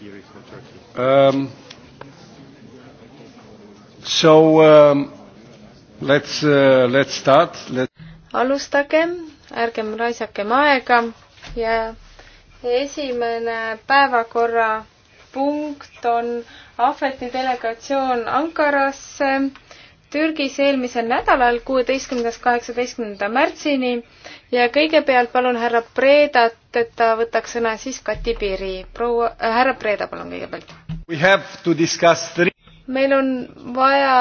theory for Turkey? Um, so um, let's uh, let's start. Let alustagem, ärgem raisakem aega ja esimene päevakorrapunkt on Ahveti delegatsioon Ankarasse Türgis eelmisel nädalal, kuueteistkümnendast kaheksateistkümnenda märtsini ja kõigepealt palun härra Predat, et ta võtaks sõna siis Kati Piiri. proua äh,, härra Preda, palun kõigepealt. meil on vaja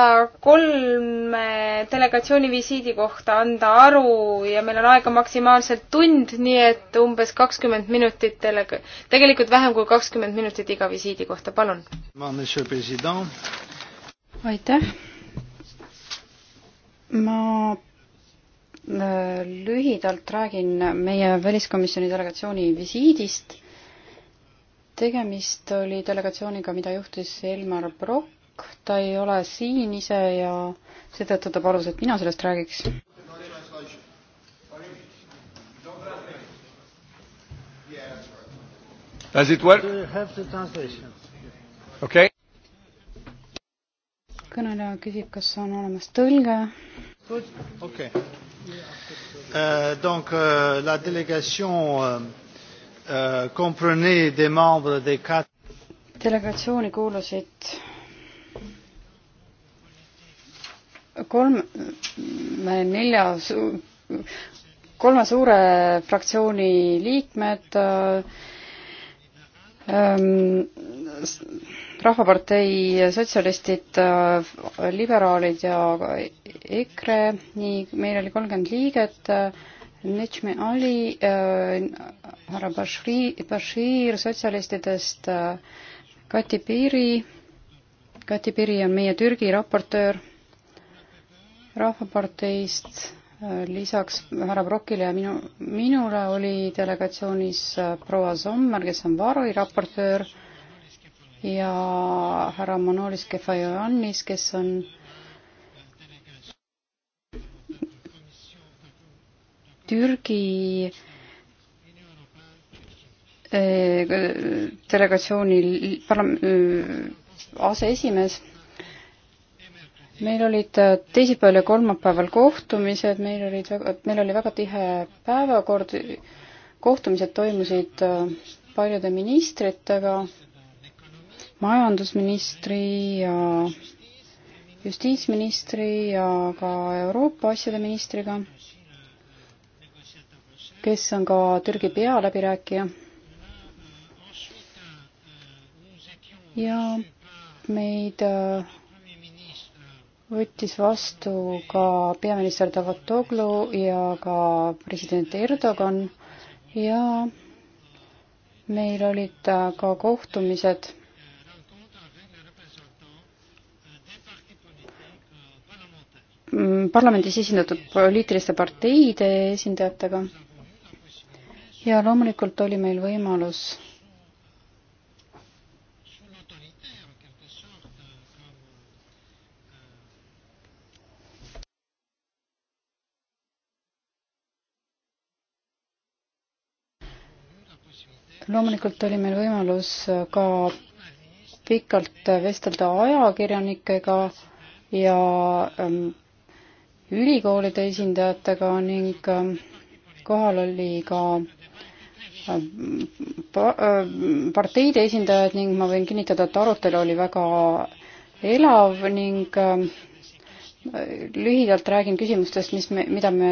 kolme delegatsiooni visiidi kohta anda aru ja meil on aega maksimaalselt tund, nii et umbes kakskümmend minutit delega-, tegelikult vähem kui kakskümmend minutit iga visiidi kohta, palun. aitäh ma äh, lühidalt räägin meie väliskomisjoni delegatsiooni visiidist. tegemist oli delegatsiooniga, mida juhtis Elmar Brokk, ta ei ole siin ise ja seetõttu ta palus, et mina sellest räägiks. Does it work? Do you have the translation? Okay kõneleja küsib, kas on olemas tõlge. okei. Euh, donc euh, la délégation euh, euh, comprenait des membres des quatre delegatsiooni kuulusid kolm, nelja, kolme suure fraktsiooni liikmed äh, Ehm, Rahvapartei sotsialistid, äh, liberaalid ja EKRE, nii, meil oli kolmkümmend liiget, äh, Nechmi Ali, äh, härra Bashir, Bashir sotsialistidest, Kati Piiri, Kati Piiri on meie Türgi raportöör, Rahvaparteist lisaks härra Brokile ja minu, minule oli delegatsioonis äh, proua Sommer, kes on varuraportöör ja härra Manolis Kefajoannis, kes on Türgi äh, delegatsiooni parlam-, äh, aseesimees meil olid äh, teisipäeval ja kolmapäeval kohtumised, meil olid väga, meil oli väga tihe päevakord, kohtumised toimusid äh, paljude ministritega, majandusministri ja justiitsministri ja ka Euroopa asjade ministriga, kes on ka Türgi pealäbirääkija. ja meid äh, võttis vastu ka peaminister Davutoglu ja ka president Erdogan ja meil olid ka kohtumised parlamendis esindatud poliitiliste parteide esindajatega ja loomulikult oli meil võimalus loomulikult oli meil võimalus äh, ka pikalt äh, vestelda ajakirjanikega ja ähm, ülikoolide esindajatega ning ähm, kohal oli ka ähm, äh, parteide esindajad ning ma võin kinnitada, et arutelu oli väga elav ning lühidalt räägin küsimustest, mis me, mida me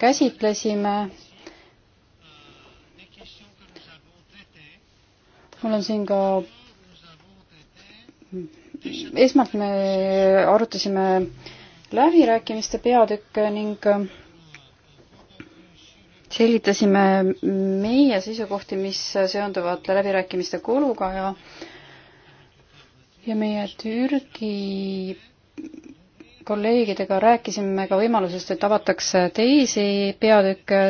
käsitlesime mul on siin ka esmalt me arutasime läbirääkimiste peatükke ning äh, selgitasime meie seisukohti, mis seonduvad läbirääkimiste kuluga ja ja meie Türgi kolleegidega rääkisime ka võimalusest, et avatakse teisi peatükke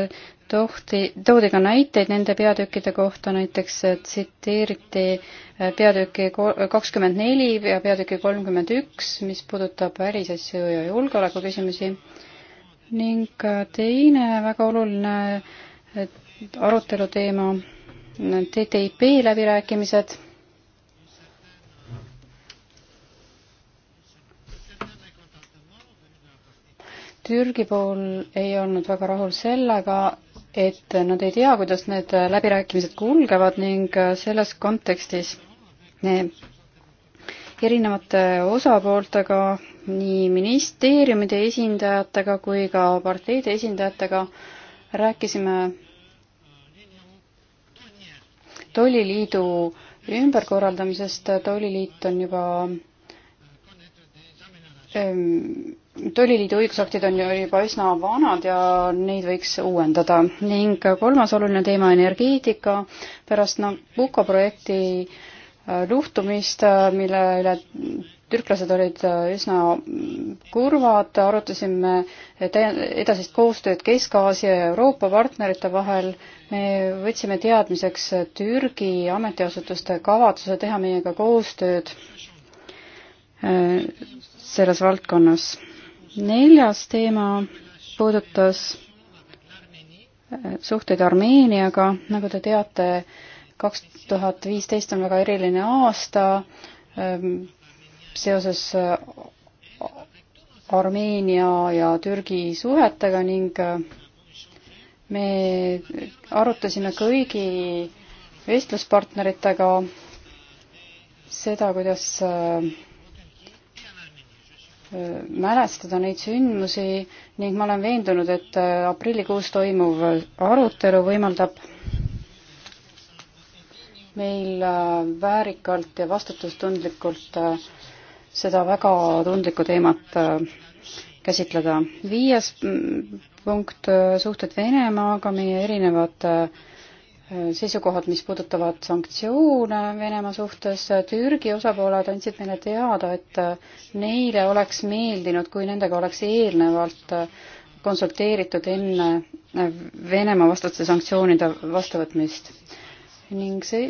tohti, toodi ka näiteid nende peatükkide kohta, näiteks äh, tsiteeriti äh, peatüki kakskümmend neli ja peatüki kolmkümmend üks, mis puudutab välisasju ja julgeolekuküsimusi. ning äh, teine väga oluline aruteluteema, TTIP läbirääkimised Türgi pool ei olnud väga rahul sellega, et nad ei tea, kuidas need läbirääkimised kulgevad ning selles kontekstis me erinevate osapooltega, nii ministeeriumide esindajatega kui ka parteide esindajatega rääkisime tolliliidu ümberkorraldamisest, tolliliit on juba ähm, tolliliidu õigusaktid on ju juba üsna vanad ja neid võiks uuendada ning kolmas oluline teema energeetika pärast Nabucco projekti äh, luhtumist, äh, mille üle türklased olid äh, üsna kurvad, arutasime edasist koostööd Kesk-Aasia ja Euroopa partnerite vahel. me võtsime teadmiseks Türgi ametiasutuste kavatsuse teha meiega koostööd selles valdkonnas neljas teema puudutas äh, suhteid Armeeniaga, nagu te teate, kaks tuhat viisteist on väga eriline aasta ähm, seoses äh, Armeenia ja Türgi suhetega ning äh, me arutasime kõigi vestluspartneritega seda, kuidas mälestada neid sündmusi ning ma olen veendunud, et äh, aprillikuus toimuv arutelu võimaldab meil äh, väärikalt ja vastutustundlikult äh, seda väga tundlikku teemat käsitleda. viies mm, punkt, suhted Venemaaga, meie erinevad äh, seisukohad, mis puudutavad sanktsioone Venemaa suhtes. Türgi osapooled andsid meile teada, et neile oleks meeldinud, kui nendega oleks eelnevalt konsulteeritud enne Venemaa vastaste sanktsioonide vastuvõtmist. ning see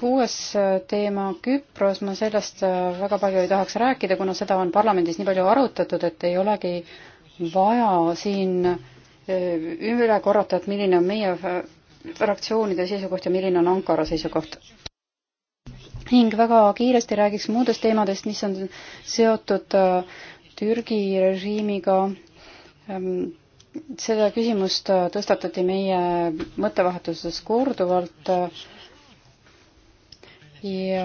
kuues teema Küpros, ma sellest väga palju ei tahaks rääkida, kuna seda on parlamendis nii palju arutatud, et ei olegi vaja siin üle korrata, et milline on meie fraktsioonide seisukoht ja milline on Ankara seisukoht. ning väga kiiresti räägiks muudest teemadest, mis on seotud äh, Türgi režiimiga. Ähm, seda küsimust äh, tõstatati meie mõttevahetuses korduvalt äh, ja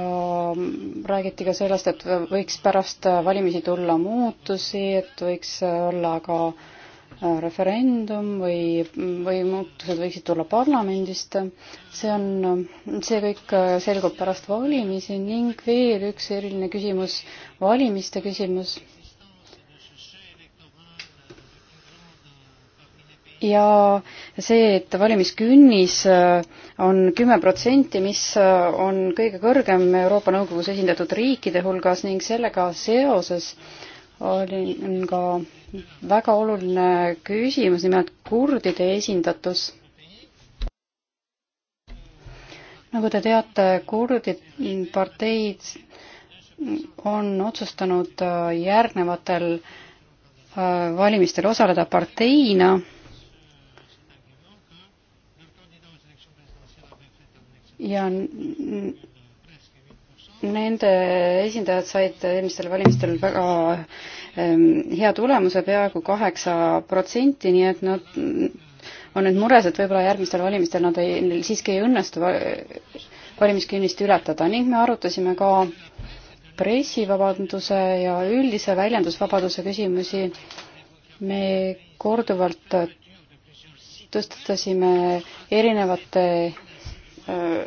mm, räägiti ka sellest, et võiks pärast valimisi tulla muutusi, et võiks olla ka äh, referendum või, või muutused võiksid tulla parlamendist. see on, see kõik selgub pärast valimisi ning veel üks eriline küsimus, valimiste küsimus. ja see, et valimiskünnis on kümme protsenti, mis on kõige kõrgem Euroopa Nõukogus esindatud riikide hulgas ning sellega seoses olin ka väga oluline küsimus, nimelt kurdide esindatus. nagu te teate, kurdid parteid on otsustanud äh, järgnevatel äh, valimistel osaleda parteina ja nende esindajad said eelmistel valimistel väga Ehm, hea tulemuse, peaaegu kaheksa protsenti, nii et nad on nüüd mures, et võib-olla järgmistel valimistel nad ei, neil siiski ei õnnestu valimiskünnist ületada ning me arutasime ka pressivabaduse ja üldise väljendusvabaduse küsimusi. me korduvalt tõstatasime erinevate äh,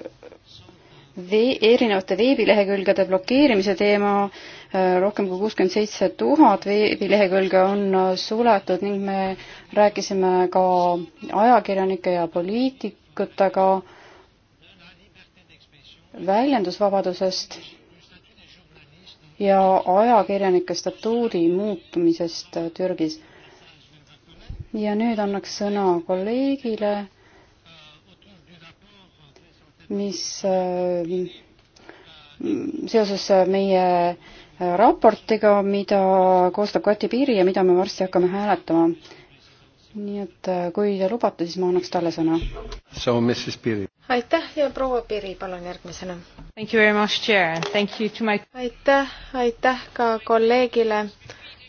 vee, erinevate veebilehekülgede blokeerimise teema, Äh, rohkem kui kuuskümmend seitse tuhat veebilehekülge on äh, suletud ning me rääkisime ka ajakirjanike ja poliitikutega väljendusvabadusest ja ajakirjanike statuudi muutumisest äh, Türgis. ja nüüd annaks sõna kolleegile, mis seoses meie raportiga, mida koostab Kati Piiri ja mida me varsti hakkame hääletama. nii et äh, kui te lubate, siis ma annaks talle sõna. So Mrs Piiri. aitäh ja proua Piiri, palun järgmisena. Thank you very much, chair, thank you to my aitäh, aitäh ka kolleegile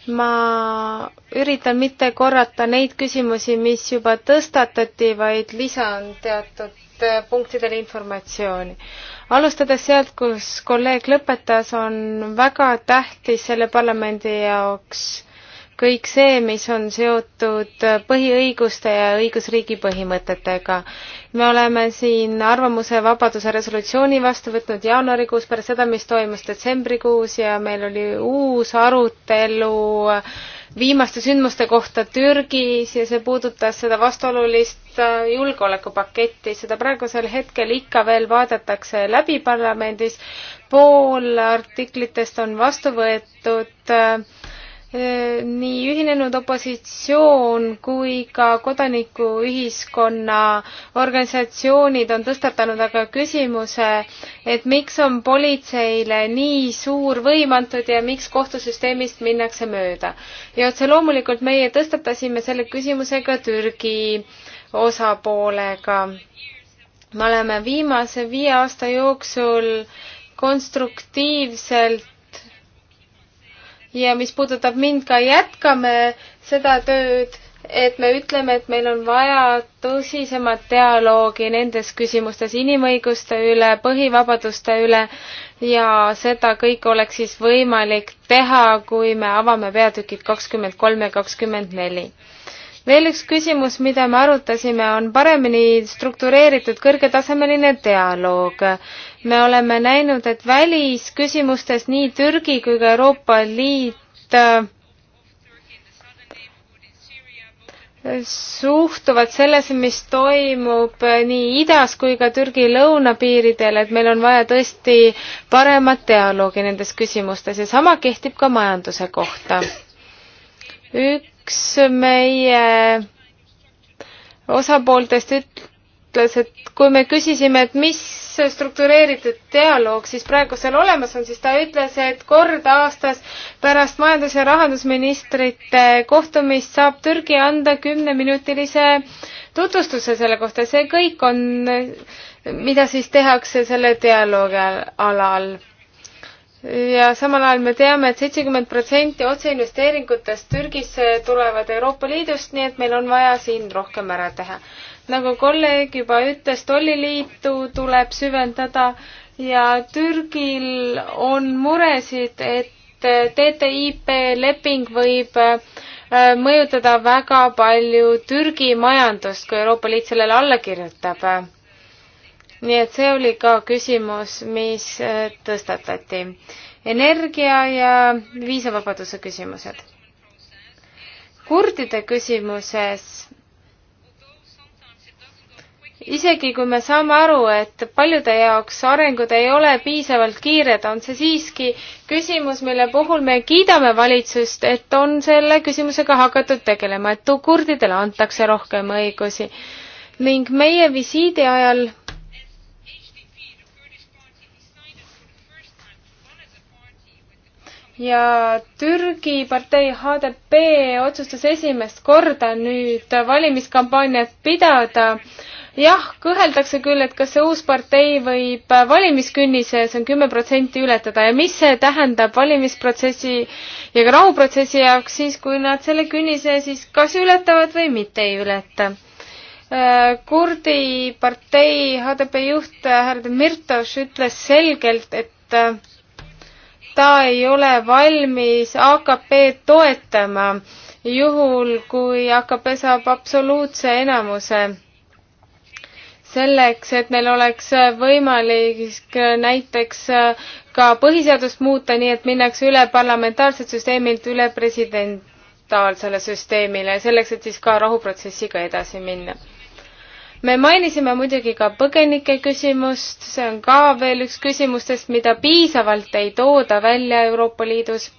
ma üritan mitte korrata neid küsimusi, mis juba tõstatati, vaid lisan teatud Äh, punktidele informatsiooni. alustades sealt, kus kolleeg lõpetas, on väga tähtis selle parlamendi jaoks kõik see, mis on seotud äh, põhiõiguste ja õigusriigi põhimõtetega. me oleme siin arvamuse vabaduse resolutsiooni vastu võtnud jaanuarikuus pärast seda, mis toimus detsembrikuus ja meil oli uus arutelu äh, viimaste sündmuste kohta Türgis ja see puudutas seda vastuolulist äh, julgeolekupaketti. seda praegusel hetkel ikka veel vaadatakse läbi parlamendis. pool artiklitest on vastu võetud äh, Äh, nii ühinenud opositsioon kui ka kodanikuühiskonna organisatsioonid on tõstatanud aga küsimuse, et miks on politseile nii suur võim antud ja miks kohtusüsteemist minnakse mööda. ja otse loomulikult meie tõstatasime selle küsimuse ka Türgi osapoolega. me oleme viimase viie aasta jooksul konstruktiivselt ja mis puudutab mind ka, jätkame seda tööd, et me ütleme, et meil on vaja tõsisemat dialoogi nendes küsimustes inimõiguste üle, põhivabaduste üle ja seda kõike oleks siis võimalik teha, kui me avame peatükid kakskümmend kolm ja kakskümmend neli veel üks küsimus, mida me arutasime, on paremini struktureeritud kõrgetasemeline dialoog me oleme näinud, et välisküsimustes nii Türgi kui ka Euroopa Liit äh, suhtuvad sellesse, mis toimub äh, nii idas kui ka Türgi lõunapiiridel, et meil on vaja tõesti paremat dialoogi nendes küsimustes ja sama kehtib ka majanduse kohta. üks meie osapooltest üt-, ütles, et kui me küsisime, et mis struktureeritud dialoog siis praegu seal olemas on, siis ta ütles, et kord aastas pärast majandus- ja rahandusministrite kohtumist saab Türgi anda kümneminutilise tutvustuse selle kohta, see kõik on, mida siis tehakse selle dialoogi alal ja samal ajal me teame et, et seitsekümmend protsenti otseinvesteeringutest Türgisse tulevad Euroopa Liidust, nii et meil on vaja siin rohkem ära teha nagu kolleeg juba ütles, tolliliitu tuleb süvendada ja Türgil on muresid, et TTIP leping võib äh, mõjutada väga palju Türgi majandust, kui Euroopa Liit sellele alla kirjutab. nii et see oli ka küsimus, mis äh, tõstatati. energia ja viisavabaduse küsimused. kurdide küsimuses isegi kui me saame aru, et paljude jaoks arengud ei ole piisavalt kiired, on see siiski küsimus, mille puhul me kiidame valitsust, et on selle küsimusega hakatud tegelema, et kurdidele antakse rohkem õigusi. ning meie visiidi ajal ja Türgi partei HDP otsustas esimest korda nüüd valimiskampaaniat pidada. jah, kõheldakse küll, et kas see uus partei võib valimiskünnise, see on kümme protsenti ületada ja mis see tähendab valimisprotsessi ja ka rahuprotsessi jaoks siis, kui nad selle künnise siis kas ületavad või mitte ei ületa äh, kurdi partei HDP juht härra Demirtas ütles selgelt, et äh, ta ei ole valmis AKP-d toetama juhul, kui AKP saab absoluutse enamuse selleks, et meil oleks võimalik näiteks ka põhiseadust muuta, nii et minnakse üle parlamentaarselt süsteemilt üle presidentaalsele süsteemile, selleks et siis ka rahuprotsessiga edasi minna me mainisime muidugi ka põgenike küsimust, see on ka veel üks küsimustest, mida piisavalt ei tooda välja Euroopa Liidus.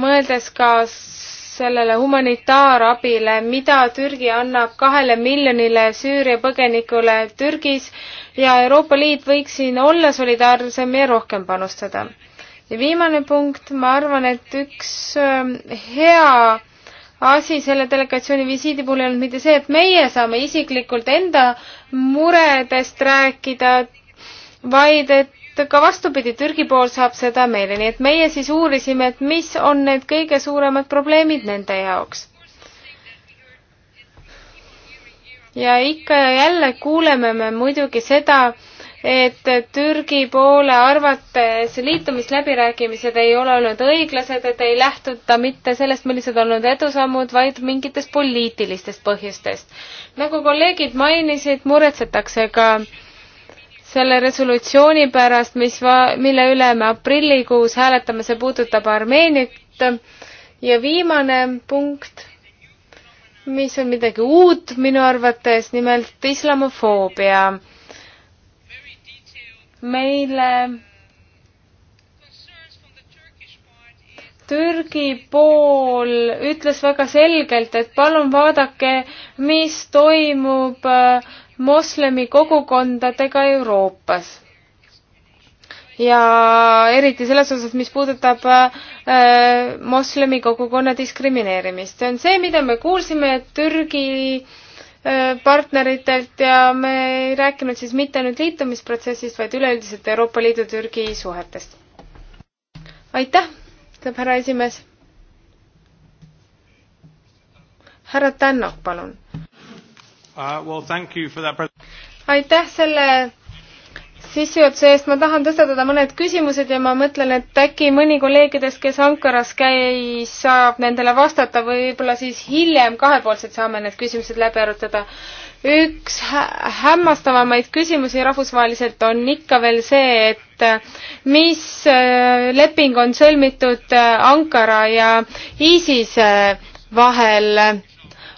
mõeldes ka sellele humanitaarabile, mida Türgi annab kahele miljonile Süüria põgenikule Türgis ja Euroopa Liit võiks siin olla solidaarsem ja rohkem panustada ja viimane punkt, ma arvan, et üks ähm, hea asi selle delegatsiooni visiidi puhul ei olnud mitte see, et meie saame isiklikult enda muredest rääkida, vaid et ka vastupidi, Türgi pool saab seda meile, nii et meie siis uurisime, et mis on need kõige suuremad probleemid nende jaoks. ja ikka ja jälle kuuleme me muidugi seda, et Türgi poole arvates liitumisläbirääkimised ei ole olnud õiglased, et ei lähtuta mitte sellest, millised on olnud edusammud, vaid mingitest poliitilistest põhjustest. nagu kolleegid mainisid, muretsetakse ka selle resolutsiooni pärast, mis, mille üle me aprillikuus hääletame, see puudutab Armeeniat ja viimane punkt, mis on midagi uut minu arvates, nimelt islamofoobia meile Türgi pool ütles väga selgelt, et palun vaadake, mis toimub äh, moslemi kogukondadega Euroopas. ja eriti selles osas, mis puudutab äh, äh, moslemi kogukonna diskrimineerimist. see on see, mida me kuulsime, et Türgi äh, Äh, partneritelt ja me ei rääkinud siis mitte ainult liitumisprotsessist, vaid üleüldiselt Euroopa Liidu Türgi suhetest. aitäh, ütleb härra esimees. härra Tännok, palun uh,. Well, aitäh selle sissejuhatuse eest, ma tahan tõstatada mõned küsimused ja ma mõtlen, et äkki mõni kolleegidest, kes Ankaras käis, saab nendele vastata, võib-olla siis hiljem kahepoolselt saame need küsimused läbi arutada. üks hämmastavamaid küsimusi rahvusvaheliselt on ikka veel see, et mis äh, leping on sõlmitud äh, Ankara ja ISISe vahel.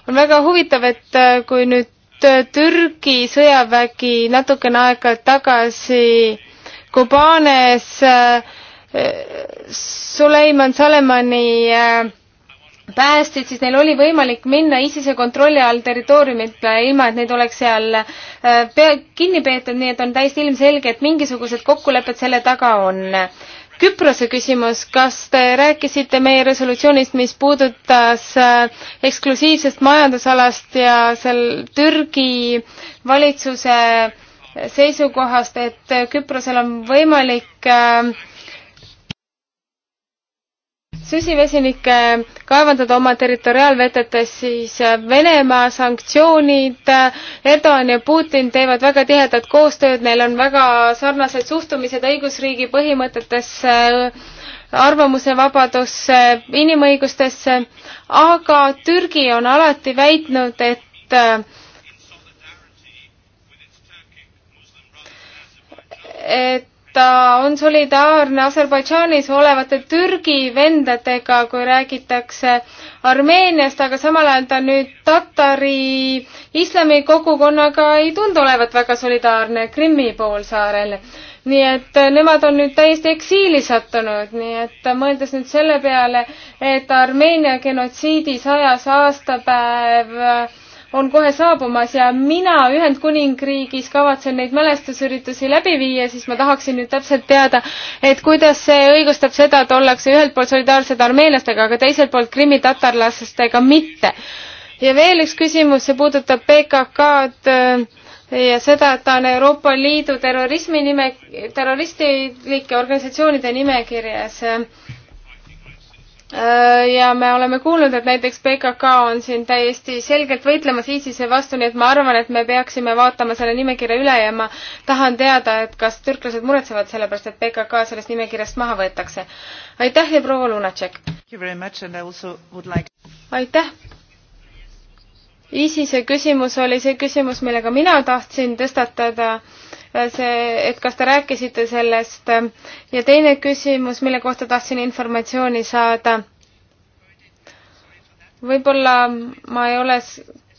on väga huvitav, et äh, kui nüüd Äh, Türgi sõjavägi natukene aega tagasi Kubaanes äh, Suleiman Salemani äh, päästjad, siis neil oli võimalik minna ISISe kontrolli all territooriumitele, ilma et neid oleks seal pea, kinni peetud, nii et on täiesti ilmselge, et mingisugused kokkulepped selle taga on. Küprose küsimus, kas te rääkisite meie resolutsioonist, mis puudutas äh, eksklusiivsest majandusalast ja seal Türgi valitsuse seisukohast, et Küprosel on võimalik äh, süsivesinikke kaevandada oma territoriaalvetetes, siis äh, Venemaa sanktsioonid, äh, Erdoğan ja Putin teevad väga tihedat koostööd, neil on väga sarnased suhtumised õigusriigi põhimõtetesse, arvamusevabadusse, inimõigustesse, aga Türgi on alati väitnud, et äh, et ta on solidaarne Aserbaidžaanis olevate Türgi vendadega, kui räägitakse Armeeniast, aga samal ajal ta nüüd tatari islamikogukonnaga ei tundu olevat väga solidaarne Krimmi poolsaarel. nii et eh, nemad on nüüd täiesti eksiili sattunud, nii et eh, mõeldes nüüd selle peale, et Armeenia genotsiidi sajas aastapäev eh, on kohe saabumas ja mina Ühendkuningriigis kavatsen neid mälestusüritusi läbi viia, siis ma tahaksin nüüd täpselt teada, et kuidas see õigustab seda, et ollakse ühelt poolt solidaarsed armeenlastega, aga teiselt poolt krimmitatarlastega mitte. ja veel üks küsimus, see puudutab PKK-d äh, ja seda, et ta on Euroopa Liidu terrorismi nime, terroristlike organisatsioonide nimekirjas Äh, ja me oleme kuulnud, et näiteks PKK on siin täiesti selgelt võitlemas ISISe vastu, nii et ma arvan, et me peaksime vaatama selle nimekirja üle ja ma tahan teada, et kas türklased muretsevad selle pärast, et PKK sellest nimekirjast maha võetakse. aitäh ja proua Lunatšek! aitäh! ISISe küsimus oli see küsimus, millega mina tahtsin tõstatada Äh, see, et kas te rääkisite sellest ja teine küsimus, mille kohta tahtsin informatsiooni saada. võib-olla ma ei ole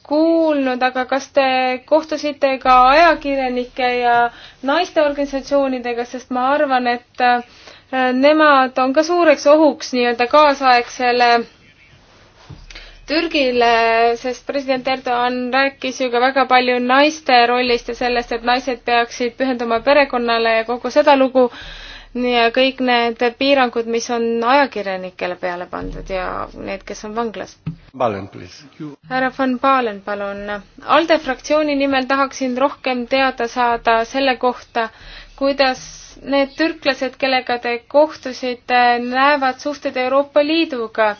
kuulnud, aga kas te kohtusite ka ajakirjanike ja naisteorganisatsioonidega, sest ma arvan, et äh, nemad on ka suureks ohuks nii-öelda kaasaegsele Türgile, sest president Erdoğan rääkis ju ka väga palju naiste rollist ja sellest, et naised peaksid pühenduma perekonnale ja kogu seda lugu ja kõik need piirangud, mis on ajakirjanikele peale pandud ja need, kes on vanglas. härra von Palen, palun. ALDE fraktsiooni nimel tahaksin rohkem teada saada selle kohta, kuidas need türklased, kellega te kohtusite, näevad suhted Euroopa Liiduga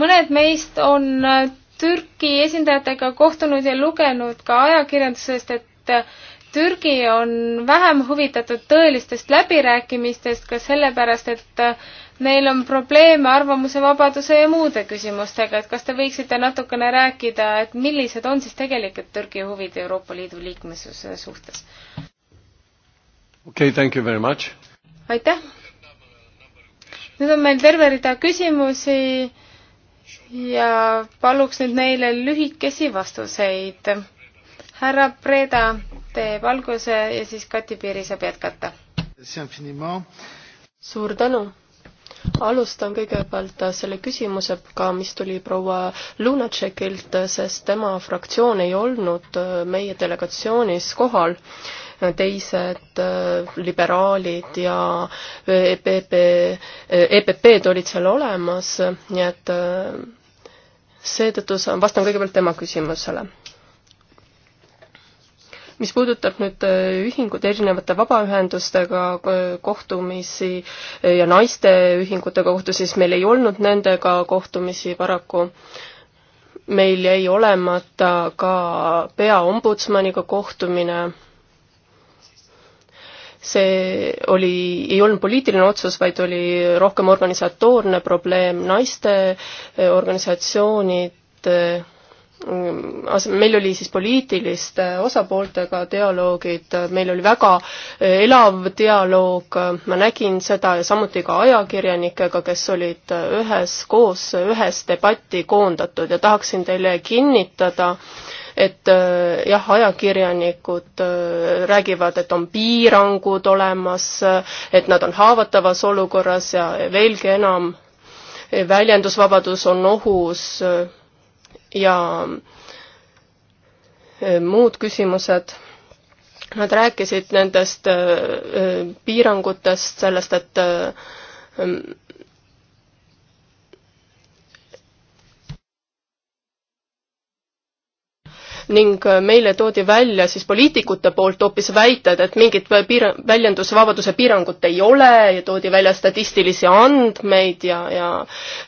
mõned meist on äh, Türgi esindajatega kohtunud ja lugenud ka ajakirjandusest, et äh, Türgi on vähem huvitatud tõelistest läbirääkimistest ka sellepärast, et äh, neil on probleeme arvamusevabaduse ja muude küsimustega, et kas te võiksite natukene rääkida, et millised on siis tegelikult Türgi huvid Euroopa Liidu liikmesuse suhtes? okei okay,, thank you very much! aitäh! nüüd on meil terve rida küsimusi ja paluks nüüd neile lühikesi vastuseid. härra Preda teeb alguse ja siis Kati Piiri saab jätkata. suur tänu! alustan kõigepealt selle küsimusega, mis tuli proua Lunatšekilt, sest tema fraktsioon ei olnud meie delegatsioonis kohal teised liberaalid ja EPP, EPP-d olid seal olemas, nii et seetõttu saan, vastan kõigepealt tema küsimusele. mis puudutab nüüd äh, ühingud erinevate vabaühendustega äh, kohtumisi äh, ja naisteühingutega kohtumisi, siis meil ei olnud nendega kohtumisi paraku. meil jäi olemata ka peaombudsmaniga kohtumine see oli, ei olnud poliitiline otsus, vaid oli rohkem organisatoorne probleem, naiste eh, organisatsioonid eh, meil oli siis poliitiliste osapooltega dialoogid, meil oli väga eh, elav dialoog, ma nägin seda ja samuti ka ajakirjanikega, kes olid üheskoos, ühes debatti koondatud ja tahaksin teile kinnitada, et äh, jah, ajakirjanikud äh, räägivad, et on piirangud olemas, et nad on haavatavas olukorras ja veelgi enam, väljendusvabadus on ohus äh, ja muud küsimused. Nad rääkisid nendest piirangutest, sellest, et ning äh, meile toodi välja siis poliitikute poolt hoopis väited, et mingit piir-, väljendusvabaduse piirangut ei ole ja toodi välja statistilisi andmeid ja, ja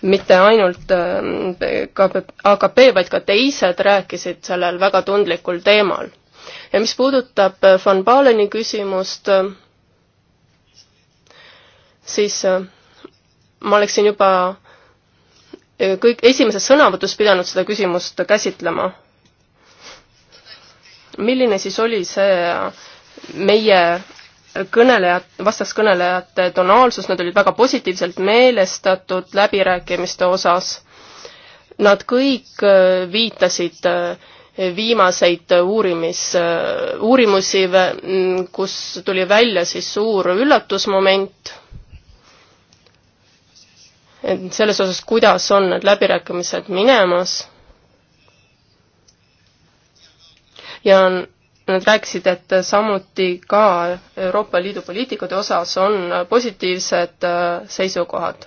mitte ainult äh, AKP, vaid ka teised rääkisid sellel väga tundlikul teemal. ja mis puudutab äh, Van Baleni küsimust, siis ma oleksin juba kõik esimeses sõnavõtus pidanud seda küsimust käsitlema milline siis oli see meie kõnelejad, vastaskõnelejate tonaalsus, nad olid väga positiivselt meelestatud läbirääkimiste osas. Nad kõik äh, viitasid äh, viimaseid uurimis, äh, uurimusi, mm, kus tuli välja siis suur üllatusmoment, et selles osas, kuidas on need läbirääkimised minemas ja nad rääkisid, et samuti ka Euroopa Liidu poliitikute osas on positiivsed äh, seisukohad.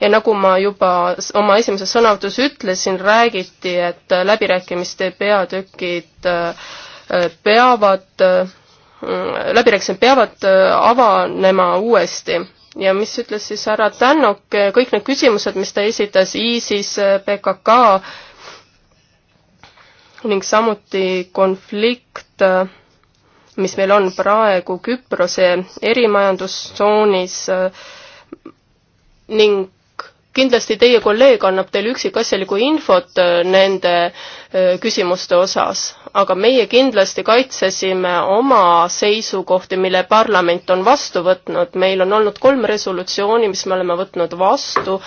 ja nagu ma juba oma esimeses sõnavõtus ütlesin, räägiti, et läbirääkimiste peatükid äh, peavad, äh, läbirääkimised peavad avanema uuesti ja mis ütles siis härra Tännok, kõik need küsimused, mis ta esitas, ISIS, PKK, ning samuti konflikt, mis meil on praegu Küprose erimajandustsoonis ning kindlasti teie kolleeg annab teile üksikasjalikku infot äh, nende äh, küsimuste osas, aga meie kindlasti kaitsesime oma seisukohti, mille parlament on vastu võtnud, meil on olnud kolm resolutsiooni, mis me oleme võtnud vastu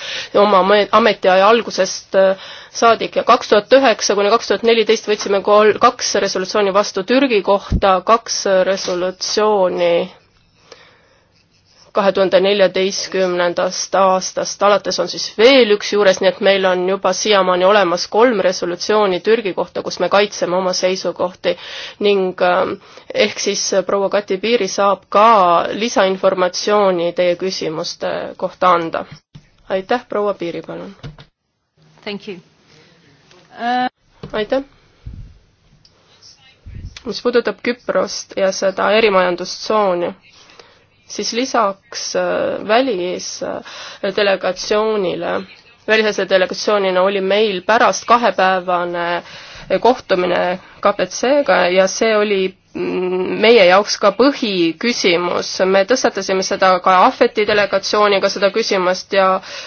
oma ametiaja algusest äh, saadik ja kaks tuhat üheksa kuni kaks tuhat neliteist võtsime kol-, kaks resolutsiooni vastu Türgi kohta, kaks resolutsiooni kahe tuhande neljateistkümnendast aastast alates on siis veel üks juures, nii et meil on juba siiamaani olemas kolm resolutsiooni Türgi kohta, kus me kaitseme oma seisukohti ning äh, ehk siis äh, proua Kati Piiri saab ka lisainformatsiooni teie küsimuste kohta anda. aitäh, proua Piiri, palun! Uh... aitäh! mis puudutab Küprost ja seda erimajandustsooni siis lisaks äh, välisdelegatsioonile, välisasja delegatsioonina oli meil pärast kahepäevane kohtumine KPC-ga ja see oli meie jaoks ka põhiküsimus, me tõstatasime seda ka Ahveti delegatsiooniga, seda küsimust ja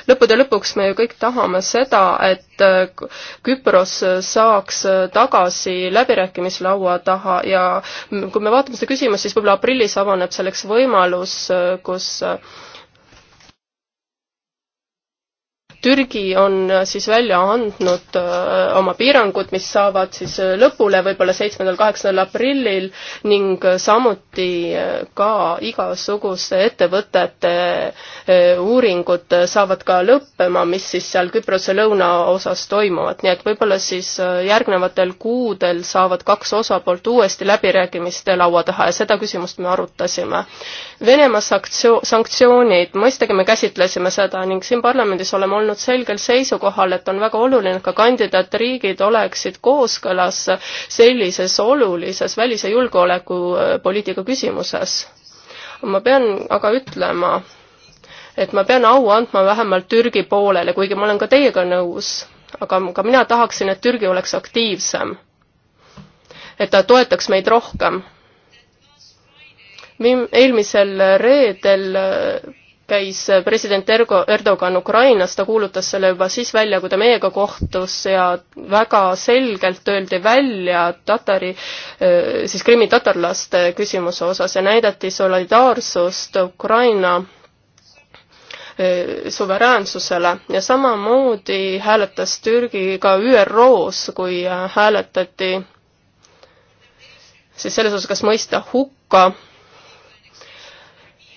lõppude lõpuks me ju kõik tahame seda, et äh, Küpros saaks tagasi läbirääkimislaua taha ja kui me vaatame seda küsimust, siis võib-olla aprillis avaneb selleks võimalus, äh, kus äh, Türgi on äh, siis välja andnud äh, oma piirangud, mis saavad siis äh, lõpule võib-olla seitsmendal, kaheksandal aprillil ning samuti ka igasuguste ettevõtete uuringud saavad ka lõppema, mis siis seal Küprose lõunaosas toimuvad, nii et võib-olla siis järgnevatel kuudel saavad kaks osapoolt uuesti läbirääkimiste laua taha ja seda küsimust me arutasime. Venemaa sanktsioonid, mõistagi me käsitlesime seda ning siin parlamendis oleme olnud olnud selgel seisukohal, et on väga oluline, et ka kandidaatriigid oleksid kooskõlas sellises olulises välis- ja julgeolekupoliitika küsimuses. ma pean aga ütlema, et ma pean au andma vähemalt Türgi poolele, kuigi ma olen ka teiega nõus, aga ka mina tahaksin, et Türgi oleks aktiivsem. et ta toetaks meid rohkem eelmisel reedel käis president Ergo, Erdogan Ukrainas, ta kuulutas selle juba siis välja, kui ta meiega kohtus ja väga selgelt öeldi välja tatari, eh, siis Krimmi tatarlaste küsimuse osas ja näidati solidaarsust Ukraina eh, suveräänsusele ja samamoodi hääletas Türgi ka ÜRO-s, kui hääletati siis selles osas, kas mõista hukka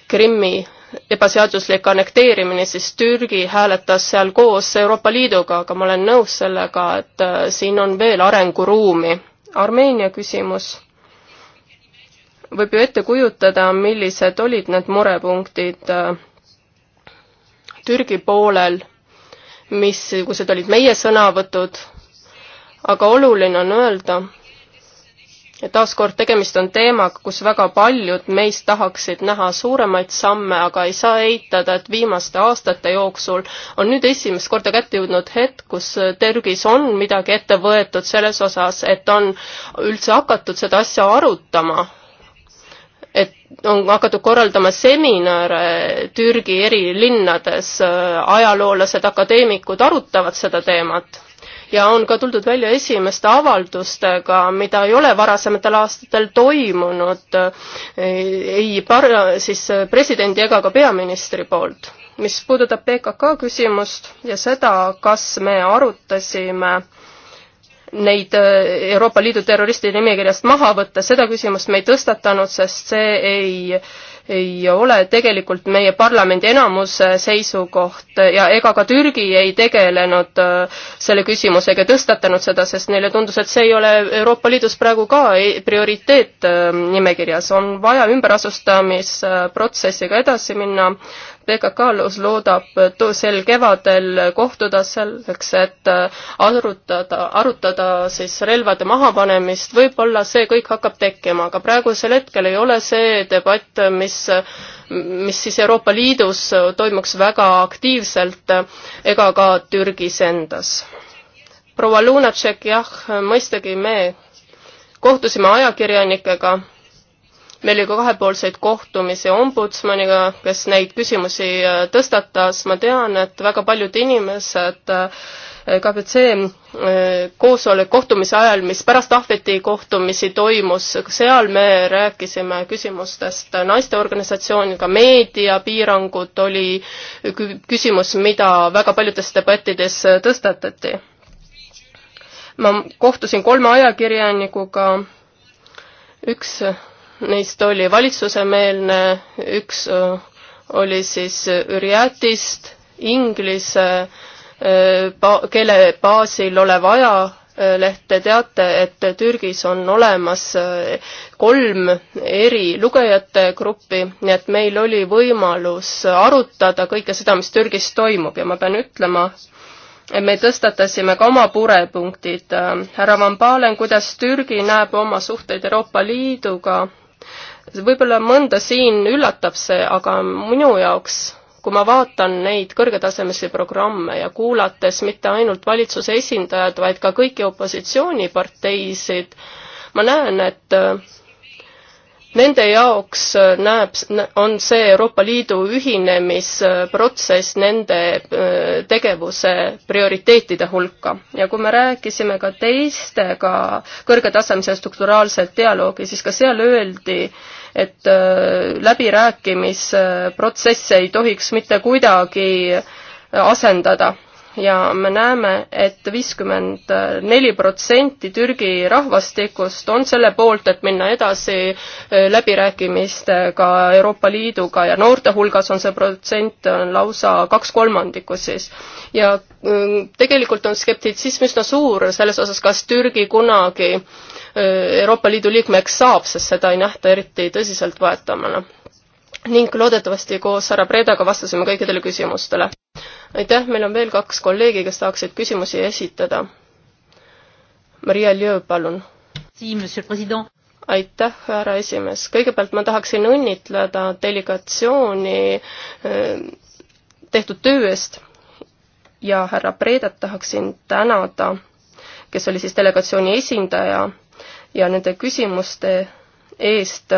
Krimmi ebaseaduslik annekteerimine, siis Türgi hääletas seal koos Euroopa Liiduga, aga ma olen nõus sellega, et äh, siin on veel arenguruumi. Armeenia küsimus. võib ju ette kujutada, millised olid need murepunktid äh, Türgi poolel, missugused olid meie sõnavõtud, aga oluline on öelda, taaskord tegemist on teemaga, kus väga paljud meist tahaksid näha suuremaid samme, aga ei saa eitada, et viimaste aastate jooksul on nüüd esimest korda kätte jõudnud hetk, kus Türgis on midagi ette võetud selles osas, et on üldse hakatud seda asja arutama. et on hakatud korraldama seminare Türgi eri linnades, ajaloolased, akadeemikud arutavad seda teemat ja on ka tuldud välja esimeste avaldustega, mida ei ole varasematel aastatel toimunud eh, ei par-, siis presidendi ega ka peaministri poolt. mis puudutab PKK küsimust ja seda, kas me arutasime neid eh, Euroopa Liidu terroristide nimekirjast maha võtta, seda küsimust me ei tõstatanud, sest see ei ei ole tegelikult meie parlamendi enamuse äh, seisukoht äh, ja ega ka Türgi ei tegelenud äh, selle küsimusega ja tõstatanud seda, sest neile tundus, et see ei ole Euroopa Liidus praegu ka e-, prioriteet nimekirjas. on vaja ümberasustamisprotsessiga edasi minna, PKK loodab sel kevadel kohtuda selleks, et arutada, arutada siis relvade mahapanemist, võib-olla see kõik hakkab tekkima, aga praegusel hetkel ei ole see debatt, mis mis siis Euroopa Liidus toimuks väga aktiivselt ega ka Türgis endas. proua Lunatšek, jah, mõistagi me kohtusime ajakirjanikega meil oli ka kahepoolseid kohtumisi ombudsmaniga, kes neid küsimusi äh, tõstatas, ma tean, et väga paljud inimesed äh, KBC äh, koosolek kohtumise ajal, mis pärast Ahveti kohtumisi toimus, seal me rääkisime küsimustest naisteorganisatsiooniga, meediapiirangud oli küsimus, mida väga paljudes debattides tõstatati. ma kohtusin kolme ajakirjanikuga, üks neist oli valitsusemeelne, üks oli siis Üriatist, inglise keele baasil olev ajaleht, te teate, et Türgis on olemas kolm eri lugejate gruppi, nii et meil oli võimalus arutada kõike seda, mis Türgis toimub ja ma pean ütlema, me tõstatasime ka oma purepunktid. härra Van Palen, kuidas Türgi näeb oma suhteid Euroopa Liiduga võib-olla mõnda siin üllatab see, aga minu jaoks kui ma vaatan neid kõrgetasemelisi programme ja kuulates mitte ainult valitsuse esindajad, vaid ka kõiki opositsiooniparteisid, ma näen, et Nende jaoks äh, näeb, on see Euroopa Liidu ühinemisprotsess nende äh, tegevuse prioriteetide hulka. ja kui me rääkisime ka teistega kõrgetasemelise strukturaalse dialoogi, siis ka seal öeldi, et äh, läbirääkimisprotsesse ei tohiks mitte kuidagi asendada ja me näeme et, et viiskümmend neli protsenti Türgi rahvastikust on selle poolt, et minna edasi eh, läbirääkimistega Euroopa Liiduga ja noorte hulgas on see protsent on eh, lausa kaks kolmandikku siis. ja eh, tegelikult on skeptitsism üsna suur selles osas, kas Türgi kunagi Euroopa Liidu liikmeks saab, sest seda ei nähta eriti tõsiseltvõetavana ning loodetavasti koos härra Predaga vastasime kõikidele küsimustele aitäh, meil on veel kaks kolleegi, kes tahaksid küsimusi esitada. Maria Ljõõ, palun. aitäh, härra esimees. kõigepealt ma tahaksin õnnitleda delegatsiooni eh, tehtud töö eest ja härra Predat tahaksin tänada, kes oli siis delegatsiooni esindaja ja nende küsimuste eest,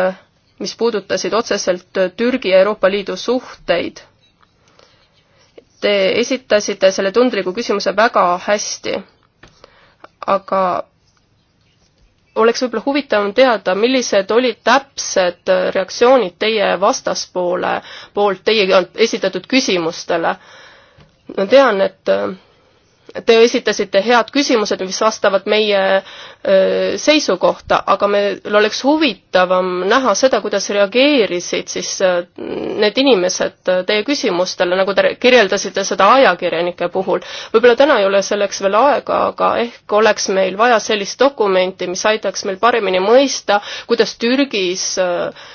mis puudutasid otseselt Türgi ja Euroopa Liidu suhteid Te esitasite selle tundliku küsimuse väga hästi, aga oleks võib-olla huvitav teada, millised olid täpsed reaktsioonid teie vastaspoole poolt teie esitatud küsimustele. ma tean, et Te esitasite head küsimused, mis vastavad meie seisukohta, aga meil oleks huvitavam näha seda, kuidas reageerisid siis need inimesed teie küsimustele, nagu te kirjeldasite seda ajakirjanike puhul. võib-olla täna ei ole selleks veel aega, aga ehk oleks meil vaja sellist dokumenti, mis aitaks meil paremini mõista, kuidas Türgis äh,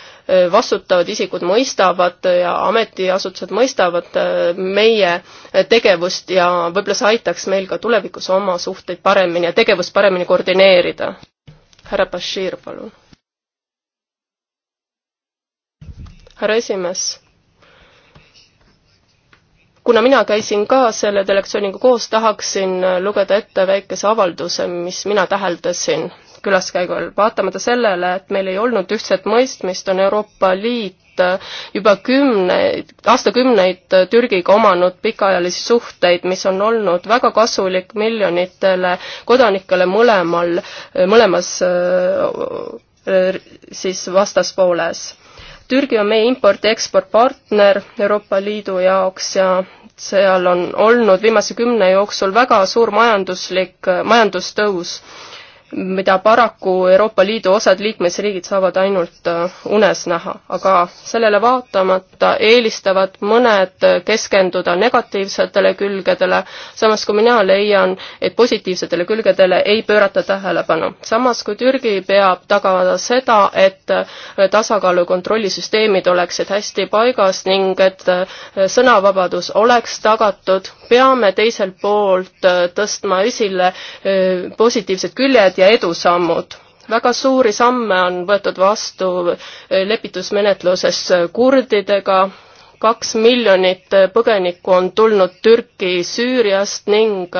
vastutavad isikud mõistavad ja ametiasutused mõistavad äh, meie äh, tegevust ja võib-olla see aitaks meil ka tulevikus oma suhteid paremini ja tegevust paremini koordineerida. härra Bashir, palun. härra esimees kuna mina käisin ka selle delegatsiooniga koos, tahaksin lugeda ette väikese avalduse, mis mina täheldasin külaskäigul. vaatamata sellele, et meil ei olnud ühtset mõistmist, on Euroopa Liit äh, juba kümneid, aastakümneid äh, Türgiga omanud pikaajalisi suhteid, mis on olnud väga kasulik miljonitele kodanikele mõlemal, äh, mõlemas siis vastaspooles. Türgi on meie import-ekspordpartner Euroopa Liidu jaoks ja seal on olnud viimase kümne jooksul väga suur majanduslik, majandustõus mida paraku Euroopa Liidu osad liikmesriigid saavad ainult äh, unes näha, aga sellele vaatamata eelistavad mõned keskenduda negatiivsetele külgedele, samas kui mina leian, et positiivsetele külgedele ei pöörata tähelepanu. samas kui Türgi peab tagama seda, et äh, tasakaalu kontrollisüsteemid oleksid hästi paigas ning et äh, sõnavabadus oleks tagatud, peame teiselt poolt tõstma esile positiivsed küljed ja ja edusammud väga suuri samme on võetud vastu lepitusmenetluses kurdidega, kaks miljonit põgenikku on tulnud Türki Süüriast ning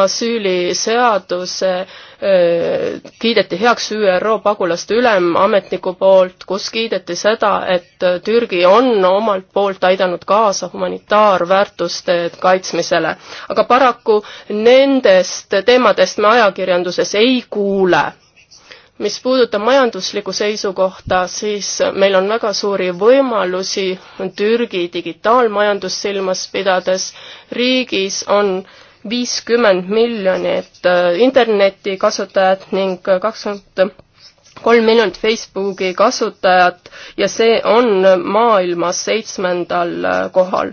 asüüliseaduse kiideti heaks ÜRO pagulaste ülematniku poolt, kus kiideti seda, et Türgi on omalt poolt aidanud kaasa humanitaarväärtuste kaitsmisele. aga paraku nendest teemadest me ajakirjanduses ei kuule mis puudutab majanduslikku seisukohta, siis meil on väga suuri võimalusi Türgi digitaalmajandust silmas pidades. riigis on viiskümmend miljonit äh, internetikasutajat ning kakskümmend kolm miljonit Facebooki kasutajat ja see on maailmas seitsmendal äh, kohal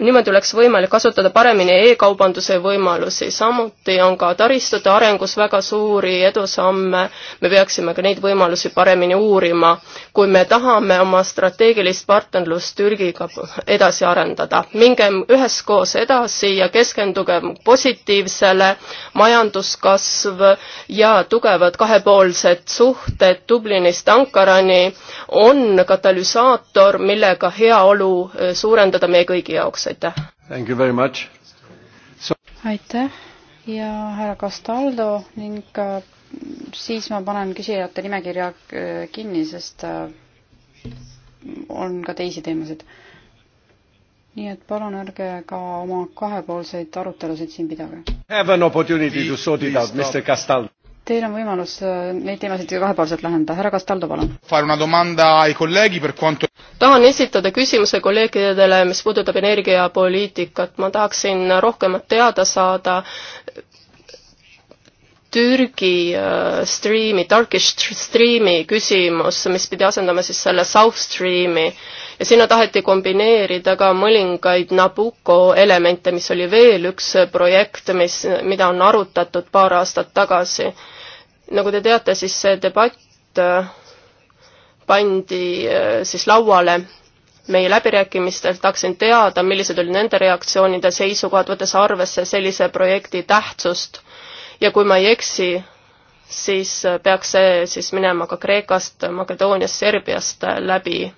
niimoodi oleks võimalik kasutada paremini e-kaubanduse võimalusi, samuti on ka taristute arengus väga suuri edusamme, me peaksime ka neid võimalusi paremini uurima, kui me tahame oma strateegilist partnerlust Türgiga edasi arendada. mingem üheskoos edasi ja keskendugem positiivsele, majanduskasv ja tugevad kahepoolsed suhted Dublinist Ankarani on katalüsaator, millega heaolu suurendada meie kõigi jaoks, aitäh! So... aitäh ja härra Castaldo ning äh, siis ma panen küsijate nimekirja äh, kinni, sest äh, on ka teisi teemasid. nii et palun ärge ka oma kahepoolseid arutelusid siin pidage. Have an opportunity to sort it out, Mr Castaldo. Teil on võimalus äh, neid teemasid kahepoolselt lahendada, härra Castaldo, palun. tahan esitada küsimuse kolleegidele, mis puudutab energiapoliitikat, ma tahaksin rohkemat teada saada Türgi äh, streami, Turkish streami küsimus, mis pidi asendama siis selle South Streami ja sinna taheti kombineerida ka mõningaid Nabucco elemente, mis oli veel üks projekt, mis, mida on arutatud paar aastat tagasi nagu te teate, siis see debatt äh, pandi äh, siis lauale meie läbirääkimistel, tahaksin teada, millised olid nende reaktsioonid ja seisukohad, võttes arvesse sellise projekti tähtsust. ja kui ma ei eksi, siis äh, peaks see siis minema ka Kreekast, Makedooniast, Serbiast läbi.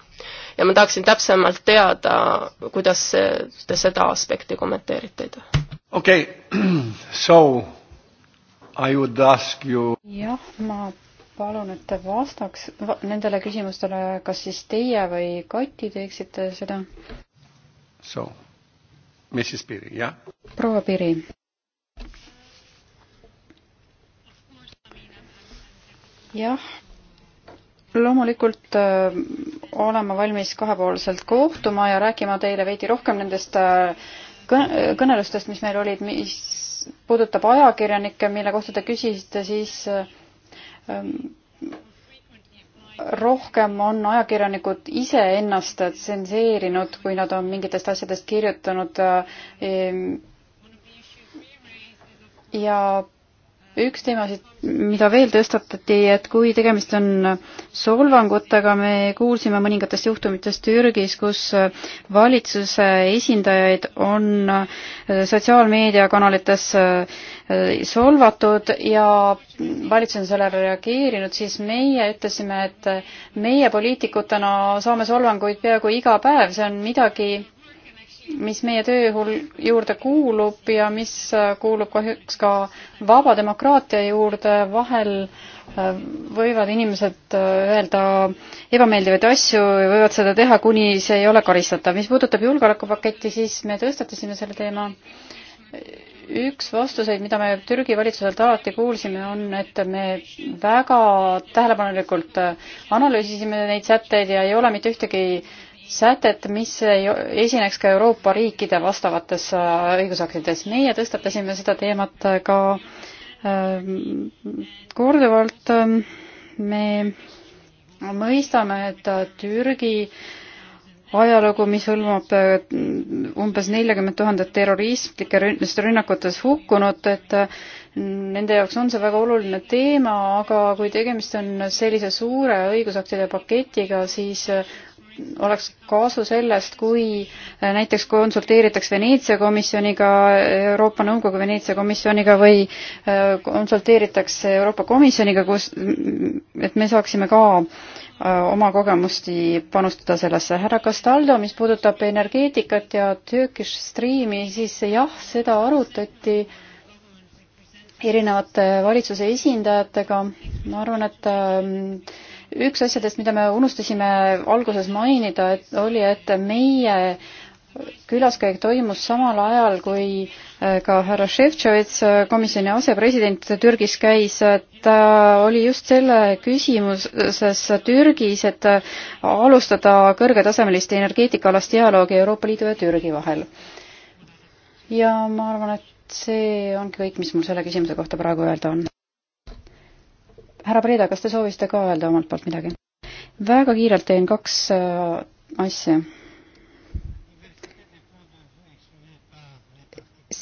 ja ma tahaksin täpsemalt teada, kuidas te seda aspekti kommenteerite. okei okay., so jah, ma palun, et te vastaks nendele küsimustele, kas siis teie või Kati teeksite seda? So, Mrs Piri, jah yeah.? proua Piri. jah, loomulikult äh, olen ma valmis kahepoolselt kohtuma ja rääkima teile veidi rohkem nendest äh, kõnelustest, mis meil olid, mis puudutab ajakirjanikke, mille kohta te küsisite, siis ähm, rohkem on ajakirjanikud iseennast tsenseerinud, kui nad on mingitest asjadest kirjutanud. Äh, ja üks teemasid, mida veel tõstatati, et kui tegemist on solvangutega, me kuulsime mõningatest juhtumitest Türgis, kus valitsuse esindajaid on sotsiaalmeediakanalites äh, solvatud ja valitsus on sellele reageerinud, siis meie ütlesime, et meie poliitikutena saame solvanguid peaaegu iga päev, see on midagi, mis meie töö juurde kuulub ja mis äh, kuulub kahjuks ka vaba demokraatia juurde, vahel äh, võivad inimesed äh, öelda ebameeldivaid asju ja võivad seda teha, kuni see ei ole karistatav. mis puudutab julgeolekupaketti, siis me tõstatasime selle teema. üks vastuseid, mida me Türgi valitsuselt alati kuulsime, on, et me väga tähelepanelikult analüüsisime neid sätteid ja ei ole mitte ühtegi äh, sätet, mis ei esineks ka Euroopa riikide vastavates äh, õigusaktides. meie tõstatasime seda teemat ka äh, korduvalt. me mõistame, et Türgi ajalugu, mis hõlmab äh, umbes neljakümmet tuhandet terroristlikes rünnakutes hukkunut, et nende jaoks on see väga oluline teema, aga kui tegemist on sellise suure õigusaktide paketiga, siis oleks kasu sellest, kui näiteks konsulteeritaks Veneetsia komisjoniga, Euroopa Nõukogu Veneetsia komisjoniga või äh, konsulteeritakse Euroopa Komisjoniga, kus, et me saaksime ka äh, oma kogemusti panustada sellesse. härra Castaldo, mis puudutab energeetikat ja Turkish Streami, siis jah, seda arutati erinevate valitsuse esindajatega, ma arvan, et ähm, üks asjadest, mida me unustasime alguses mainida, et oli, et meie külaskäik toimus samal ajal, kui äh, ka härra Šefčovits, äh, komisjoni asepresident Türgis käis, ta oli just selle küsimuses Türgis, et äh, alustada kõrgetasemelist energeetikaalast dialoogi Euroopa Liidu ja Türgi vahel. ja ma arvan, et see ongi kõik, mis mul selle küsimuse kohta praegu öelda on härra Preeda, kas te soovisite ka öelda omalt poolt midagi? väga kiirelt teen kaks äh, asja.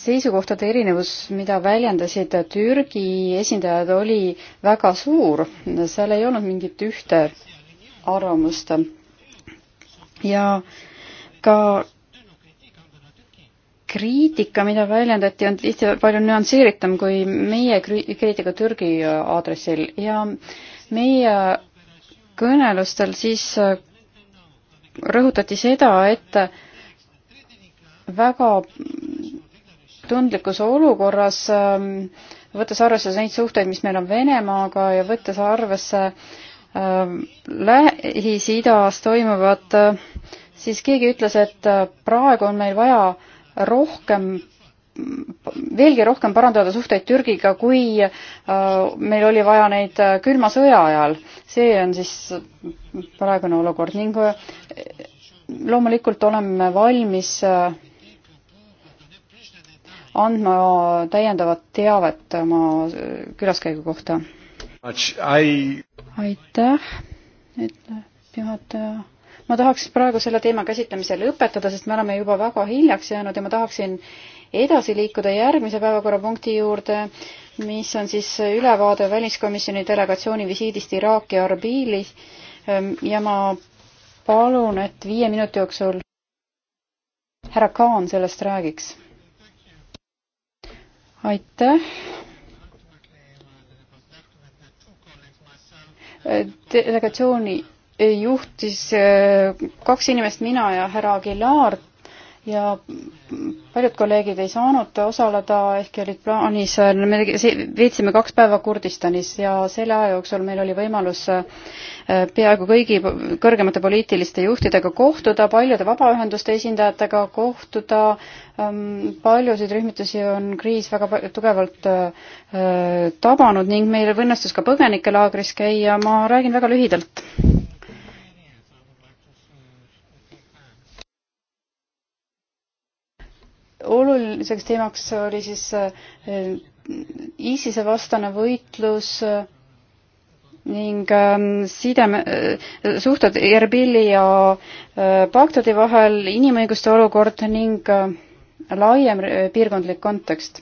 seisukohtade erinevus, mida väljendasid Türgi esindajad, oli väga suur, seal ei olnud mingit ühte arvamust. ja ka kriitika, mida väljendati, on tihti palju nüansseeritum kui meie kriitika Türgi aadressil ja meie kõnelustel siis äh, rõhutati seda, et väga tundlikus olukorras, ähm, võttes arvesse neid suhteid, mis meil on Venemaaga ja võttes arvesse ähm, Lähis-Idas toimuvat, äh, siis keegi ütles, et äh, praegu on meil vaja rohkem veelgi rohkem parandada suhteid Türgiga, kui äh, meil oli vaja neid äh, külma sõja ajal. see on siis praegune olukord ning äh, loomulikult oleme valmis andma täiendavat teavet oma külaskäigu kohta. aitäh, ütleb juhataja ma tahaks praegu selle teema käsitlemise lõpetada, sest me oleme juba väga hiljaks jäänud ja ma tahaksin edasi liikuda järgmise päevakorrapunkti juurde, mis on siis ülevaade väliskomisjoni delegatsiooni visiidist Iraaki Arbiili ehm, ja ma palun, et viie minuti jooksul härra Kaan sellest räägiks. aitäh. Ehm, delegatsiooni juhtis äh, kaks inimest, mina ja härra Aguilar ja paljud kolleegid ei saanud osaleda, ehkki olid plaanis, me veetsime kaks päeva Kurdistanis ja selle aja jooksul meil oli võimalus äh, peaaegu kõigi kõrgemate poliitiliste juhtidega kohtuda, paljude vabaühenduste esindajatega kohtuda, ähm, paljusid rühmitusi on kriis väga tugevalt äh, tabanud ning meil õnnestus ka põgenikelaagris käia, ma räägin väga lühidalt oluliseks teemaks oli siis äh, ISISe vastane võitlus äh, ning ähm, sideme, äh, suhted Erbili ja Bagdadi vahel, inimõiguste olukord ning laiem piirkondlik kontekst.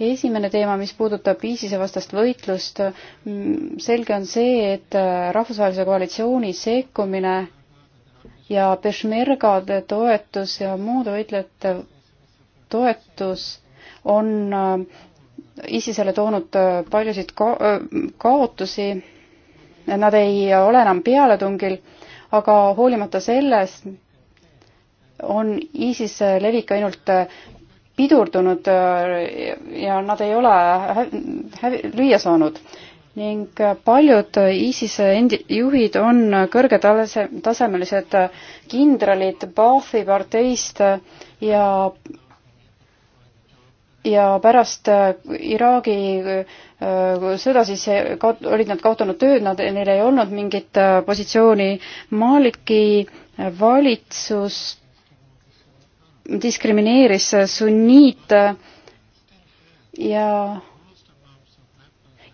esimene teema, mis puudutab ISISe vastast võitlust, selge on see, et rahvusvahelise koalitsiooni sekkumine ja peshmergade toetus ja muude võitlejate toetus on äh, ISISele toonud äh, paljusid ka-, äh, kaotusi, nad ei ole enam pealetungil, aga hoolimata sellest on ISIS levik ainult pidurdunud ja nad ei ole hävi-, lüüa saanud. ning paljud ISISe endi-, juhid on kõrgetase-, tasemelised kindralid Baathi parteist ja ja pärast äh, Iraagi äh, sõda siis kaot-, olid nad kaotanud tööd, nad, neil ei olnud mingit äh, positsiooni. Maliki valitsus diskrimineeris sunniite ja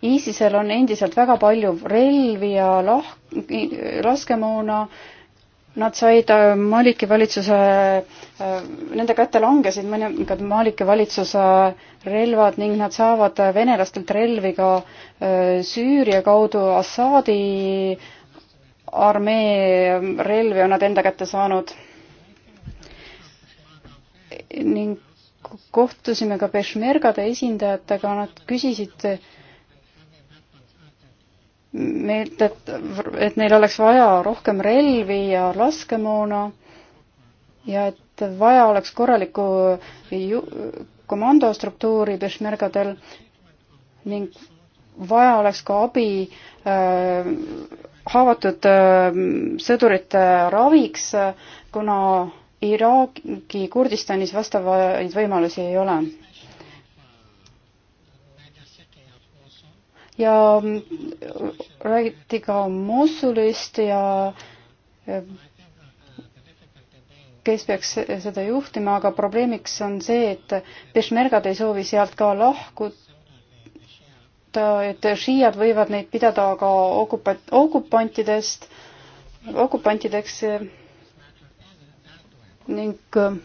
ISISel on endiselt väga palju relvi ja lah-, laskemoona äh, Nad said äh, Maliki valitsuse, äh, nende kätte langesid mõningad Maliki valitsuse relvad ning nad saavad venelastelt relvi ka äh, Süüria kaudu Assaadi armee relvi on nad enda kätte saanud. ning kohtusime ka Peshmergade esindajatega, nad küsisid meelt, et, et neil oleks vaja rohkem relvi ja laskemoona ja et vaja oleks korralikku ju, komandostruktuuri peshmergadel ning vaja oleks ka abi äh, haavatud äh, sõdurite raviks, äh, kuna Iraagi Kurdistanis vastavaid võimalusi ei ole ja räägiti ka Mosulist ja kes peaks seda juhtima, aga probleemiks on see, et peshmergad ei soovi sealt ka lahkuda, et šiiad võivad neid pidada ka okupat-, okupantidest, okupantideks ning äh,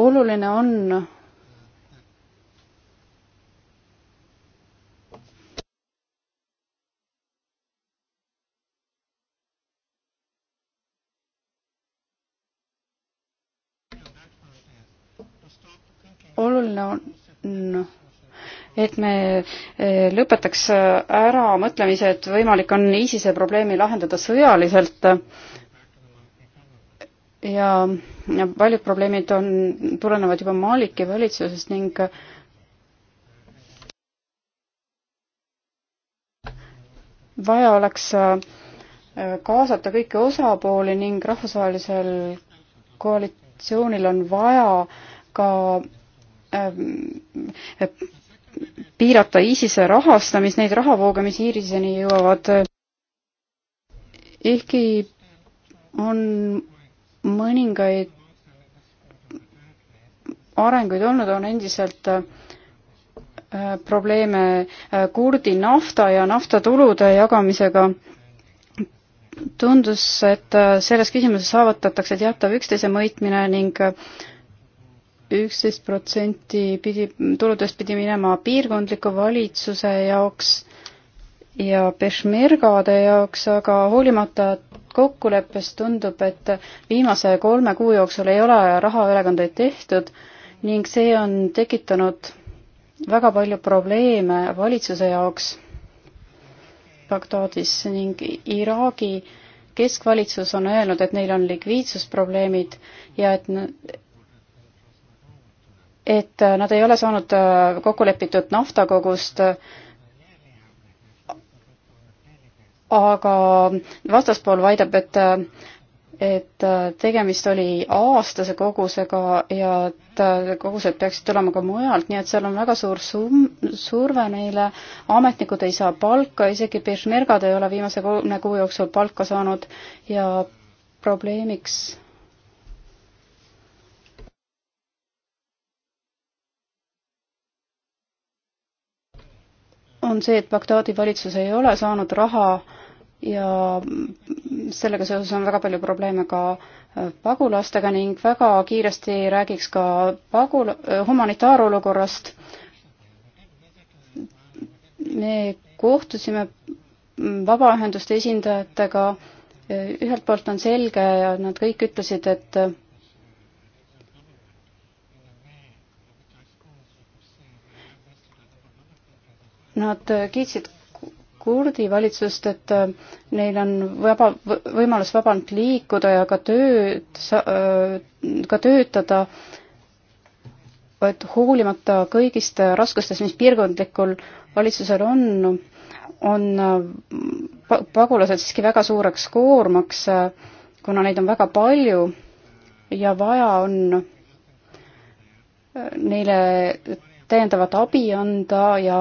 oluline on oluline on noh, et me eh, lõpetaks eh, ära mõtlemise, et võimalik on ISISe probleemi lahendada sõjaliselt ja, ja paljud probleemid on, tulenevad juba Maliki valitsusest ning vaja oleks eh, kaasata kõiki osapooli ning rahvusvahelisel koalitsioonil on vaja ka Ähm, piirata ISISe rahastamist, neid rahavooge, mis Iiriseni jõuavad. ehkki on mõningaid arenguid olnud, on endiselt äh, probleeme äh, kurdi nafta ja naftatulude jagamisega. tundus, et äh, selles küsimuses saavutatakse teatav üksteise mõõtmine ning üksteist protsenti pidi, tuludest pidi minema piirkondliku valitsuse jaoks ja peshmergade jaoks, aga hoolimata kokkuleppest tundub, et viimase kolme kuu jooksul ei ole rahaülekandeid tehtud ning see on tekitanud väga palju probleeme valitsuse jaoks Bagdaadis ning Iraagi keskvalitsus on öelnud, et neil on likviidsusprobleemid ja et et äh, nad ei ole saanud äh, kokku lepitud naftakogust, aga vastaspool väidab, et äh, et tegemist oli aastase kogusega ja et kogused peaksid tulema ka mujalt, nii et seal on väga suur sum-, surve neile, ametnikud ei saa palka, isegi peshmergad ei ole viimase kolme kuu jooksul palka saanud ja probleemiks on see, et Bagdaadi valitsus ei ole saanud raha ja sellega seoses on väga palju probleeme ka äh, pagulastega ning väga kiiresti räägiks ka pagul-, äh, humanitaarolukorrast. me kohtusime mm, vabaühenduste esindajatega, ühelt poolt on selge ja nad kõik ütlesid, et äh, Nad kiitsid kurdi valitsust, et äh, neil on vaba, võimalus vabalt liikuda ja ka tööd, äh, ka töötada, et hoolimata kõigist raskustest, mis piirkondlikul valitsusel on, on äh, pagulased siiski väga suureks koormaks, kuna neid on väga palju ja vaja on neile täiendavat abi anda ja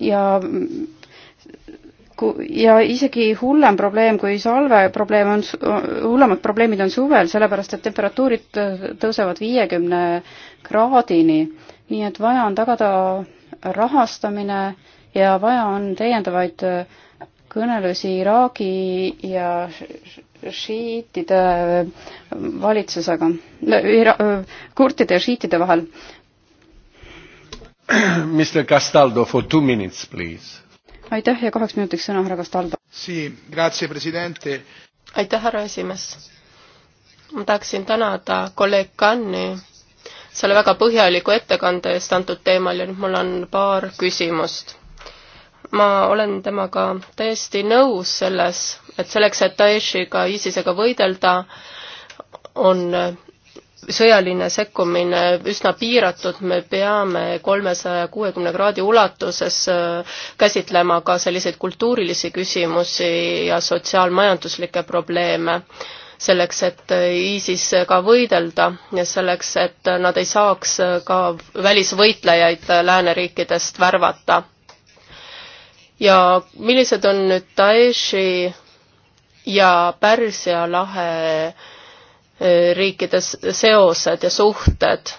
ja ja isegi hullem probleem kui salve probleem on, hullemad probleemid on suvel, sellepärast et temperatuurid tõusevad viiekümne kraadini. nii et vaja on tagada rahastamine ja vaja on täiendavaid kõnelusi Iraagi ja šiitide äh, valitsusega, äh, äh, kurtide ja šiitide vahel. Mr Castaldo for two minutes, please. aitäh ja kaheks minutiks sõna, härra Castaldo. aitäh, härra esimees. ma tahaksin tänada kolleeg Kanni selle väga põhjaliku ettekande eest antud teemal ja nüüd mul on paar küsimust ma olen temaga täiesti nõus selles, et selleks, et Daeshiga, ISISega võidelda, on sõjaline sekkumine üsna piiratud, me peame kolmesaja kuuekümne kraadi ulatuses äh, käsitlema ka selliseid kultuurilisi küsimusi ja sotsiaalmajanduslikke probleeme, selleks, et ISISega võidelda ja selleks, et nad ei saaks ka välisvõitlejaid lääneriikidest värvata ja millised on nüüd Daeshi ja Pärsia lahe äh, riikides seosed ja suhted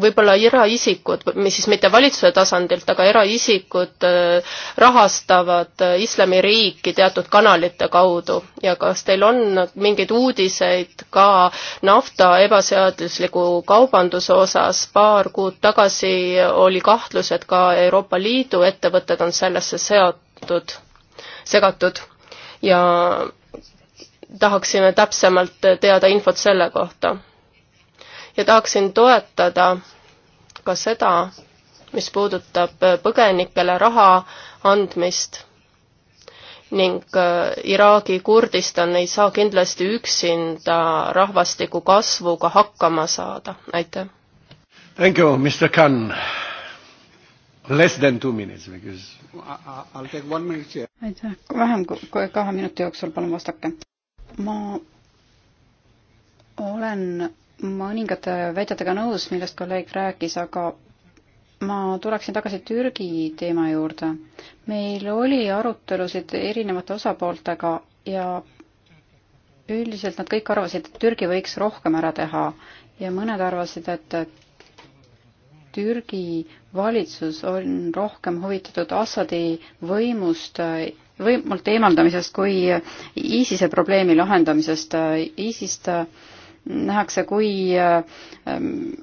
võib-olla eraisikud, siis mitte valitsuse tasandilt, aga eraisikud äh, rahastavad äh, islamiriiki teatud kanalite kaudu ja kas teil on mingeid uudiseid ka nafta ebaseadusliku kaubanduse osas, paar kuud tagasi oli kahtlus, et ka Euroopa Liidu ettevõtted on sellesse seatud, segatud ja tahaksime täpsemalt teada infot selle kohta ja tahaksin toetada ka seda, mis puudutab põgenikele raha andmist ning äh, Iraagi Kurdistan ei saa kindlasti üksinda rahvastiku kasvuga hakkama saada, aitäh. Thank you, Mr Khan. Less than two minutes because I will take one minute here. aitäh, vähem kui kahe minuti jooksul, palun vastake. ma olen mõningate väidetega nõus, millest kolleeg rääkis, aga ma tuleksin tagasi Türgi teema juurde. meil oli arutelusid erinevate osapooltega ja üldiselt nad kõik arvasid, et Türgi võiks rohkem ära teha ja mõned arvasid, et Türgi valitsus on rohkem huvitatud Assadi võimust võimult eemaldamisest kui ISISe probleemi lahendamisest. ISIS-t nähakse, kui ähm,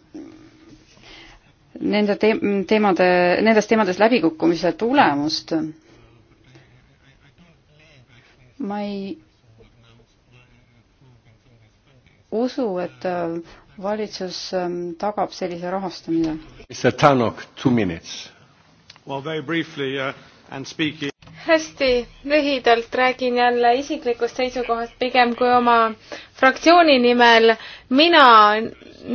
nende teemade, nendes teemades läbikukkumise tulemust. ma ei usu, et äh, valitsus ähm, tagab sellise rahastamise. Mr Tanok, two minutes. Well, very briefly uh, and speaking hästi lühidalt räägin jälle isiklikust seisukohast pigem kui oma fraktsiooni nimel. mina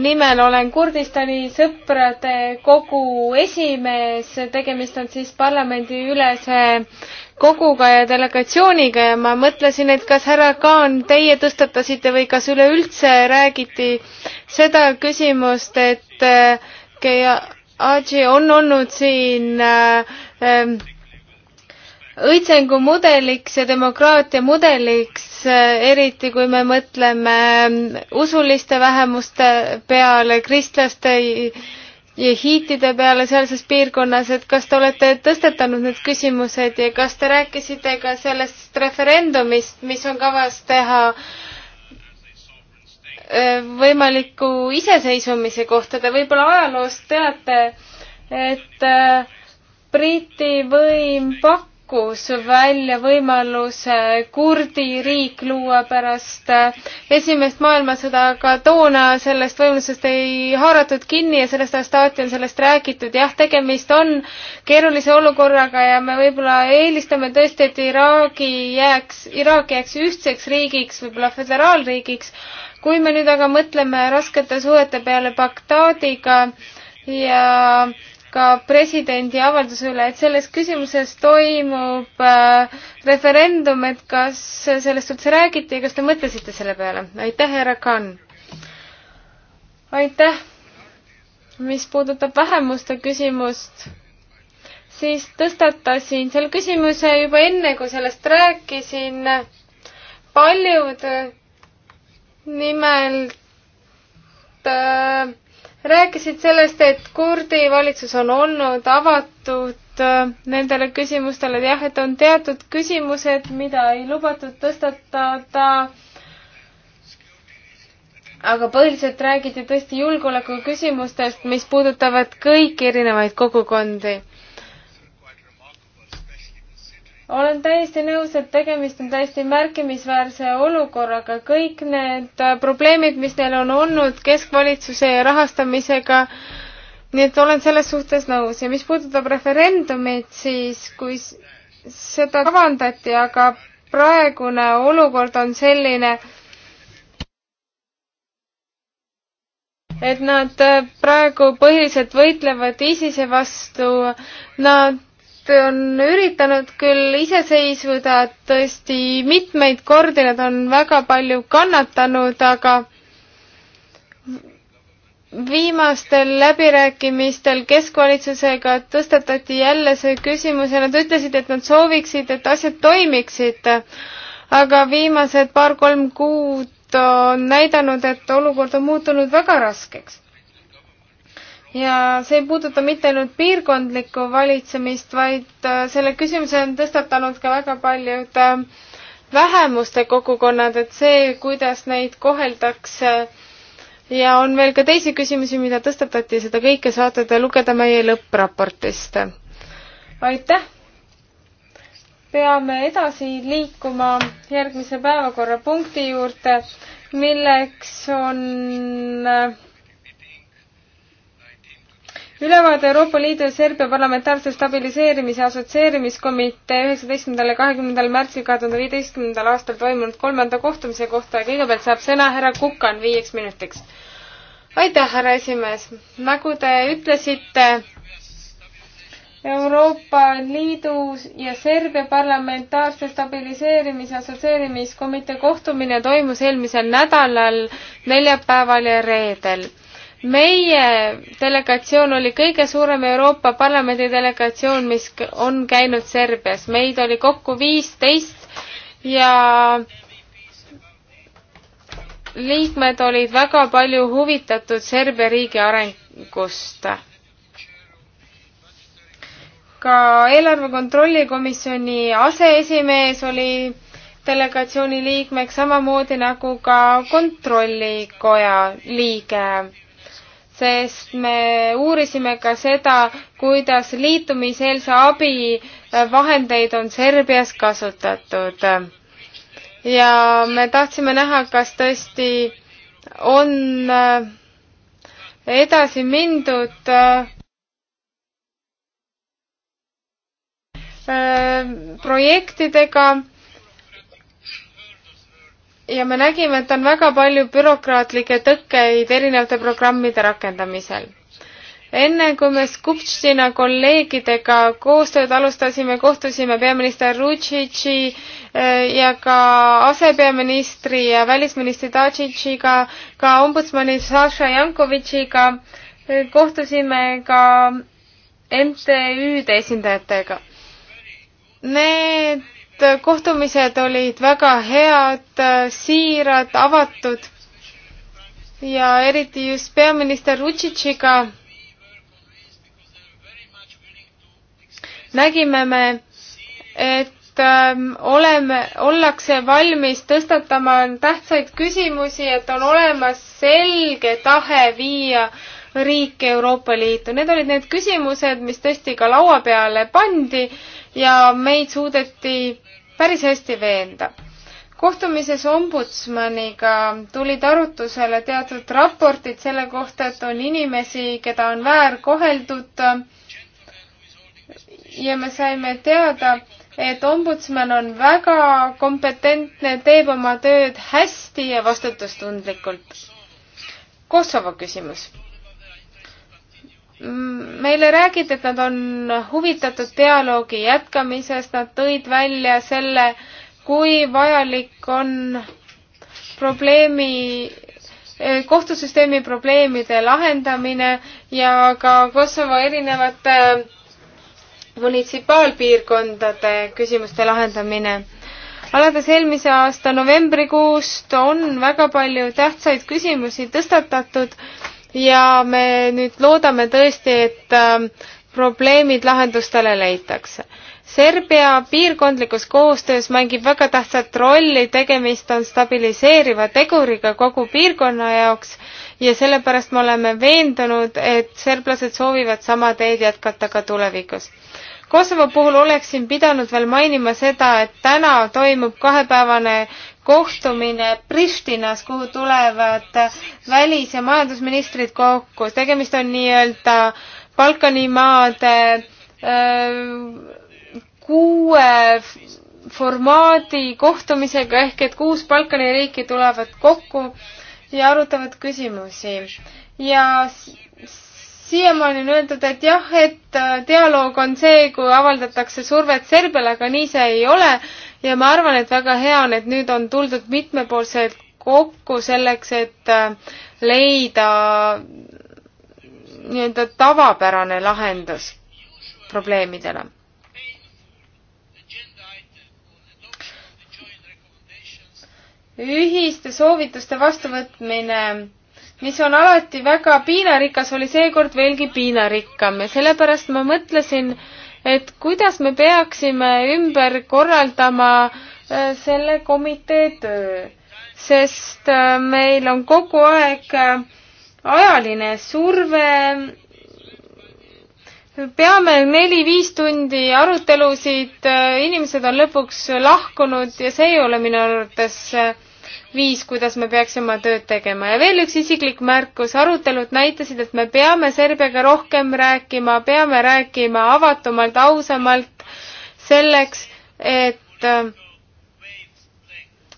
nimel olen Kurdistani sõprade kogu esimees, tegemist on siis parlamendiülese koguga ja delegatsiooniga ja ma mõtlesin, et kas härra Kaan, teie tõstatasite või kas üleüldse räägiti seda küsimust, et äh, Aadži on olnud siin äh, ähm, õitsengu mudeliks ja demokraatia mudeliks, äh, eriti kui me mõtleme usuliste vähemuste peale, kristlaste jehiitide peale sealses piirkonnas, et kas te olete tõstetanud need küsimused ja kas te rääkisite ka sellest referendumist, mis on kavas teha äh, võimaliku iseseisvumise kohta, te võib-olla ajaloost teate, et äh, Briti võim pakkus pakkus välja võimaluse kurdi riik luua pärast eh, esimest maailmasõda, aga toona sellest võimalusest ei haaratud kinni ja sellest ajast saati on sellest räägitud. jah, tegemist on keerulise olukorraga ja me võib-olla eelistame tõesti, et Iraagi jääks, Iraak jääks ühtseks riigiks, võib-olla föderaalriigiks. kui me nüüd aga mõtleme raskete suhete peale Bagdaadiga ja ka presidendi avalduse üle, et selles küsimuses toimub äh, referendum, et kas sellest üldse räägiti ja kas te mõtlesite selle peale? aitäh, härra Khan! aitäh! mis puudutab vähemuste küsimust, siis tõstatasin selle küsimuse juba enne, kui sellest rääkisin. paljud nimelt äh, rääkisid sellest, et kurdi valitsus on olnud avatud äh, nendele küsimustele, et jah, et on teatud küsimused, mida ei lubatud tõstatada. aga põhiliselt räägiti tõesti julgeoleku küsimustest, mis puudutavad kõiki erinevaid kogukondi olen täiesti nõus, et tegemist on täiesti märkimisväärse olukorraga. kõik need äh, probleemid, mis neil on olnud keskvalitsuse ja rahastamisega, nii et olen selles suhtes nõus ja mis puudutab referendumit, siis kui seda kavandati, aga praegune olukord on selline, et nad äh, praegu põhiliselt võitlevad ISISe vastu, nad on üritanud küll iseseisvuda tõesti mitmeid kordi, nad on väga palju kannatanud, aga viimastel läbirääkimistel keskvalitsusega tõstatati jälle see küsimus ja nad ütlesid, et nad sooviksid, et asjad toimiksid. aga viimased paar-kolm kuud on näidanud, et olukord on muutunud väga raskeks ja see ei puuduta mitte ainult piirkondlikku valitsemist, vaid äh, selle küsimuse on tõstatanud ka väga paljud äh, vähemuste kogukonnad, et see, kuidas neid koheldakse ja on veel ka teisi küsimusi, mida tõstatati, seda kõike saate te lugeda meie lõppraportist. aitäh! peame edasi liikuma järgmise päevakorrapunkti juurde, milleks on äh, ülevaade Euroopa Liidu ja Serbia parlamentaarse stabiliseerimise assotsieerimiskomitee üheksateistkümnendal ja kahekümnendal märtsil kahe tuhande viieteistkümnendal aastal toimunud kolmanda kohtumise kohta ja kõigepealt saab sõna härra Kukan viieks minutiks. aitäh, härra esimees. nagu te ütlesite, Euroopa Liidu ja Serbia parlamentaarse stabiliseerimise assotsieerimiskomitee kohtumine toimus eelmisel nädalal neljapäeval ja reedel meie delegatsioon oli kõige suurem Euroopa Parlamendi delegatsioon, mis on käinud Serbias. meid oli kokku viisteist ja liikmed olid väga palju huvitatud Serbia riigi arengust. ka eelarve kontrolli komisjoni aseesimees oli delegatsiooni liikmeks, samamoodi nagu ka kontrollikoja liige sest me uurisime ka seda, kuidas liitumiseelse abi äh, vahendeid on Serbias kasutatud. ja me tahtsime näha, kas tõesti on äh, edasi mindud äh, projektidega ja me nägime, et on väga palju bürokraatlikke tõkkeid erinevate programmide rakendamisel. enne kui me Skupština kolleegidega koostööd alustasime, kohtusime peaminister Rutšitši eh, ja ka asepeaministri ja välisministri Tadžitšiga, ka ombudsmani Saša Jankovitšiga, eh, kohtusime ka MTÜ-de esindajatega. Need kohtumised olid väga head, siirad, avatud ja eriti just peaminister Rutšitšiga nägime me, et ähm, oleme, ollakse valmis tõstatama tähtsaid küsimusi, et on olemas selge tahe viia riik Euroopa Liitu. Need olid need küsimused, mis tõesti ka laua peale pandi ja meid suudeti päris hästi veenda. kohtumises ombudsmaniga tulid arutusele teatud raportid selle kohta, et on inimesi, keda on väärkoheldud ja me saime teada, et ombudsman on väga kompetentne, teeb oma tööd hästi ja vastutustundlikult. Kosovo küsimus meile räägiti, et nad on huvitatud dialoogi jätkamisest, nad tõid välja selle, kui vajalik on probleemi, kohtusüsteemi probleemide lahendamine ja ka Kosovo erinevate munitsipaalpiirkondade küsimuste lahendamine. alates eelmise aasta novembrikuust on väga palju tähtsaid küsimusi tõstatatud ja me nüüd loodame tõesti, et ähm, probleemid lahendustele leitakse. Serbia piirkondlikus koostöös mängib väga tähtsat rolli, tegemist on stabiliseeriva teguriga kogu piirkonna jaoks ja sellepärast me oleme veendunud, et serblased soovivad sama teed jätkata ka tulevikus. Kosovo puhul oleksin pidanud veel mainima seda, et täna toimub kahepäevane kohtumine Pristinas, kuhu tulevad välis- ja majandusministrid kokku. tegemist on nii-öelda Balkani maade äh, kuue formaadi kohtumisega ehk et kuus Balkani riiki tulevad kokku ja arutavad küsimusi. ja siiamaani on öeldud, et jah, et äh, dialoog on see, kui avaldatakse survet Serbiale, aga nii see ei ole ja ma arvan, et väga hea on, et nüüd on tuldud mitmepoolselt kokku selleks, et äh, leida nii-öelda tavapärane lahendus probleemidele. ühiste soovituste vastuvõtmine, mis on alati väga piinarikas, oli seekord veelgi piinarikkam ja sellepärast ma mõtlesin äh, et kuidas me peaksime ümber korraldama äh, selle komitee töö, sest äh, meil on kogu aeg äh, ajaline surve. peame neli-viis tundi arutelusid, inimesed on lõpuks lahkunud ja see ei ole minu arvates viis, kuidas me peaksime oma tööd tegema. ja veel üks isiklik märkus, arutelud näitasid, et me peame Serbiaga rohkem rääkima, peame rääkima avatumalt, ausamalt, selleks, et äh,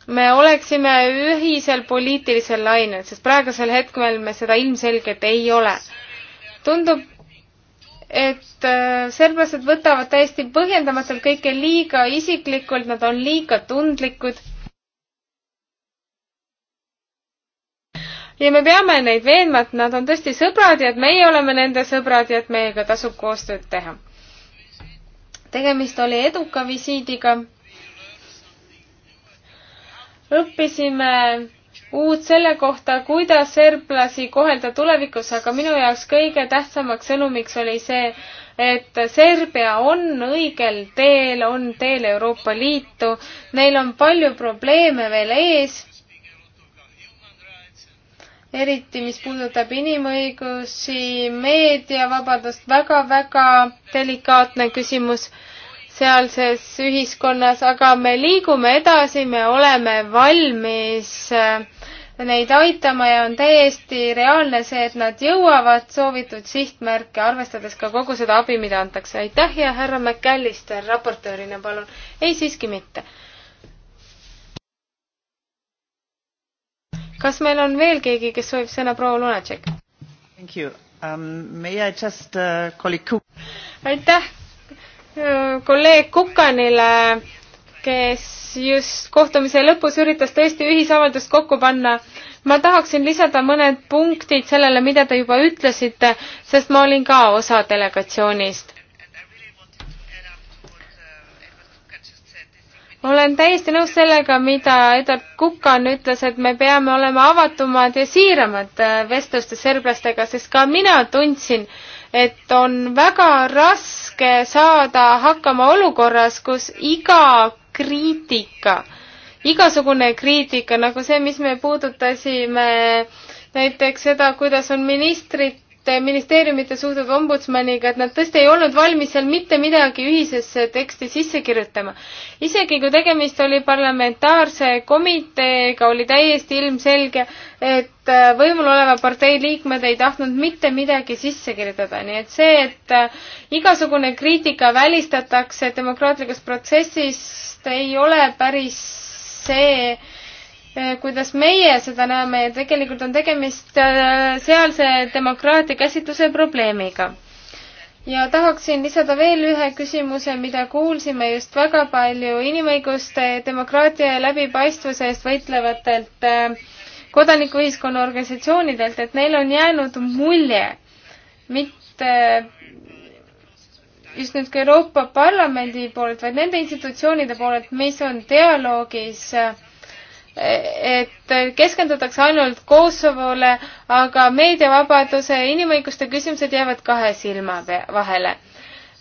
me oleksime ühisel poliitilisel lainel, sest praegusel hetkel me seda ilmselgelt ei ole. tundub, et äh, serblased võtavad täiesti põhjendamatult kõike liiga isiklikult, nad on liiga tundlikud ja me peame neid veenma, et nad on tõesti sõbrad ja et meie oleme nende sõbrad ja et meiega tasub koostööd teha. tegemist oli eduka visiidiga. õppisime uut selle kohta, kuidas serblasi kohelda tulevikus, aga minu jaoks kõige tähtsamaks sõnumiks oli see, et Serbia on õigel teel, on teel Euroopa Liitu, neil on palju probleeme veel ees eriti mis puudutab inimõigusi, meediavabadust väga,, väga-väga delikaatne küsimus sealses ühiskonnas, aga me liigume edasi, me oleme valmis äh, neid aitama ja on täiesti reaalne see, et nad jõuavad soovitud sihtmärke, arvestades ka kogu seda abi, mida antakse. aitäh ja härra McAllister raportöörina, palun. ei, siiski mitte kas meil on veel keegi, kes soovib sõna, proua Lunatšek? Um, just, uh, aitäh äh, kolleeg Kukanile, kes just kohtumise lõpus üritas tõesti ühisavaldust kokku panna. ma tahaksin lisada mõned punktid sellele, mida te juba ütlesite, sest ma olin ka osa delegatsioonist olen täiesti nõus sellega, mida Edward Kukan ütles, et me peame olema avatumad ja siiramad äh, vestlustes serblastega, sest ka mina tundsin, et on väga raske saada hakkama olukorras, kus iga kriitika, igasugune kriitika, nagu see, mis me puudutasime näiteks seda, kuidas on ministrit ministeeriumite suhted ombudsmaniga, et nad tõesti ei olnud valmis seal mitte midagi ühisesse teksti sisse kirjutama. isegi kui tegemist oli parlamentaarse komiteega, oli täiesti ilmselge, et äh, võimul oleva partei liikmed ei tahtnud mitte midagi sisse kirjutada, nii et see, et äh, igasugune kriitika välistatakse demokraatlikus protsessis, ei ole päris see, Eh, kuidas meie seda näeme ja tegelikult on tegemist eh, sealse demokraatia käsitluse probleemiga. ja tahaksin lisada veel ühe küsimuse, mida kuulsime just väga palju inimõiguste, demokraatia ja läbipaistvuse eest võitlevatelt eh, kodanikuühiskonna organisatsioonidelt, et neil on jäänud mulje, mitte just nüüd ka Euroopa Parlamendi poolt, vaid nende institutsioonide poolelt, mis on dialoogis äh, et keskendutakse ainult Kosovole, aga meediavabaduse ja inimõiguste küsimused jäävad kahe silma vahele.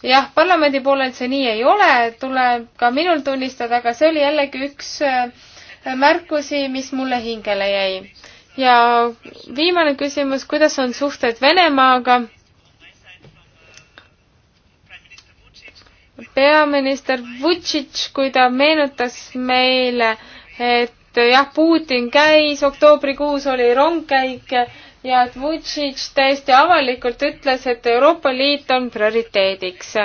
jah, parlamendi poolel see nii ei ole, tuleb ka minul tunnistada, aga see oli jällegi üks äh, märkusi, mis mulle hingele jäi. ja viimane küsimus, kuidas on suhted Venemaaga? peaminister Vutšitš, kui ta meenutas meile, et et jah, Putin käis, oktoobrikuus oli rongkäik ja et Vutšitš täiesti avalikult ütles, et Euroopa Liit on prioriteediks.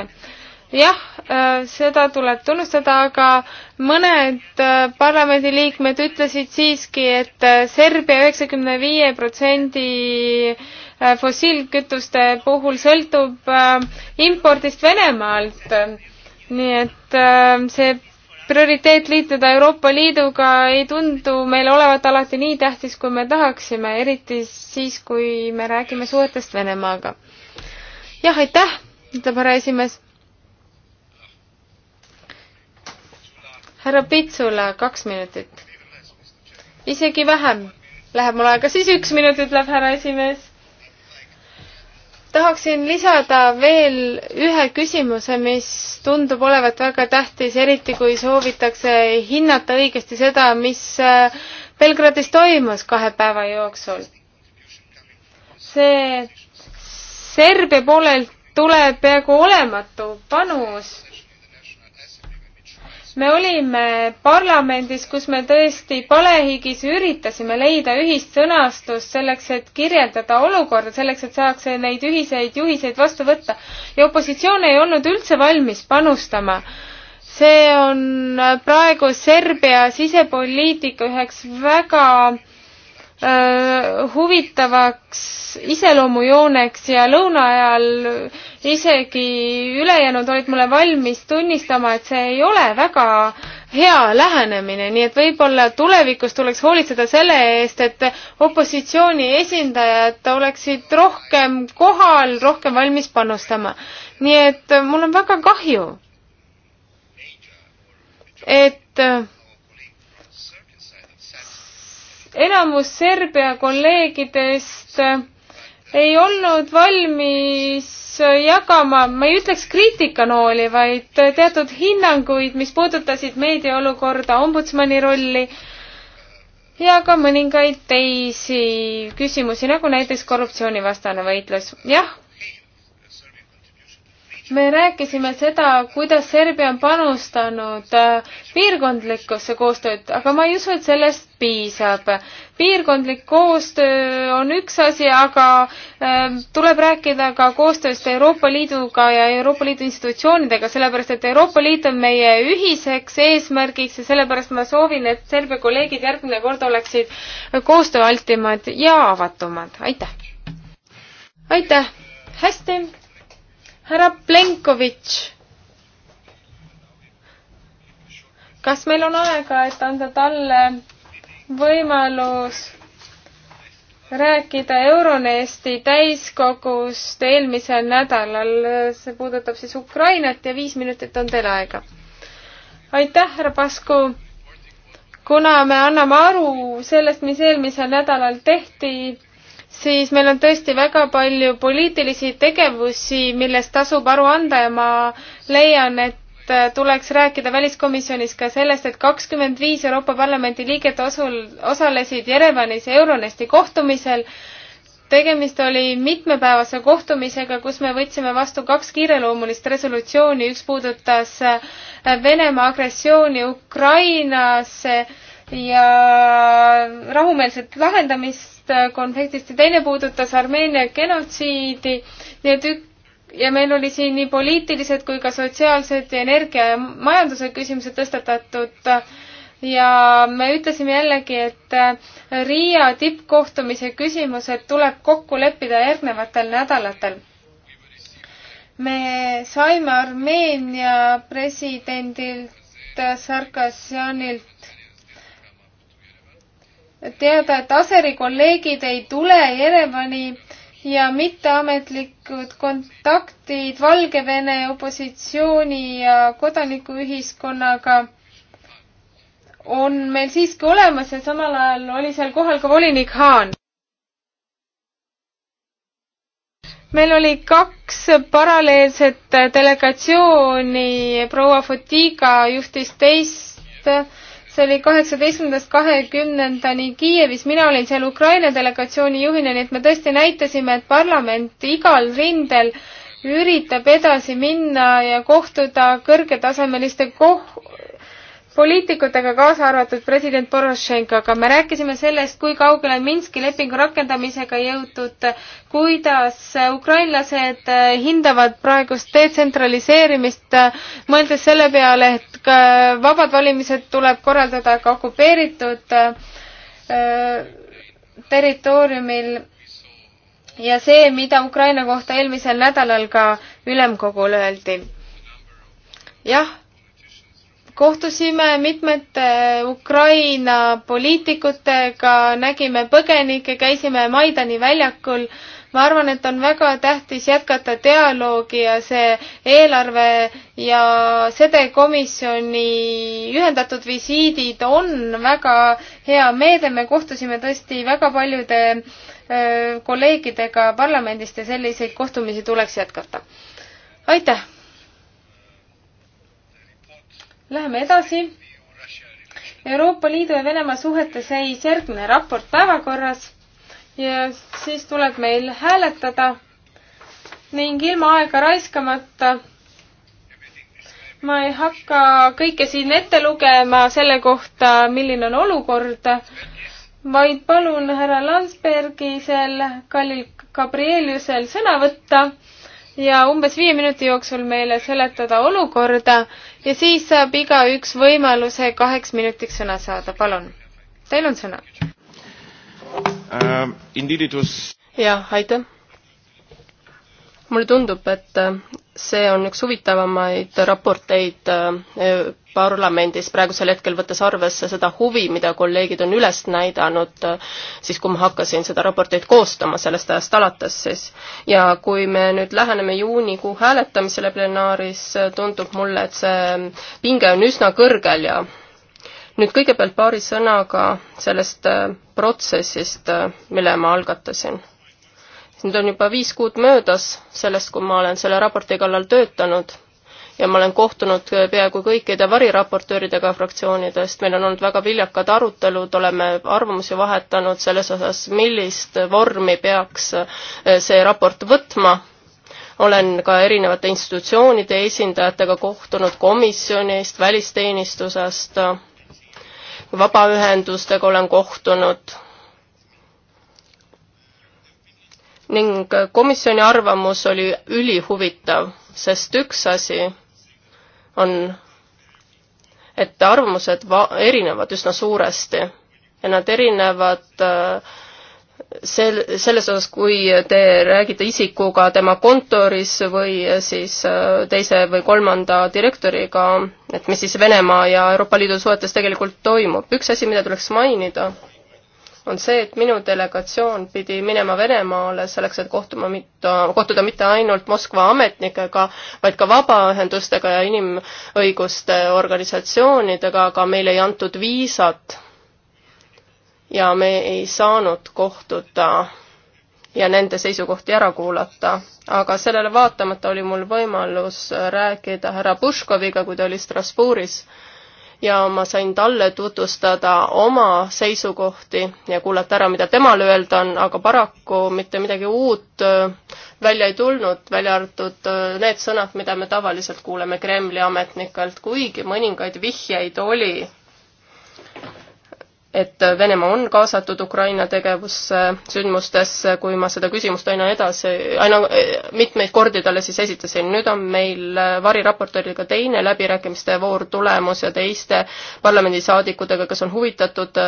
jah, äh, seda tuleb tunnustada, aga mõned äh, parlamendiliikmed ütlesid siiski, et äh, Serbia üheksakümne viie protsendi fossiilkütuste puhul sõltub impordist Venemaalt. nii et see prioriteet liituda Euroopa Liiduga ei tundu meile olevat alati nii tähtis, kui me tahaksime, eriti siis, kui me räägime suhetest Venemaaga. jah, aitäh, ütleb härra esimees. härra Pitsula, kaks minutit. isegi vähem läheb mul aega, siis üks minut, ütleb härra esimees tahaksin lisada veel ühe küsimuse, mis tundub olevat väga tähtis, eriti kui soovitakse hinnata õigesti seda, mis äh, Belgradis toimus kahe päeva jooksul. see Serbia poolelt tuleb peaaegu olematu panus me olime parlamendis, kus me tõesti palehigis üritasime leida ühist sõnastust selleks, et kirjeldada olukorda, selleks, et saaks neid ühiseid juhiseid vastu võtta. ja opositsioon ei olnud üldse valmis panustama. see on praegu Serbia sisepoliitika üheks väga Äh, huvitavaks iseloomujooneks ja lõuna ajal isegi ülejäänud olid mulle valmis tunnistama, et see ei ole väga hea lähenemine, nii et võib-olla tulevikus tuleks hoolitseda selle eest, et opositsiooni esindajad oleksid rohkem kohal, rohkem valmis panustama. nii et mul on väga kahju, et enamus Serbia kolleegidest eh, ei olnud valmis eh, jagama, ma ei ütleks kriitikanooli, vaid eh, teatud hinnanguid, mis puudutasid meedia olukorda, ombudsmani rolli ja ka mõningaid teisi küsimusi, nagu näiteks korruptsioonivastane võitlus. jah, me rääkisime seda, kuidas Serbia on panustanud äh, piirkondlikusse koostööd, aga ma ei usu, et sellest piisab. piirkondlik koostöö on üks asi, aga ähm, tuleb rääkida ka koostööst Euroopa Liiduga ja Euroopa Liidu institutsioonidega, sellepärast et Euroopa Liit on meie ühiseks eesmärgiks ja sellepärast ma soovin, et Serbia kolleegid järgmine kord oleksid koostööaltimad ja avatumad. aitäh! aitäh! hästi härra Plenkovitš. kas meil on aega, et anda talle võimalus rääkida Euronesti täiskogust eelmisel nädalal, see puudutab siis Ukrainat ja viis minutit on teil aega. aitäh, härra Pasku. kuna me anname aru sellest, mis eelmisel nädalal tehti, siis meil on tõesti väga palju poliitilisi tegevusi, millest tasub aru anda ja ma leian, et äh, tuleks rääkida väliskomisjonis ka sellest, et kakskümmend viis Euroopa Parlamendi liiget osul, osalesid Jerevanis Euronesti kohtumisel. tegemist oli mitmepäevase kohtumisega, kus me võtsime vastu kaks kiireloomulist resolutsiooni, üks puudutas äh, Venemaa agressiooni Ukrainas ja rahumeelset lahendamist Äh, konfliktist ja teine puudutas Armeenia genotsiidi, nii et ük-, ja meil oli siin nii poliitilised kui ka sotsiaalsed ja energia ja majanduse küsimused tõstatatud ja me ütlesime jällegi, et äh, Riia tippkohtumise küsimused tuleb kokku leppida järgnevatel nädalatel. me saime Armeenia presidendilt äh, Sarkasjanilt teada, et Aseri kolleegid ei tule Jerevani ja mitteametlikud kontaktid Valgevene opositsiooni ja kodanikuühiskonnaga on meil siiski olemas ja samal ajal oli seal kohal ka volinik Haan. meil oli kaks paralleelset delegatsiooni, proua Fotiga juhtis teist see oli kaheksateistkümnendast kahekümnendani Kiievis, mina olin seal Ukraina delegatsiooni juhina, nii et me tõesti näitasime, et parlament igal rindel üritab edasi minna ja kohtuda kõrgetasemeliste koh-, poliitikutega, kaasa arvatud president Porošenkoga, me rääkisime sellest, kui kaugele on Minski lepingu rakendamisega jõutud, kuidas ukrainlased äh, hindavad praegust detsentraliseerimist, äh, mõeldes selle peale, et vabad valimised tuleb korraldada ka okupeeritud äh, territooriumil ja see, mida Ukraina kohta eelmisel nädalal ka ülemkogul öeldi. jah kohtusime mitmete Ukraina poliitikutega, nägime põgenikke, käisime Maidani väljakul. ma arvan, et on väga tähtis jätkata dialoogi ja see eelarve ja sede komisjoni ühendatud visiidid on väga hea meede, me kohtusime tõesti väga paljude äh, kolleegidega parlamendist ja selliseid kohtumisi tuleks jätkata. aitäh! Läheme edasi. Euroopa Liidu ja Venemaa suhete seis, järgmine raport päevakorras ja siis tuleb meil hääletada ning ilma aega raiskamata ma ei hakka kõike siin ette lugema selle kohta, milline on olukord, vaid palun härra Landsbergisel, Kallil Gabrieliusel sõna võtta ja umbes viie minuti jooksul meile seletada olukorda ja siis saab igaüks võimaluse kaheks minutiks sõna saada, palun. Teil on sõna uh,. jah, aitäh. mulle tundub, et see on üks huvitavamaid raporteid äh, parlamendis praegusel hetkel, võttes arvesse seda huvi, mida kolleegid on üles näidanud äh, siis, kui ma hakkasin seda raportit koostama sellest ajast alates siis. ja kui me nüüd läheneme juunikuu hääletamisele plenaaris, äh, tundub mulle, et see pinge on üsna kõrgel ja nüüd kõigepealt paari sõnaga sellest protsessist, mille ma algatasin siis nüüd on juba viis kuud möödas sellest, kui ma olen selle raporti kallal töötanud ja ma olen kohtunud peaaegu kõikide variraportööridega fraktsioonidest, meil on olnud väga viljakad arutelud, oleme arvamusi vahetanud selles osas, millist vormi peaks eh, see raport võtma. olen ka erinevate institutsioonide esindajatega kohtunud komisjonist, välisteenistusest, vabaühendustega olen kohtunud ning komisjoni arvamus oli ülihuvitav, sest üks asi on, et arvamused va-, erinevad üsna suuresti ja nad erinevad äh, sel-, selles osas, kui te räägite isikuga tema kontoris või siis äh, teise või kolmanda direktoriga, et mis siis Venemaa ja Euroopa Liidu suhetes tegelikult toimub. üks asi, mida tuleks mainida on see, et minu delegatsioon pidi minema Venemaale selleks, et kohtuma mitte, kohtuda mitte ainult Moskva ametnikega, vaid ka vabaühendustega ja inimõiguste organisatsioonidega, aga meile ei antud viisat. ja me ei saanud kohtuda ja nende seisukohti ära kuulata. aga sellele vaatamata oli mul võimalus rääkida härra Puškoviga, kui ta oli Strasbourgis ja ma sain talle tutvustada oma seisukohti ja kuulata ära, mida temal öelda on, aga paraku mitte midagi uut äh, välja ei tulnud, välja arvatud äh, need sõnad, mida me tavaliselt kuuleme Kremli ametnikelt, kuigi mõningaid vihjeid oli et Venemaa on kaasatud Ukraina tegevusse, sündmustesse, kui ma seda küsimust aina edasi, aina mitmeid kordi talle siis esitasin. nüüd on meil variraportööriga teine läbirääkimiste voor tulemus ja teiste parlamendisaadikutega, kes on huvitatud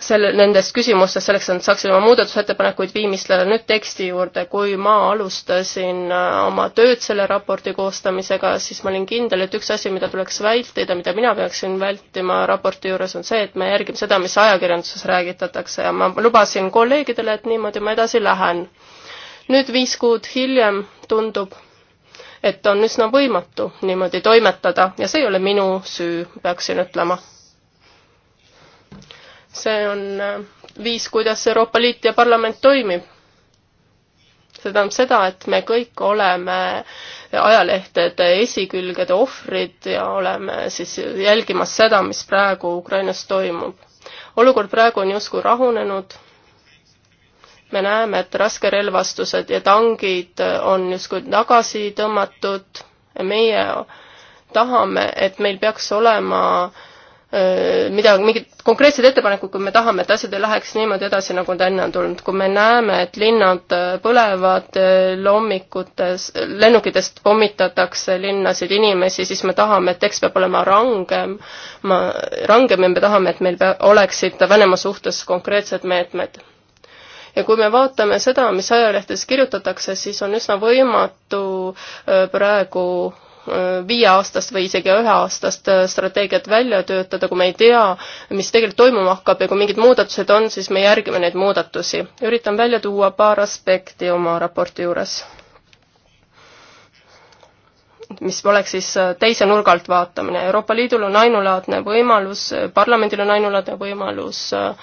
selle, nendest küsimustest, selleks et nad saaksid oma muudatusettepanekuid viimistleda nüüd teksti juurde. kui ma alustasin äh, oma tööd selle raporti koostamisega, siis ma olin kindel, et üks asi, mida tuleks vältida, mida mina peaksin vältima raporti juures, on see, et me järgime seda, mis ajakirjanduses räägitatakse ja ma lubasin kolleegidele, et niimoodi ma edasi lähen. nüüd viis kuud hiljem tundub, et on üsna võimatu niimoodi toimetada ja see ei ole minu süü, peaksin ütlema see on äh, viis, kuidas Euroopa Liit ja parlament toimib. see tähendab seda, et me kõik oleme ajalehtede esikülgede ohvrid ja oleme siis jälgimas seda, mis praegu Ukrainas toimub. olukord praegu on justkui rahunenud, me näeme, et raskerelvastused ja tangid on justkui tagasi tõmmatud, meie tahame, et meil peaks olema äh, mida, mingit konkreetset ettepanekut, kui me tahame, et asjad ei läheks niimoodi edasi, nagu ta enne on tulnud. kui me näeme, et linnad põlevad lommikutes, lennukitest pommitatakse linnasid inimesi, siis me tahame, et tekst peab olema rangem, ma, rangem ja me tahame, et meil pea, oleksid Venemaa suhtes konkreetsed meetmed ja kui me vaatame seda, mis ajalehtedes kirjutatakse, siis on üsna võimatu praegu viieaastast või isegi üheaastast äh, strateegiat välja töötada, kui me ei tea, mis tegelikult toimuma hakkab ja kui mingid muudatused on, siis me järgime neid muudatusi. üritan välja tuua paar aspekti oma raporti juures, mis oleks siis äh, teise nurga alt vaatamine. Euroopa Liidul on ainulaadne võimalus, parlamendil on ainulaadne võimalus äh,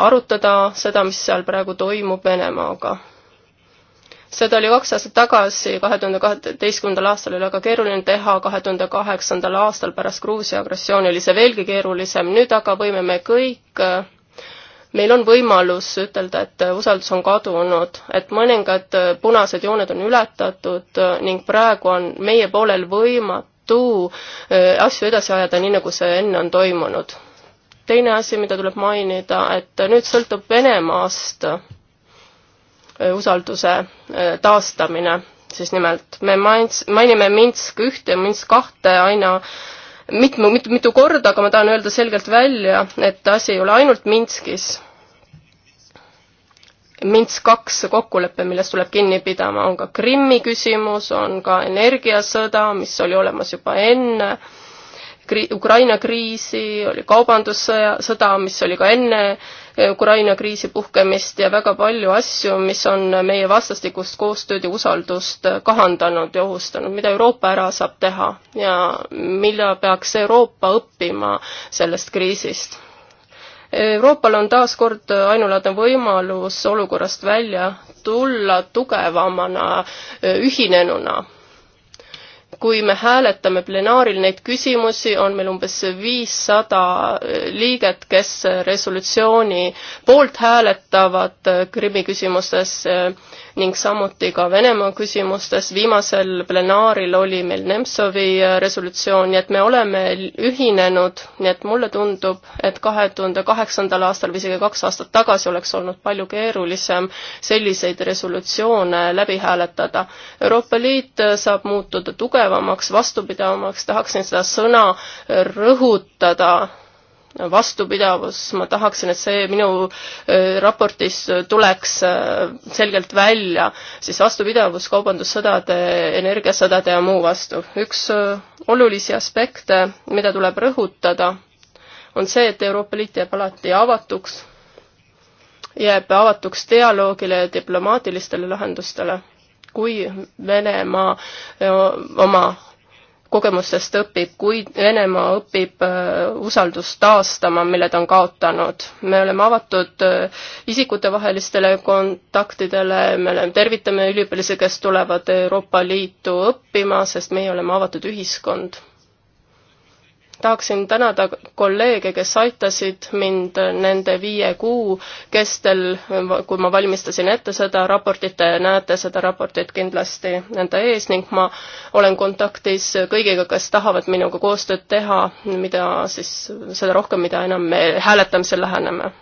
arutada seda, mis seal praegu toimub Venemaaga seda oli kaks aastat tagasi, kahe tuhande kaheteistkümnendal aastal oli väga keeruline teha, kahe tuhande kaheksandal aastal pärast Gruusia agressiooni oli see veelgi keerulisem, nüüd aga võime me kõik meil on võimalus ütelda, et usaldus on kadunud, et mõningad punased jooned on ületatud ning praegu on meie poolel võimatu äh, asju edasi ajada, nii nagu see enne on toimunud. teine asi, mida tuleb mainida, et nüüd sõltub Venemaast Äh, usalduse äh, taastamine, siis nimelt me mainis, mainime Minsk ühte ja Minsk kahte aina mitme, mitu, mitu korda, aga ma tahan öelda selgelt välja, et asi ei ole ainult Minskis. Minsk kaks kokkulepe, millest tuleb kinni pidama, on ka Krimmi küsimus, on ka energiasõda, mis oli olemas juba enne Ukri Ukraina kriisi, oli kaubandussõja, sõda, mis oli ka enne Ukraina kriisi puhkemist ja väga palju asju, mis on meie vastastikust koostööd ja usaldust kahandanud ja ohustanud, mida Euroopa ära saab teha ja mida peaks Euroopa õppima sellest kriisist. Euroopal on taas kord ainulaadne võimalus olukorrast välja tulla tugevamana, ühinenuna kui me hääletame plenaaril neid küsimusi, on meil umbes viissada liiget, kes resolutsiooni poolt hääletavad Krimmi küsimuses ning samuti ka Venemaa küsimustes. viimasel plenaaril oli meil Nemtsovi äh, resolutsioon, nii et me oleme ühinenud, nii et mulle tundub, et kahe tuhande kaheksandal aastal või isegi kaks aastat tagasi oleks olnud palju keerulisem selliseid resolutsioone läbi hääletada. Euroopa Liit äh, saab muutuda tugevamaks, vastupidavamaks, tahaksin seda sõna rõhutada vastupidavus, ma tahaksin, et see minu äh, raportis tuleks äh, selgelt välja, siis vastupidavus kaubandussõdade, energiasõdade ja muu vastu. üks äh, olulisi aspekte, mida tuleb rõhutada, on see, et Euroopa Liit jääb alati avatuks, jääb avatuks dialoogile ja diplomaatilistele lahendustele. kui Venemaa oma kogemustest õpib, kui Venemaa õpib äh, usaldust taastama, mille ta on kaotanud. me oleme avatud äh, isikutevahelistele kontaktidele, me oleme, tervitame üliõpilasi, kes tulevad Euroopa Liitu õppima, sest meie oleme avatud ühiskond tahaksin tänada kolleege, kes aitasid mind nende viie kuu kestel, kui ma valmistasin ette seda raportit, te näete seda raportit kindlasti nende ees ning ma olen kontaktis kõigiga, kes tahavad minuga koostööd teha, mida siis, seda rohkem, mida enam me hääletamisel läheneme.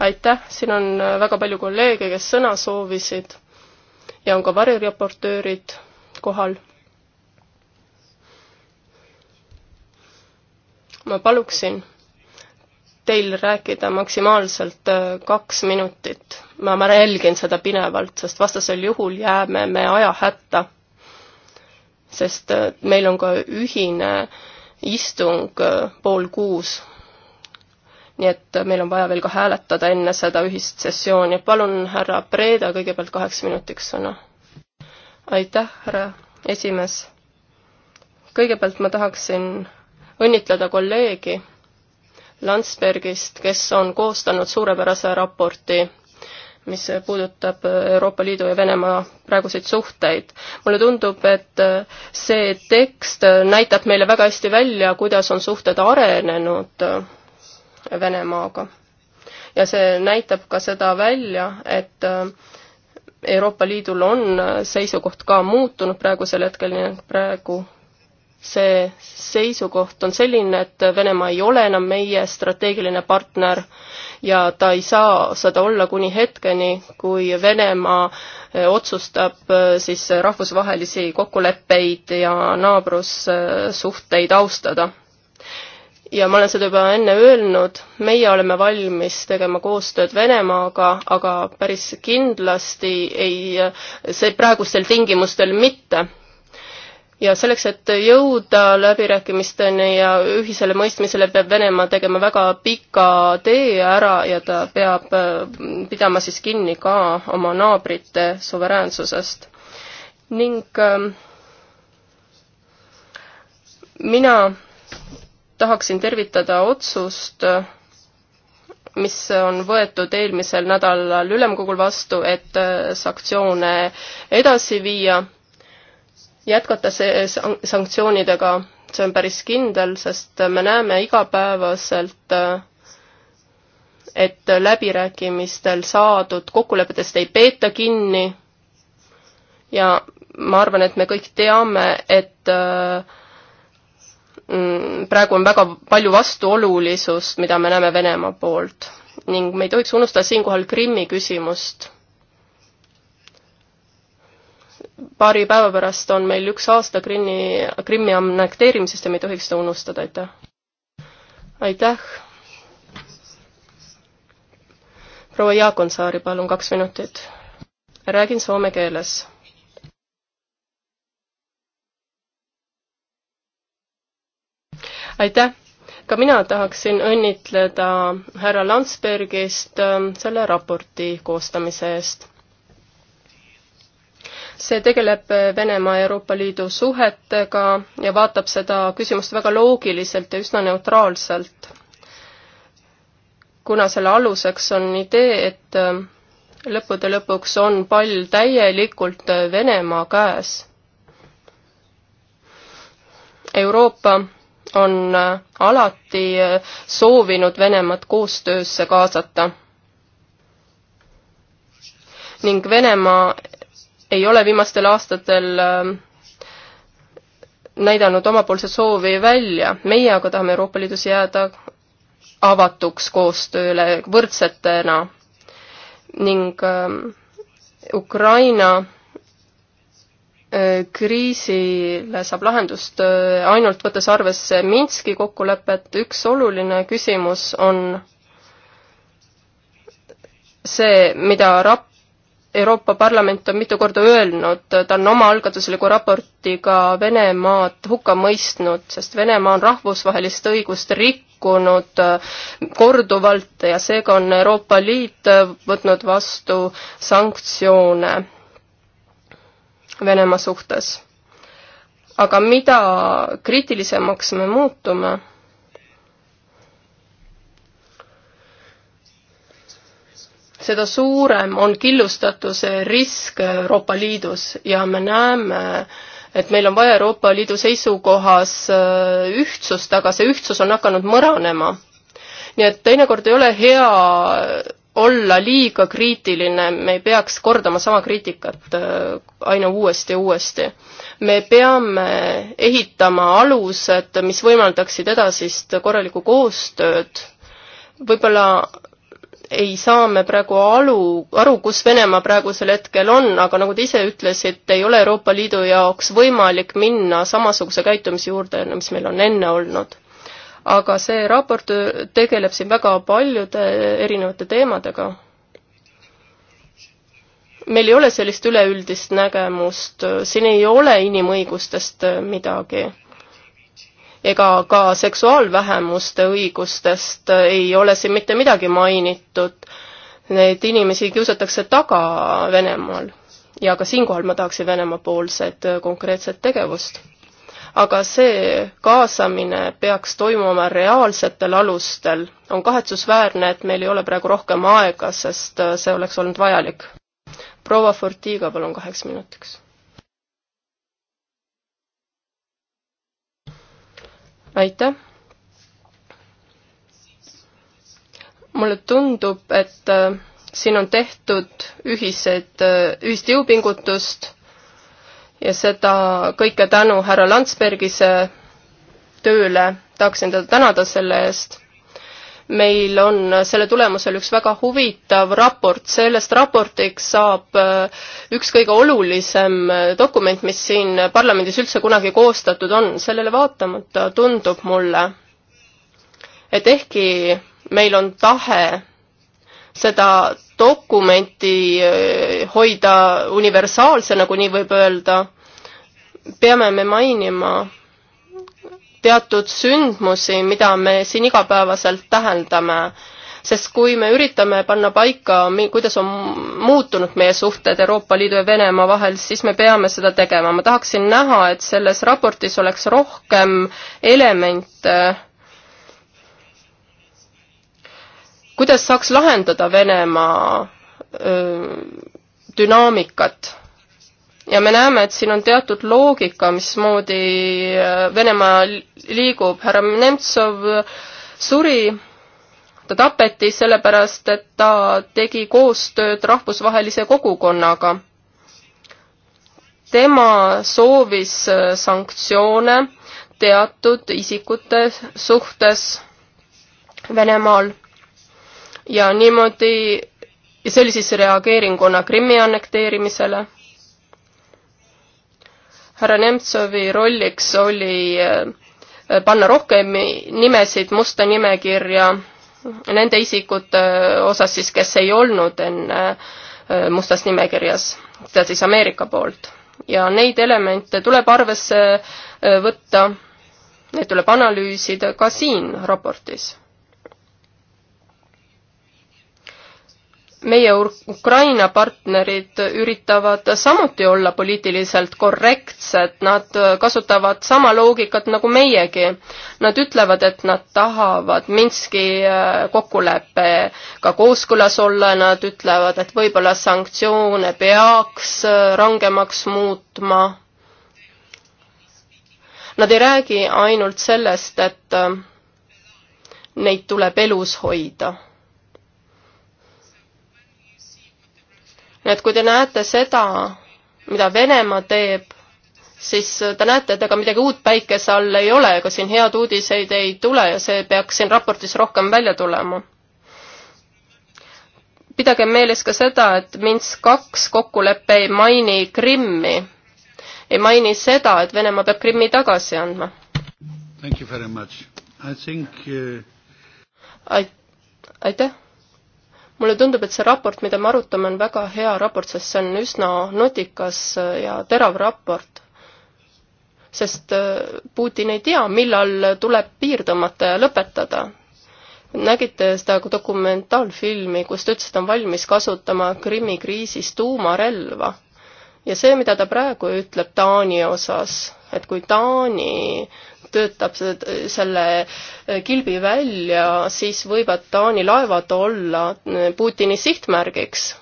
aitäh, siin on väga palju kolleege, kes sõna soovisid ja on ka variraportöörid kohal ma paluksin teil rääkida maksimaalselt äh, kaks minutit. ma, ma jälgin seda pinevalt, sest vastasel juhul jääme me ajahätta. sest äh, meil on ka ühine istung äh, pool kuus. nii et meil on vaja veel ka hääletada enne seda ühist sessiooni. palun, härra Preeda, kõigepealt kaheks minutiks sõna. aitäh, härra esimees. kõigepealt ma tahaksin õnnitleda kolleegi Landsbergist, kes on koostanud suurepärase raporti, mis puudutab Euroopa Liidu ja Venemaa praeguseid suhteid. mulle tundub, et see tekst näitab meile väga hästi välja, kuidas on suhted arenenud Venemaaga. ja see näitab ka seda välja, et Euroopa Liidul on seisukoht ka muutunud praegusel hetkel, nii et praegu see seisukoht on selline, et Venemaa ei ole enam meie strateegiline partner ja ta ei saa seda olla kuni hetkeni, kui Venemaa eh, otsustab eh, siis rahvusvahelisi kokkuleppeid ja naabrussuhteid austada. ja ma olen seda juba enne öelnud, meie oleme valmis tegema koostööd Venemaaga, aga päris kindlasti ei, eh, see praegustel tingimustel mitte ja selleks, et jõuda läbirääkimisteni ja ühisele mõistmisele, peab Venemaa tegema väga pika tee ära ja ta peab äh, pidama siis kinni ka oma naabrite suveräänsusest. ning ähm, mina tahaksin tervitada otsust, äh, mis on võetud eelmisel nädalal ülemkogul vastu, et äh, sanktsioone edasi viia jätkata see sanktsioonidega, see on päris kindel, sest me näeme igapäevaselt, et läbirääkimistel saadud kokkulepetest ei peeta kinni ja ma arvan, et me kõik teame, et mm, praegu on väga palju vastuolulisust, mida me näeme Venemaa poolt ning me ei tohiks unustada siinkohal Krimmi küsimust paari päeva pärast on meil üks aasta Krimmi, Krimmi annekteerimisest ja me ei tohiks seda unustada, aitäh. aitäh. proua Jaakonsaari, palun kaks minutit. räägin soome keeles. aitäh ka mina tahaksin õnnitleda härra Landsbergist ähm, selle raporti koostamise eest see tegeleb äh, Venemaa ja Euroopa Liidu suhetega ja vaatab seda küsimust väga loogiliselt ja üsna neutraalselt. kuna selle aluseks on idee, et äh, lõppude lõpuks on pall täielikult äh, Venemaa käes. Euroopa on alati soovinud Venemaad koostöösse kaasata ning Venemaa ei ole viimastel aastatel ähm, näidanud omapoolset soovi välja, meie aga tahame Euroopa Liidus jääda avatuks koostööle võrdsetena ning ähm, Ukraina äh, kriisile saab lahendust äh, ainult võttes arvesse Minski kokkulepet, üks oluline küsimus on see, mida rap-, Euroopa Parlament on mitu korda öelnud, ta on omaalgatusliku raportiga Venemaad hukka mõistnud, sest Venemaa on rahvusvahelist õigust rikkunud äh, korduvalt ja seega on Euroopa Liit äh, võtnud vastu sanktsioone Venemaa suhtes. aga mida kriitilisemaks me muutume seda suurem on killustatuse risk Euroopa Liidus ja me näeme, et meil on vaja Euroopa Liidu seisukohas äh, ühtsust, aga see ühtsus on hakanud mõranema. nii et teinekord ei ole hea olla liiga kriitiline, me ei peaks kordama sama kriitikat äh, aina uuesti ja uuesti. me peame ehitama alused, mis võimaldaksid edasist korralikku koostööd, võib-olla ei saa me praegu alu, aru, kus Venemaa praegusel hetkel on, aga nagu te ise ütlesite, ei ole Euroopa Liidu jaoks võimalik minna samasuguse käitumise juurde, mis meil on enne olnud. aga see raport tegeleb siin väga paljude erinevate teemadega. meil ei ole sellist üleüldist nägemust, siin ei ole inimõigustest midagi ega ka seksuaalvähemuste õigustest ei ole siin mitte midagi mainitud. Neid inimesi kiusatakse taga Venemaal ja ka siinkohal ma tahaksin Venemaa-poolset äh, konkreetset tegevust. aga see kaasamine peaks toimuma reaalsetel alustel. on kahetsusväärne, et meil ei ole praegu rohkem aega, sest äh, see oleks olnud vajalik. proua Fortiga palun kaheks minutiks aitäh. mulle tundub, et äh, siin on tehtud ühised, äh, ühist jõupingutust ja seda kõike tänu härra Landsbergise tööle tahaksin teda tänada selle eest meil on selle tulemusel üks väga huvitav raport, sellest raportiks saab äh, üks kõige olulisem äh, dokument, mis siin parlamendis üldse kunagi koostatud on. sellele vaatamata tundub mulle, et ehkki meil on tahe seda dokumenti äh, hoida universaalsena, nagu kui nii võib öelda, peame me mainima teatud sündmusi, mida me siin igapäevaselt täheldame. sest kui me üritame panna paika, kuidas on muutunud meie suhted Euroopa Liidu ja Venemaa vahel, siis me peame seda tegema. ma tahaksin näha, et selles raportis oleks rohkem elemente, kuidas saaks lahendada Venemaa dünaamikat ja me näeme, et siin on teatud loogika, mismoodi äh, Venemaa liigub, härra Nemtsov äh, suri, ta tapeti sellepärast, et ta tegi koostööd rahvusvahelise kogukonnaga. tema soovis äh, sanktsioone teatud isikute suhtes Venemaal ja niimoodi, see oli siis reageeringuna Krimmi annekteerimisele härra Nemtsovi rolliks oli äh, panna rohkem nimesid musta nimekirja nende isikute äh, osas siis, kes ei olnud enne äh, mustas nimekirjas, seda siis Ameerika poolt. ja neid elemente tuleb arvesse võtta, neid tuleb analüüsida ka siin raportis. meie Ukraina partnerid üritavad samuti olla poliitiliselt korrektsed, nad kasutavad sama loogikat nagu meiegi. Nad ütlevad, et nad tahavad Minski äh, kokkuleppega kooskõlas olla, nad ütlevad, et võib-olla sanktsioone peaks äh, rangemaks muutma. Nad ei räägi ainult sellest, et äh, neid tuleb elus hoida nii et kui te näete seda, mida Venemaa teeb, siis te näete, et ega midagi uut päikese all ei ole, ega siin head uudiseid ei tule ja see peaks siin raportis rohkem välja tulema. pidagem meeles ka seda, et Minsk kaks kokkulepe ei maini Krimmi, ei maini seda, et Venemaa peab Krimmi tagasi andma. Think... Uh, aitäh mulle tundub, et see raport, mida me arutame, on väga hea raport, sest see on üsna notikas ja terav raport. sest äh, Putin ei tea, millal tuleb piir tõmmata ja lõpetada. nägite seda dokumentaalfilmi, kus ta ütles, et on valmis kasutama Krimmi kriisis tuumarelva. ja see, mida ta praegu ütleb Taani osas, et kui Taani töötab selle kilbi välja, siis võivad Taani laevad olla Putini sihtmärgiks.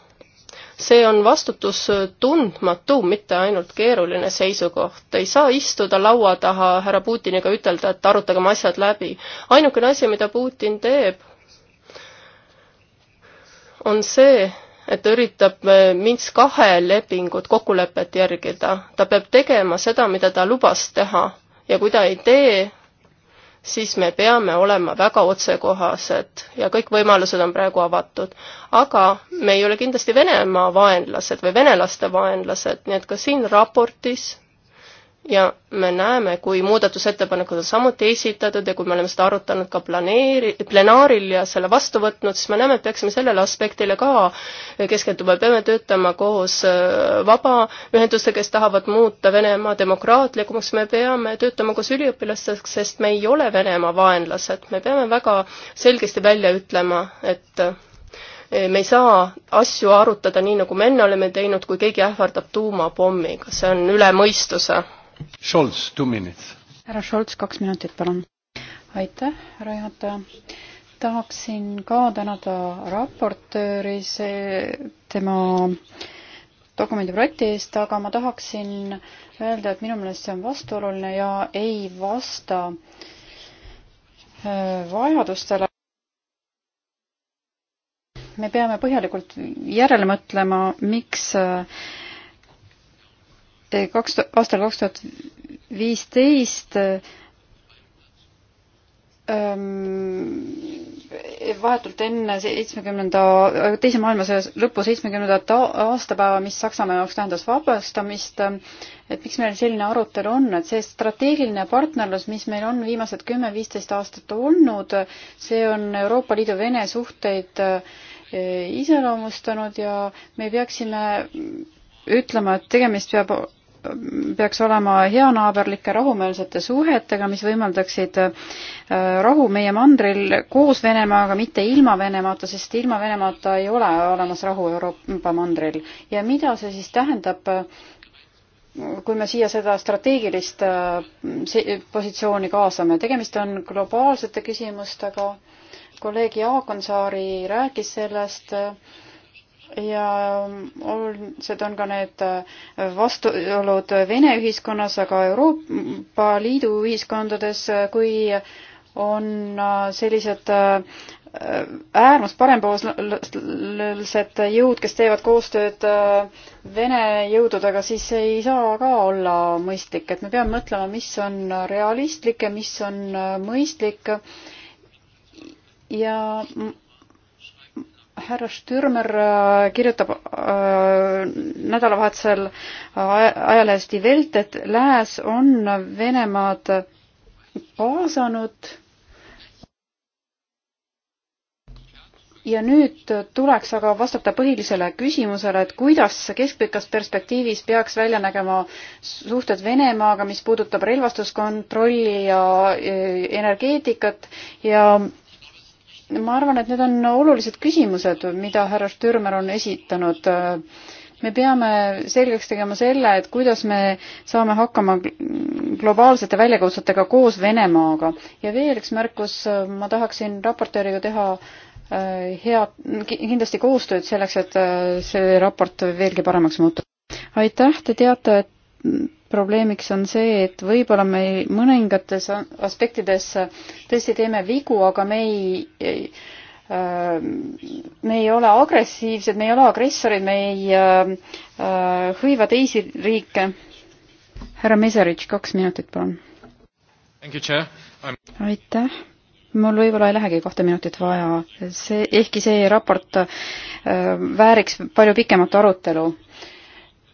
see on vastutustundmatu, mitte ainult keeruline seisukoht. ei saa istuda laua taha härra Putiniga, ütelda, et arutagem asjad läbi. ainukene asi, mida Putin teeb, on see, et ta üritab äh, Minsk kahe lepingut, kokkulepet järgida. ta peab tegema seda, mida ta lubas teha ja kui ta ei tee, siis me peame olema väga otsekohased ja kõik võimalused on praegu avatud. aga me ei ole kindlasti Venemaa vaenlased või venelaste vaenlased, nii et ka siin raportis ja me näeme, kui muudatusettepanekud on samuti esitatud ja kui me oleme seda arutanud ka planeeri-, plenaaril ja selle vastu võtnud, siis me näeme, et peaksime sellele aspektile ka keskenduma, peame töötama koos äh, vabaühendustega, kes tahavad muuta Venemaa demokraatlikumaks, me peame töötama koos üliõpilastega, sest me ei ole Venemaa vaenlased, me peame väga selgesti välja ütlema, et äh, me ei saa asju arutada nii, nagu me enne oleme teinud, kui keegi ähvardab tuumapommiga, see on üle mõistuse Scholz, two minutes. härra Scholz, kaks minutit, palun. aitäh, härra juhataja tahaksin ka tänada raportööri see, tema dokumendi projekti eest, aga ma tahaksin öelda, et minu meelest see on vastuoluline ja ei vasta äh, vajadustele. me peame põhjalikult järele mõtlema, miks äh, kaks, aastal kaks tuhat viisteist ähm, vahetult enne seitsmekümnenda, teise maailmasõja lõpu seitsmekümnendat aastapäeva, mis Saksamaa jaoks tähendas vabastamist, et miks meil selline arutelu on, et see strateegiline partnerlus, mis meil on viimased kümme-viisteist aastat olnud, see on Euroopa Liidu-Vene suhteid äh, iseloomustanud ja me peaksime ütlema, et tegemist peab peaks olema heanaaberlike rahumeelsete suhetega, mis võimaldaksid äh, rahu meie mandril koos Venemaaga, mitte ilma Venemaata, sest ilma Venemaata ei ole olemas rahu Euroopa mandril. ja mida see siis tähendab, äh, kui me siia seda strateegilist äh, positsiooni kaasame, tegemist on globaalsete küsimustega, kolleeg Jaak Ansaari rääkis sellest, ja olulised on ka need vastuolud Vene ühiskonnas, aga Euroopa Liidu ühiskondades, kui on sellised äärmus parempoolsed jõud, kes teevad koostööd Vene jõududega, siis see ei saa ka olla mõistlik, et me peame mõtlema, mis on realistlik ja mis on mõistlik. ja härra Stürmer äh, kirjutab äh, nädalavahetusel äh, ajalehes Die Welt, et lääs on Venemaad kaasanud. ja nüüd tuleks aga vastata põhilisele küsimusele, et kuidas keskpikas perspektiivis peaks välja nägema suhted Venemaaga, mis puudutab relvastuskontrolli ja äh, energeetikat ja, ja ma arvan, et need on olulised küsimused, mida härra Stürmer on esitanud. me peame selgeks tegema selle, et kuidas me saame hakkama globaalsete väljakutsetega koos Venemaaga. ja veel üks märkus, ma tahaksin raportööriga teha äh, head, kindlasti koostööd selleks, et äh, see raport veelgi paremaks muutuks. aitäh, te teate, et probleemiks on see, et võib-olla me mõningates aspektides äh, tõesti teeme vigu, aga me ei, ei äh, me ei ole agressiivsed, me ei ole agressorid, me ei äh, äh hõiva teisi riike. härra Meserich, kaks minutit, palun. aitäh. mul võib-olla ei lähegi kahte minutit vaja, see, ehkki see raport äh, vääriks palju pikemat arutelu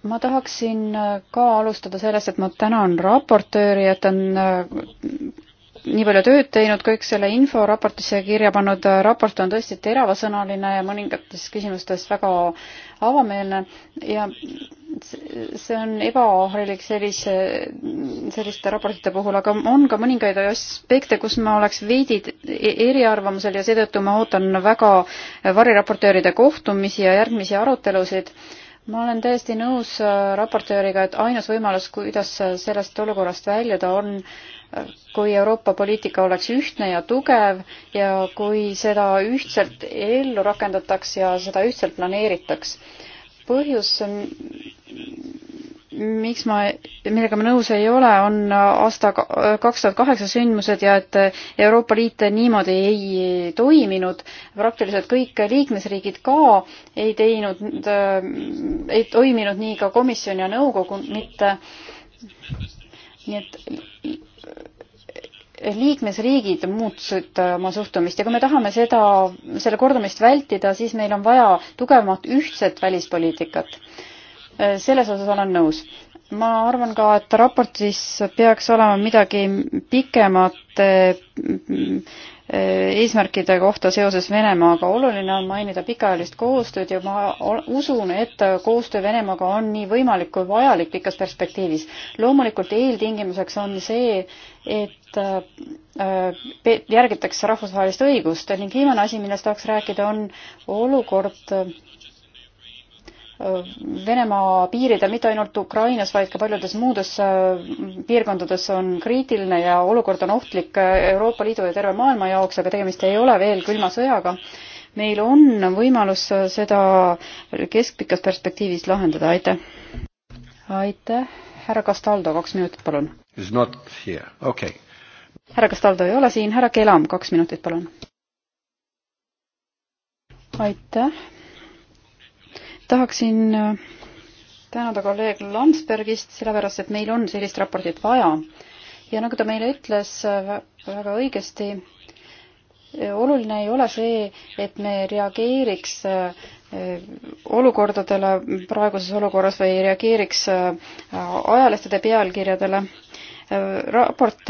ma tahaksin äh, ka alustada sellest, et ma tänan raportööri, et on äh, nii palju tööd teinud, kõik selle info raportisse kirja pannud, raport on tõesti teravasõnaline ja mõningates küsimustes väga avameelne ja see on ebaharilik sellise, selliste raportite puhul, aga on ka mõningaid aspekte, kus ma oleks veidi e-, eriarvamusel ja seetõttu ma ootan väga variraportööride kohtumisi ja järgmisi arutelusid ma olen täiesti nõus äh, raportööriga, et ainus võimalus, kuidas äh, sellest olukorrast väljuda, on äh, kui Euroopa poliitika oleks ühtne ja tugev ja kui seda ühtselt ellu rakendataks ja seda ühtselt planeeritaks. põhjus, miks ma, millega ma nõus ei ole, on aasta kaks tuhat kaheksa sündmused ja et Euroopa Liit niimoodi ei toiminud. praktiliselt kõik liikmesriigid ka ei teinud, äh, ei toiminud nii ka komisjon ja nõukogu mitte. nii et liikmesriigid muutusid oma suhtumist ja kui me tahame seda, selle kordumist vältida, siis meil on vaja tugevamat ühtset välispoliitikat Äh, selles osas olen nõus. ma arvan ka, et raportis peaks olema midagi pikemate mm, äh, eesmärkide kohta seoses Venemaaga. oluline on mainida pikaajalist koostööd ja ma usun, et koostöö Venemaaga on nii võimalik kui vajalik pikas perspektiivis. loomulikult eeltingimuseks on see, et äh, järgitakse rahvusvahelist õigust ning viimane asi, millest tahaks rääkida, on olukord Venemaa piiridel, mitte ainult Ukrainas, vaid ka paljudes muudes äh, piirkondades on kriitiline ja olukord on ohtlik Euroopa Liidu ja terve maailma jaoks, aga tegemist ei ole veel külma sõjaga. meil on võimalus seda keskpikas perspektiivis lahendada, aitäh. aitäh, härra Castaldo, kaks minutit, palun. Okay. härra Castaldo ei ole siin, härra Kelam, kaks minutit, palun. aitäh tahaksin äh, tänada kolleeg Landsbergist, sellepärast et meil on sellist raportit vaja. ja nagu ta meile ütles äh, väga õigesti, äh, oluline ei ole see, et me reageeriks olukordadele praeguses olukorras või ei reageeriks ajalehtede pealkirjadele. raport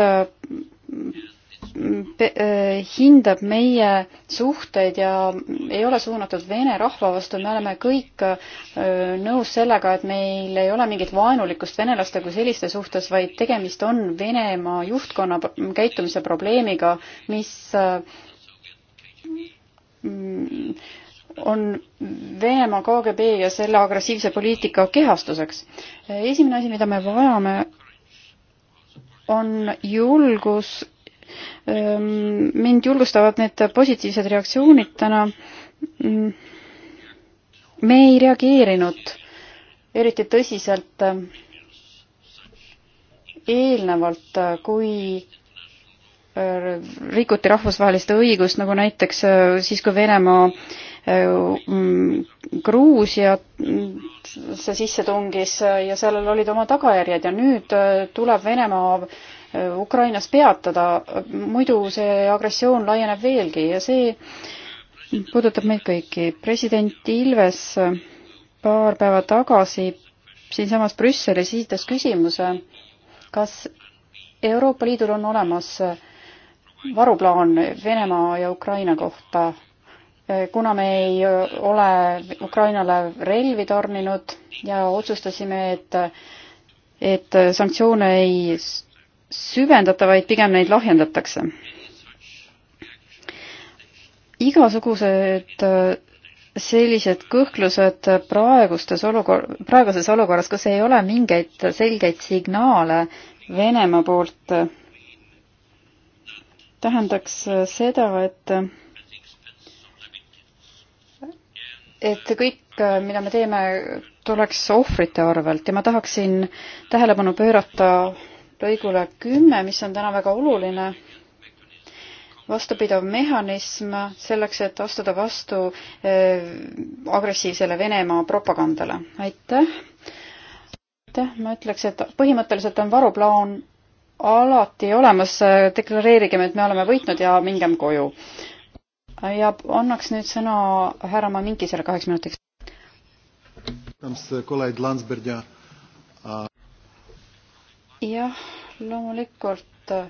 Äh, hindab meie suhteid ja ei ole suunatud vene rahva vastu, me oleme kõik äh, nõus sellega, et meil ei ole mingit vaenulikkust venelaste kui selliste suhtes, vaid tegemist on Venemaa juhtkonna käitumise probleemiga, mis äh, on Venemaa KGB ja selle agressiivse poliitika kehastuseks. esimene asi, mida me vajame, on julgus Ehm, mind julgustavad need positiivsed reaktsioonid täna. Mm, me ei reageerinud eriti tõsiselt ehm, eelnevalt, kui ehm, rikuti rahvusvahelist õigust, nagu näiteks siis, kui Venemaa Gruusiasse mm, sisse tungis ja sellel olid oma tagajärjed ja nüüd tuleb Venemaa Ukrainas peatada, muidu see agressioon laieneb veelgi ja see puudutab meid kõiki. president Ilves paar päeva tagasi siinsamas Brüsselis esitas küsimuse, kas Euroopa Liidul on olemas varuplaan Venemaa ja Ukraina kohta, kuna me ei ole Ukrainale relvi tarninud ja otsustasime, et, et sanktsioone ei süvendata, vaid pigem neid lahjendatakse. igasugused äh, sellised kõhklused praegustes olukor-, praeguses olukorras, kus ei ole mingeid selgeid signaale Venemaa poolt, äh, tähendaks äh, seda, et et kõik, mida me teeme, tuleks ohvrite arvelt ja ma tahaksin tähelepanu pöörata lõigule kümme, mis on täna väga oluline vastupidav mehhanism selleks, et astuda vastu eh, agressiivsele Venemaa propagandale. aitäh. aitäh, ma ütleks, et põhimõtteliselt on varuplaan alati olemas, deklareerigem, et me oleme võitnud ja mingem koju. ja annaks nüüd sõna härra Maminkisele kaheks minutiks jah, loomulikult äh,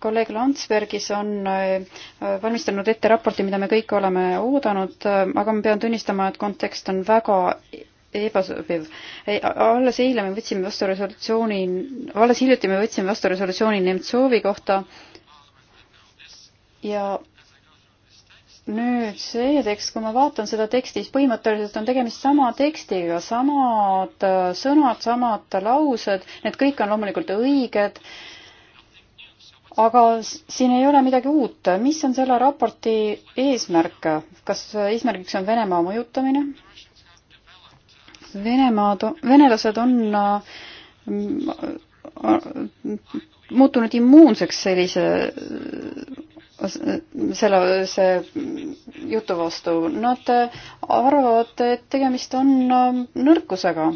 kolleeg Landsbergis on äh, valmistanud ette raporti, mida me kõik oleme oodanud, äh, aga ma pean tunnistama, et kontekst on väga ebasobiv. alles eile me võtsime vastu resolutsiooni, alles hiljuti me võtsime vastu resolutsiooni Nemtsovi kohta ja nüüd see tekst, kui ma vaatan seda teksti, siis põhimõtteliselt on tegemist sama tekstiga, samad äh, sõnad, samad laused, need kõik on loomulikult õiged, aga siin ei ole midagi uut. mis on selle raporti eesmärk? kas eesmärgiks on Venemaa mõjutamine? Venemaa, venelased on äh, muutunud immuunseks sellise selle, see jutu vastu. Nad arvavad, et tegemist on ähm, nõrkusega.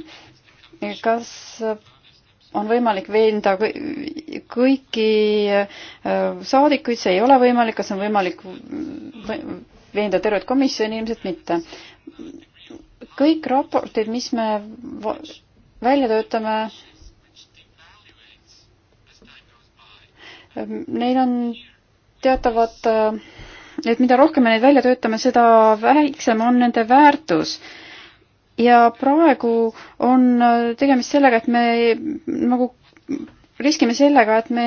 kas on võimalik veenda kõiki äh, saadikuid, see ei ole võimalik, kas on võimalik veenda tervet komisjoni, ilmselt mitte. kõik raportid, mis me välja töötame, ähm, neil on teatavad, äh, et mida rohkem me neid välja töötame, seda väiksem on nende väärtus. ja praegu on äh, tegemist sellega, et me nagu riskime sellega, et me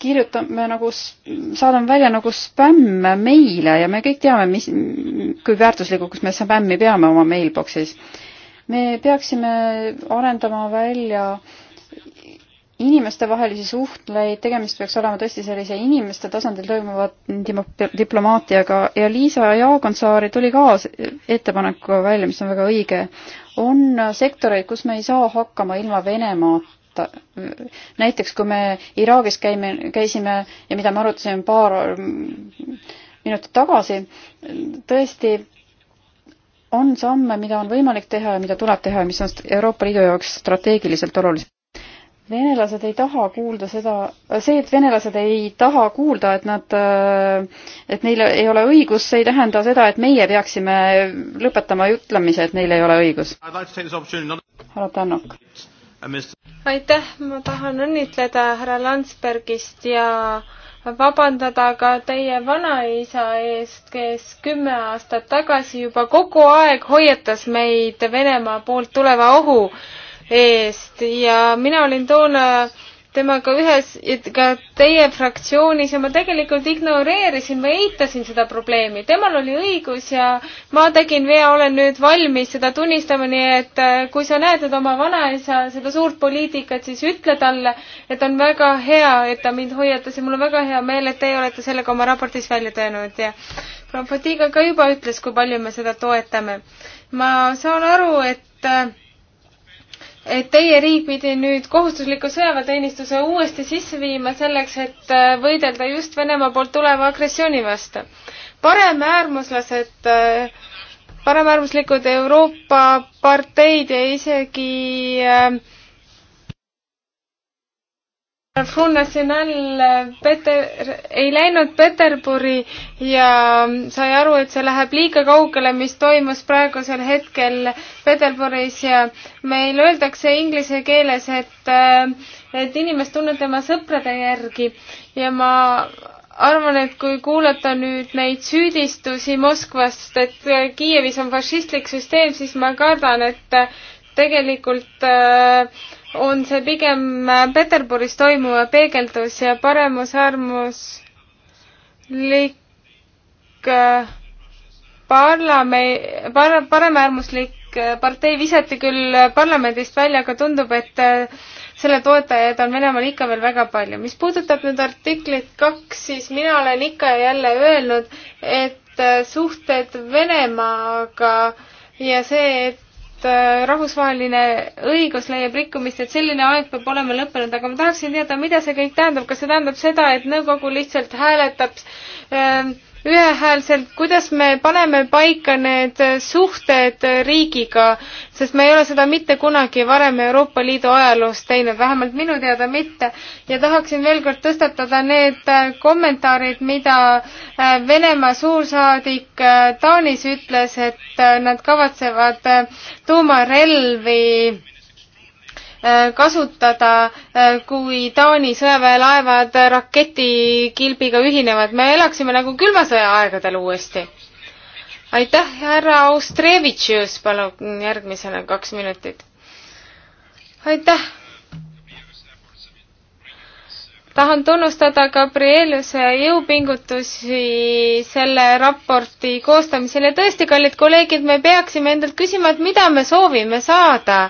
kirjutame nagu, saadame välja nagu spämm meile ja me kõik teame, mis, kui väärtuslikuks me spämmi peame oma mailbox'is. me peaksime arendama välja äh, inimestevahelisi suhtleid, tegemist peaks olema tõesti sellise inimeste tasandil toimuva diplomaatiaga ja Liisa Jaagonsaari tuli ka ettepanekuga välja, mis on väga õige. on sektoreid, kus me ei saa hakkama ilma Venemaata. näiteks kui me Iraagis käime, käisime ja mida me arutasime paar minutit tagasi, tõesti on samme, mida on võimalik teha ja mida tuleb teha ja mis on Euroopa Liidu jaoks strateegiliselt olulised venelased ei taha kuulda seda, see, et venelased ei taha kuulda, et nad, et neil ei ole õigus, see ei tähenda seda, et meie peaksime lõpetama ütlemise, et neil ei ole õigus. härra Tannok. Uh, aitäh, ma tahan õnnitleda härra Landsbergist ja vabandada ka teie vanaisa eest, kes kümme aastat tagasi juba kogu aeg hoiatas meid Venemaa poolt tuleva ohu eest ja mina olin toona temaga ühes, ka teie fraktsioonis ja ma tegelikult ignoreerisin või eitasin seda probleemi. temal oli õigus ja ma tegin vea, olen nüüd valmis seda tunnistama, nii et äh, kui sa näed nüüd oma vanaisa seda suurt poliitikat, siis ütle talle, et on väga hea, et ta mind hoiatas ja mul on väga hea meel, et teie olete sellega oma raportis välja toonud ja proua Fatiga ka juba ütles, kui palju me seda toetame. ma saan aru, et äh, et teie riik pidi nüüd kohustusliku sõjaväeteenistuse uuesti sisse viima selleks, et äh, võidelda just Venemaa poolt tuleva agressiooni vastu. paremäärmuslased, äh, paremäärmuslikud Euroopa parteid ja isegi äh, Front National Peter, ei läinud Peterburi ja sai aru, et see läheb liiga kaugele, mis toimus praegusel hetkel Peterburis ja meil öeldakse inglise keeles, et, et inimest tunneb tema sõprade järgi ja ma arvan, et kui kuulata nüüd neid süüdistusi Moskvast, et Kiievis on fašistlik süsteem, siis ma kardan, et tegelikult äh, on see pigem äh, Peterburis toimuva peegeldus ja paremusäärmuslik äh, parlame-, par-, paremäärmuslik äh, partei visati küll parlamendist välja, aga tundub, et selle toetajaid on Venemaal ikka veel väga palju. mis puudutab nüüd artiklit kaks, siis mina olen ikka ja jälle öelnud, et suhted Venemaaga ja see, et Äh, rahvusvaheline õigus leiab rikkumist, et selline aeg peab olema lõppenud, aga ma tahaksin teada, mida see kõik tähendab, kas see tähendab seda, et nõukogu lihtsalt hääletab äh, ühehäälselt, kuidas me paneme paika need suhted riigiga, sest me ei ole seda mitte kunagi varem Euroopa Liidu ajaloos teinud, vähemalt minu teada mitte. ja tahaksin veel kord tõstatada need äh, kommentaarid, mida äh, Venemaa suursaadik äh, Taanis ütles, et nad kavatsevad tuumarelvi Äh, kasutada, äh, kui Taani sõjaväelaevad raketikilbiga ühinevad. me elaksime nagu külma sõja aegadel uuesti. aitäh, härra Austrevitšius, palun järgmisena kaks minutit. aitäh. tahan tunnustada Gabrieluse jõupingutusi selle raporti koostamisel ja tõesti, kallid kolleegid, me peaksime endalt küsima, et mida me soovime saada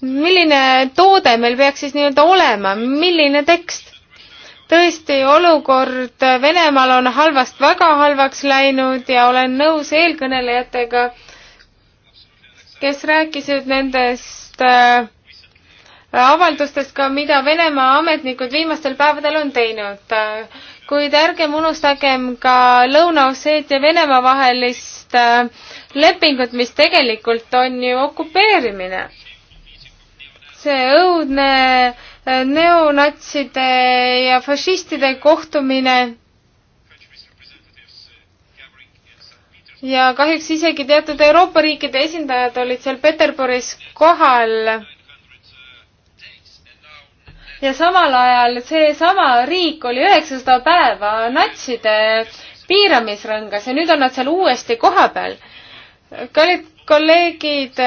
milline toode meil peaks siis nii-öelda olema, milline tekst? tõesti, olukord Venemaal on halvast väga halvaks läinud ja olen nõus eelkõnelejatega, kes rääkisid nendest äh, avaldustest ka, mida Venemaa ametnikud viimastel päevadel on teinud. kuid ärgem unustagem ka Lõuna-Osseetia Venemaa vahelist äh, lepingut, mis tegelikult on ju okupeerimine see õudne äh, neonatside ja fašistide kohtumine ja kahjuks isegi teatud Euroopa riikide esindajad olid seal Peterburis kohal. ja samal ajal seesama riik oli üheksasada päeva natside piiramisrõngas ja nüüd on nad seal uuesti kohapeal. kallid kolleegid,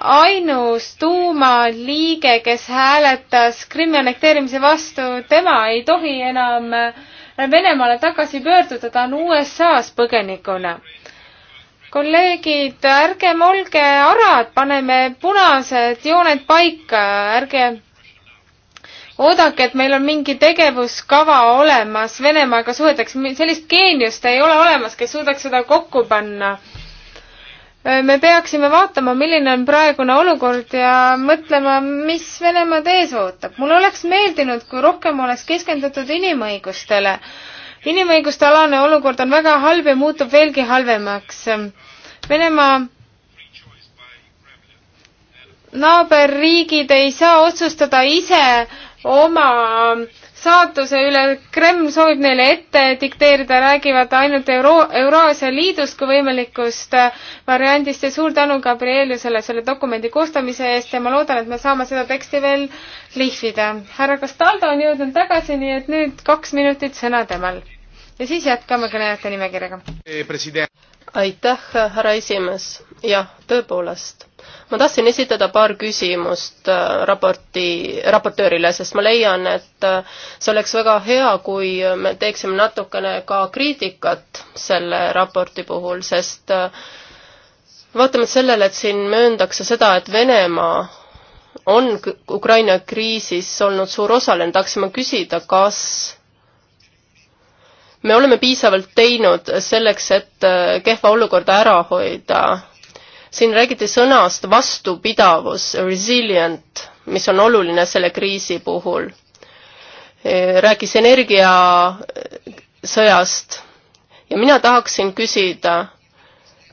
ainus tuumaliige, kes hääletas Krimmi annekteerimise vastu, tema ei tohi enam Venemaale tagasi pöörduda, ta on USA-s põgenikuna. kolleegid, ärgem olge arad, paneme punased jooned paika, ärge oodake, et meil on mingi tegevuskava olemas Venemaaga suhetakse, sellist geeniust ei ole olemas, kes suudaks seda kokku panna Äh, me peaksime vaatama, milline on praegune olukord ja mõtlema, mis Venemaad ees ootab. mulle oleks meeldinud, kui rohkem oleks keskendutud inimõigustele. inimõiguste alane olukord on väga halb ja muutub veelgi halvemaks. Venemaa naaberriigid ei saa otsustada ise oma äh, saatuse üle, Kreml soovib neile ette dikteerida, räägivad ainult Euro-, Euraasia Liidust kui võimalikust äh, variandist ja suur tänu Gabrielusele selle dokumendi koostamise eest ja ma loodan, et me saame seda teksti veel lihvida. härra Castaldo on jõudnud tagasi, nii et nüüd kaks minutit sõna temal. ja siis jätkame kõnelejate nimekirjaga. Eh, aitäh, härra esimees. jah, tõepoolest ma tahtsin esitada paar küsimust äh, raporti, raportöörile, sest ma leian, et äh, see oleks väga hea, kui me teeksime natukene ka kriitikat selle raporti puhul, sest äh, vaatamata sellele, et siin mööndakse seda, et Venemaa on Ukraina kriisis olnud suur osaline, tahaksime küsida, kas me oleme piisavalt teinud selleks, et kehva olukorda ära hoida siin räägiti sõnast vastupidavus, resilient, mis on oluline selle kriisi puhul. E, rääkis energiasõjast e, ja mina tahaksin küsida,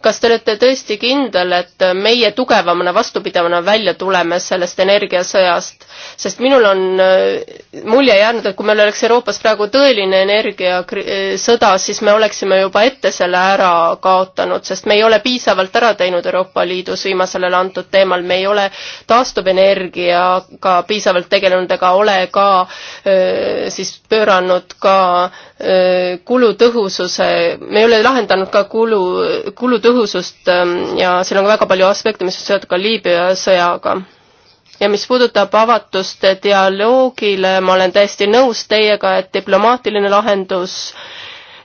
kas te olete tõesti kindel, et meie tugevamana, vastupidavana välja tuleme sellest energiasõjast? sest minul on äh, mulje jäänud, et kui meil oleks Euroopas praegu tõeline energiasõda, äh, siis me oleksime juba ette selle ära kaotanud, sest me ei ole piisavalt ära teinud Euroopa Liidus viimasel ajal antud teemal, me ei ole taastuvenergiaga piisavalt tegelenud ega ole ka äh, siis pööranud ka kulutõhususe, me ei ole lahendanud ka kulu, kulutõhusust ähm, ja seal on ka väga palju aspekte, mis on seotud ka Liibüa sõjaga ja mis puudutab avatust dialoogile, ma olen täiesti nõus teiega, et diplomaatiline lahendus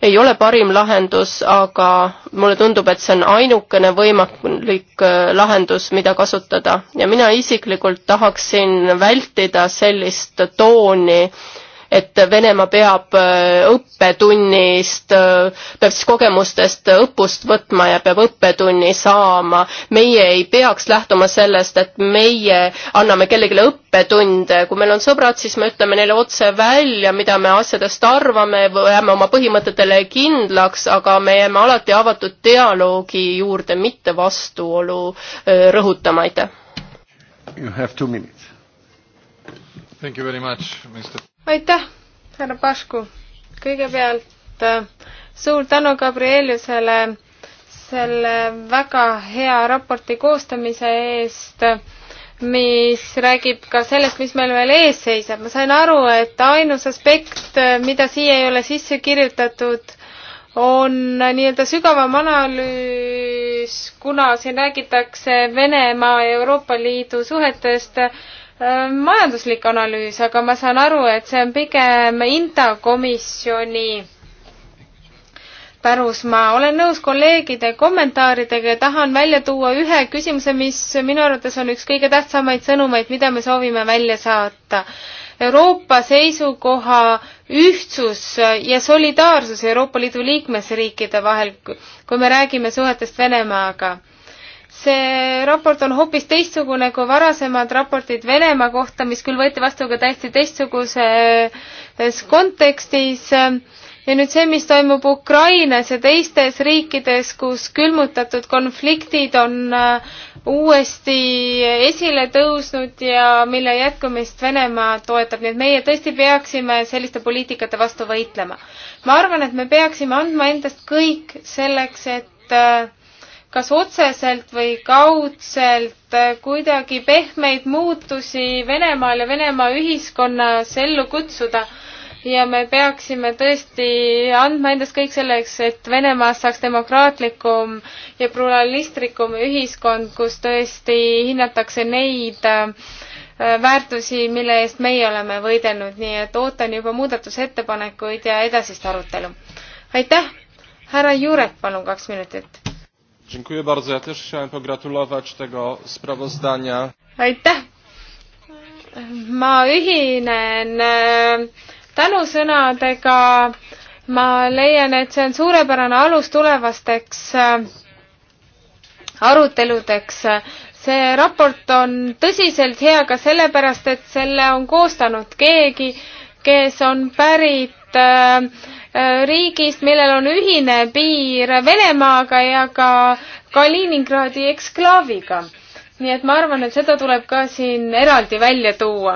ei ole parim lahendus, aga mulle tundub, et see on ainukene võimalik äh, lahendus, mida kasutada ja mina isiklikult tahaksin vältida sellist tooni äh, et Venemaa peab äh, õppetunnist, äh, peab siis kogemustest õppust võtma ja peab õppetunni saama. meie ei peaks lähtuma sellest, et meie anname kellelegi õppetunde, kui meil on sõbrad, siis me ütleme neile otse välja, mida me asjadest arvame, jääme oma põhimõtetele kindlaks, aga me jääme alati avatud dialoogi juurde, mitte vastuolu äh, rõhutama, aitäh. You have two minutes. Thank you very much, Mr aitäh, härra Pašku. kõigepealt äh, suur tänu Gabrielusele selle väga hea raporti koostamise eest, mis räägib ka sellest, mis meil veel ees seisab. ma sain aru, et ainus aspekt, mida siia ei ole sisse kirjutatud, on nii-öelda sügavam analüüs, kuna siin räägitakse Venemaa ja Euroopa Liidu suhetest Äh, majanduslik analüüs, aga ma saan aru, et see on pigem INTA komisjoni pärus, ma olen nõus kolleegide kommentaaridega ja tahan välja tuua ühe küsimuse, mis minu arvates on üks kõige tähtsamaid sõnumeid, mida me soovime välja saata. Euroopa seisukoha ühtsus ja solidaarsus Euroopa Liidu liikmesriikide vahel, kui me räägime suhetest Venemaaga see raport on hoopis teistsugune kui varasemad raportid Venemaa kohta, mis küll võeti vastu ka täiesti teistsuguses kontekstis. ja nüüd see, mis toimub Ukrainas ja teistes riikides, kus külmutatud konfliktid on äh, uuesti esile tõusnud ja mille jätkumist Venemaa toetab, nii et meie tõesti peaksime selliste poliitikate vastu võitlema. ma arvan, et me peaksime andma endast kõik selleks, et äh, kas otseselt või kaudselt kuidagi pehmeid muutusi Venemaal ja Venemaa ühiskonnas ellu kutsuda. ja me peaksime tõesti andma endast kõik selleks, et Venemaast saaks demokraatlikum ja pluralistlikum ühiskond, kus tõesti hinnatakse neid äh, väärtusi, mille eest meie oleme võidelnud, nii et ootan juba muudatusettepanekuid ja edasist arutelu. aitäh, härra Jurek, palun kaks minutit Dziękuję bardzo. Ja też chciałem pogratulować tego sprawozdania. Aitäh! Ma ühinen äh, tänusõnadega. Ma leian, et see on suurepärane alus tulevasteks äh, aruteludeks. See raport on tõsiselt hea ka sellepärast, et selle on koostanud keegi, kes on pärit äh, Äh, riigist, millel on ühine piir Venemaaga ja ka Kaliningradi eksklaaviga. nii et ma arvan, et seda tuleb ka siin eraldi välja tuua.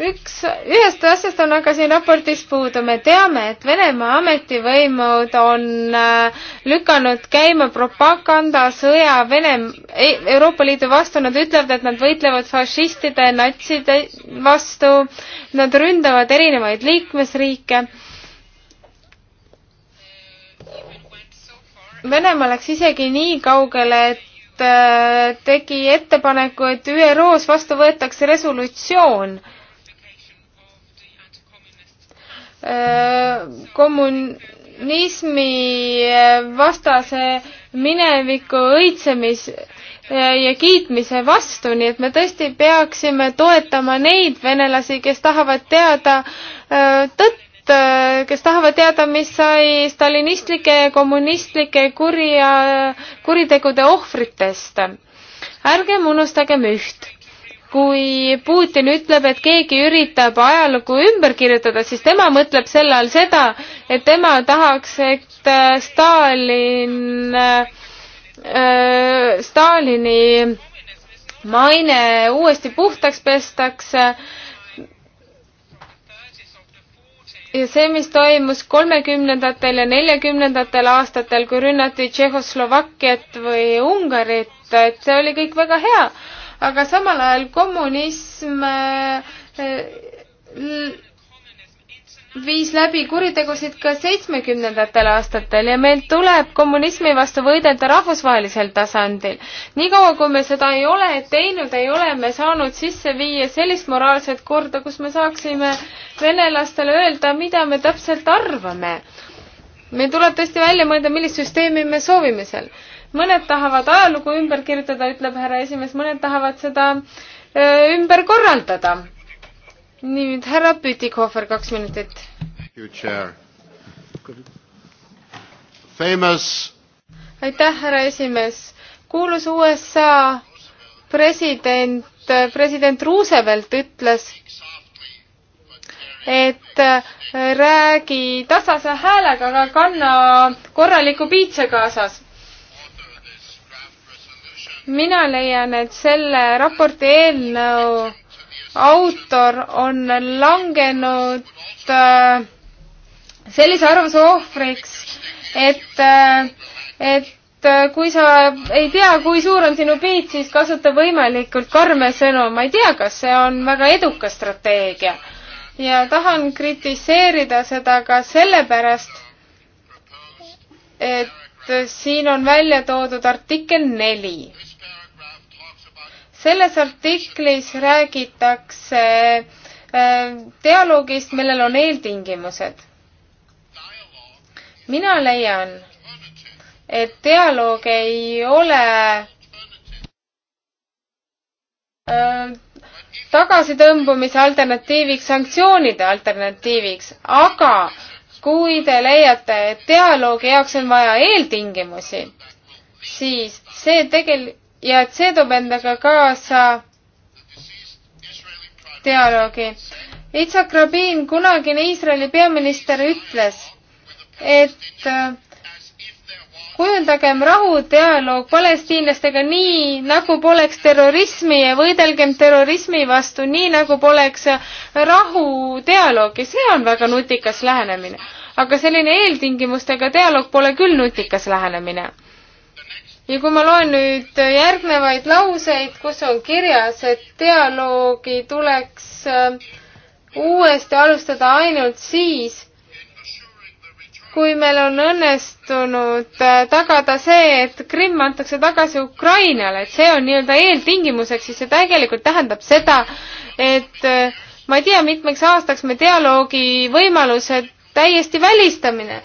üks, ühest asjast on aga siin raportis puudu, me teame, et Venemaa ametivõimud on äh, lükanud käima propagandasõja Vene, e, Euroopa Liidu vastu, nad ütlevad, et nad võitlevad fašistide, natside vastu, nad ründavad erinevaid liikmesriike. Venemaa läks isegi nii kaugele, et äh, tegi ettepaneku, et ÜRO-s vastu võetakse resolutsioon äh, Äh, kommunismi äh, vastase mineviku õitsemis äh, ja kiitmise vastu, nii et me tõesti peaksime toetama neid venelasi, kes tahavad teada tõtt, kes tahavad teada, mis sai stalinistlike ja kommunistlike kurja, kuritegude ohvritest. ärgem unustagem üht kui Putin ütleb, et keegi üritab ajalugu ümber kirjutada, siis tema mõtleb selle all seda, et tema tahaks, et äh, Stalin äh, äh,, Stalini maine uuesti puhtaks pestakse. ja see, mis toimus kolmekümnendatel ja neljakümnendatel aastatel, kui rünnati Tšehhoslovakkiat või Ungarit, et see oli kõik väga hea aga samal ajal kommunism eh, viis läbi kuritegusid ka seitsmekümnendatel aastatel ja meil tuleb kommunismi vastu võidelda rahvusvahelisel tasandil. niikaua, kui me seda ei ole teinud, ei ole me saanud sisse viia sellist moraalset korda, kus me saaksime venelastele öelda, mida me täpselt arvame. meil tuleb tõesti välja mõelda, millist süsteemi me soovime seal mõned tahavad ajalugu ümber kirjutada, ütleb härra esimees, mõned tahavad seda öö, äh, ümber korraldada. nüüd härra Pütikofer, kaks minutit. aitäh, härra esimees. kuulus USA president, äh, president Roosevelt ütles, et äh, räägi tasase häälega, aga kanna korraliku piitsa kaasas mina leian, et selle raporti eelnõu autor on langenud äh, sellise arvamuse ohvriks, et äh,, et äh, kui sa ei tea, kui suur on sinu piit, siis kasuta võimalikult karme sõnu. ma ei tea, kas see on väga edukas strateegia ja tahan kritiseerida seda ka sellepärast, et siin on välja toodud artikkel neli selles artiklis räägitakse äh, dialoogist, millel on eeltingimused. mina leian, et dialoog ei ole äh, tagasitõmbumise alternatiiviks, sanktsioonide alternatiiviks, aga kui te leiate, et dialoogi jaoks on vaja eeltingimusi, siis see tegelikult ja et see toob endaga kaasa dialoogi. Itzhak Rabin, kunagine Iisraeli peaminister, ütles, et äh, kujundagem rahudialoog palestiinlastega nii, nagu poleks terrorismi ja võidelgem terrorismi vastu nii, nagu poleks äh, rahudialoogi. see on väga nutikas lähenemine. aga selline eeltingimustega dialoog pole küll nutikas lähenemine ja kui ma loen nüüd järgnevaid lauseid, kus on kirjas, et dialoogi tuleks äh, uuesti alustada ainult siis, kui meil on õnnestunud äh, tagada see, et Krimm antakse tagasi Ukrainale, et see on nii-öelda eeltingimuseks, siis see tegelikult tähendab seda, et äh, ma ei tea, mitmeks aastaks me dialoogi võimalused täiesti välistamine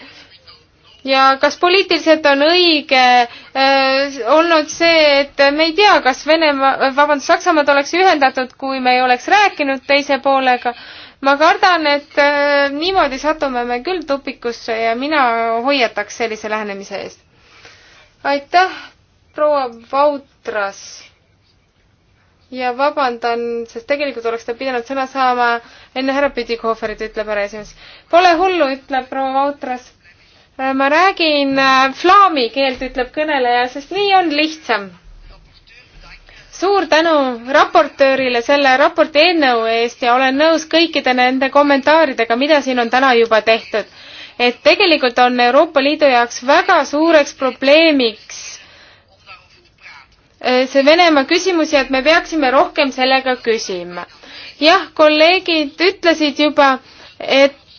ja kas poliitiliselt on õige äh, olnud see, et me ei tea, kas Venemaa, äh, vabandust, Saksamaad oleks ühendatud, kui me ei oleks rääkinud teise poolega. ma kardan, et äh, niimoodi satume me küll tupikusse ja mina hoiataks sellise lähenemise eest. aitäh, proua Vautras. ja vabandan, sest tegelikult oleks ta pidanud sõna saama enne härra Pidikohverit, ütleb härra esimees. Pole hullu, ütleb proua Vautras Äh, ma räägin äh, flaami keelt, ütleb kõneleja, sest nii on lihtsam. suur tänu raportöörile selle raporti eelnõu eest ja olen nõus kõikide nende kommentaaridega, mida siin on täna juba tehtud. et tegelikult on Euroopa Liidu jaoks väga suureks probleemiks äh, see Venemaa küsimus ja et me peaksime rohkem sellega küsima. jah, kolleegid ütlesid juba, et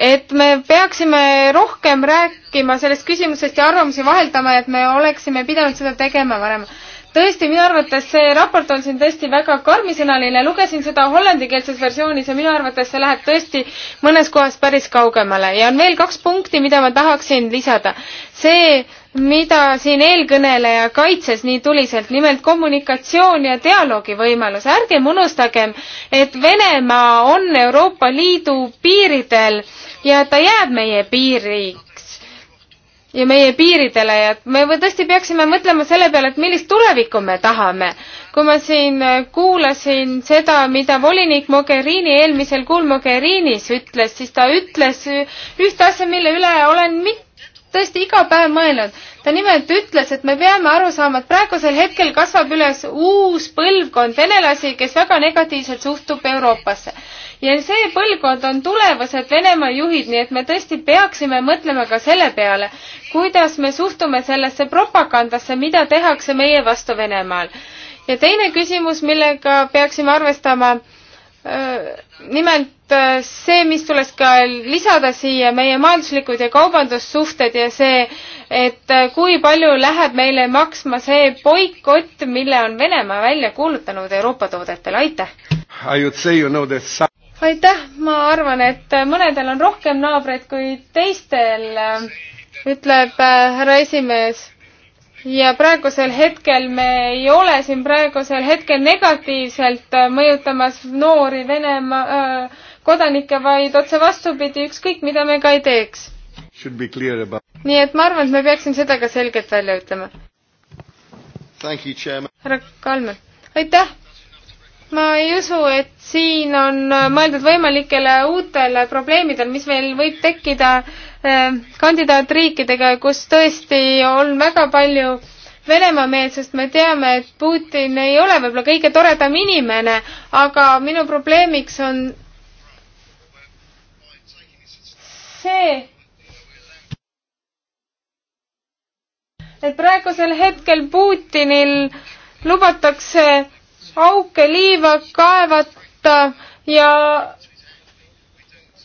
et me peaksime rohkem rääkima sellest küsimusest ja arvamusi vaheldama, et me oleksime pidanud seda tegema varem. tõesti, minu arvates see raport on siin tõesti väga karmisõnaline, lugesin seda hollandikeelses versioonis ja minu arvates see läheb tõesti mõnes kohas päris kaugemale ja on veel kaks punkti, mida ma tahaksin lisada. see, mida siin eelkõneleja kaitses nii tuliselt, nimelt kommunikatsioon ja dialoogi võimalus. ärgem unustagem, et Venemaa on Euroopa Liidu piiridel äh, ja ta jääb meie piiriks ja meie piiridele ja me tõesti peaksime mõtlema selle peale, et millist tulevikku me tahame. kui ma siin äh, kuulasin seda, mida volinik Mogherini eelmisel kuul Mogherinis ütles, siis ta ütles ühte asja, mille üle olen mit-, tõesti iga päev mõelnud. ta nimelt ütles, et me peame aru saama, et praegusel hetkel kasvab üles uus põlvkond venelasi, kes väga negatiivselt suhtub Euroopasse. ja see põlvkond on tulevased Venemaa juhid, nii et me tõesti peaksime mõtlema ka selle peale, kuidas me suhtume sellesse propagandasse, mida tehakse meie vastu Venemaal. ja teine küsimus, millega peaksime arvestama nimelt äh, see, mis tuleks ka lisada siia, meie majanduslikud ja kaubandussuhted ja see, et äh, kui palju läheb meile maksma see boikott, mille on Venemaa välja kuulutanud Euroopa toodetele, aitäh! You know aitäh, ma arvan, et äh, mõnedel on rohkem naabreid kui teistel, ütleb härra esimees ja praegusel hetkel me ei ole siin praegusel hetkel negatiivselt äh, mõjutamas noori Venemaa äh, kodanikke, vaid otse vastupidi, ükskõik mida me ka ei teeks. nii et ma arvan, et me peaksime seda ka selgelt välja ütlema. härra Kalmer, aitäh! ma ei usu, et siin on äh, mõeldud võimalikele uutele probleemidele, mis meil võib tekkida äh, Ehm, kandidaatriikidega, kus tõesti on väga palju Venemaa-meelsust, me teame, et Putin ei ole võib-olla kõige toredam inimene, aga minu probleemiks on see, et praegusel hetkel Putinil lubatakse auke liiva kaevata ja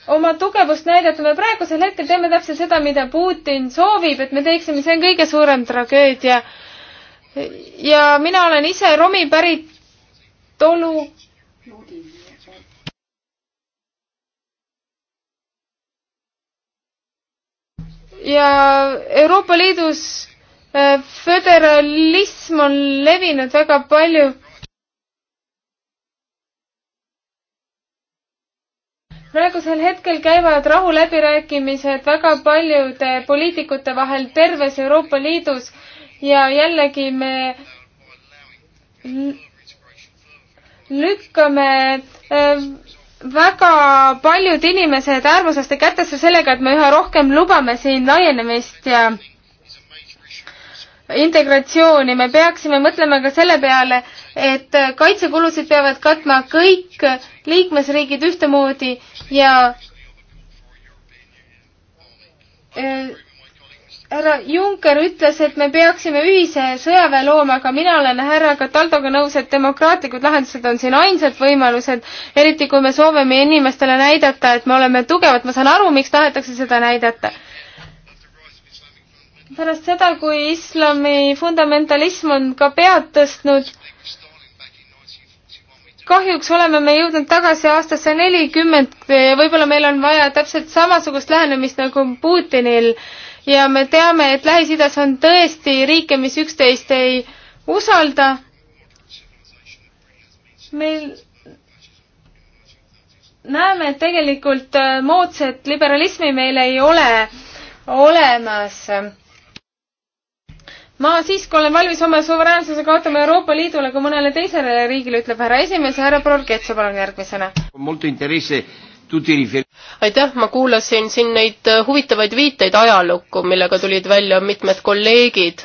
oma tugevust näidata, me praegusel hetkel teeme täpselt seda, mida Putin soovib, et me teeksime, see on kõige suurem tragöödia. ja mina olen ise Romi päritolu ja Euroopa Liidus eh, föderalism on levinud väga palju praegusel hetkel käivad rahuläbirääkimised väga paljude poliitikute vahel terves Euroopa Liidus ja jällegi me lükkame äh, väga paljud inimesed äärmuslaste kätesse sellega, et me üha rohkem lubame siin laienemist ja integratsiooni, me peaksime mõtlema ka selle peale, et kaitsekulusid peavad katma kõik liikmesriigid ühtemoodi ja äh, härra Juncker ütles, et me peaksime ühise sõjaväe looma, aga mina olen härra Cataldoga nõus, et demokraatlikud lahendused on siin ainsad võimalused, eriti kui me soovime inimestele näidata, et me oleme tugevad, ma saan aru, miks tahetakse seda näidata pärast seda, kui islami fundamentalism on ka pead tõstnud, kahjuks oleme me jõudnud tagasi aastasse nelikümmend ja võib-olla meil on vaja täpselt samasugust lähenemist nagu Putinil ja me teame, et Lähis-Idas on tõesti riike, mis üksteist ei usalda. meil näeme, et tegelikult moodsat liberalismi meil ei ole olemas ma siiski olen valmis oma suveräänsuse kaotama Euroopa Liidule kui mõnele teisele riigile, ütleb härra esimees ja härra Prorgetso, palun järgmisena. aitäh, ma kuulasin siin neid äh, huvitavaid viiteid ajalukku, millega tulid välja mitmed kolleegid,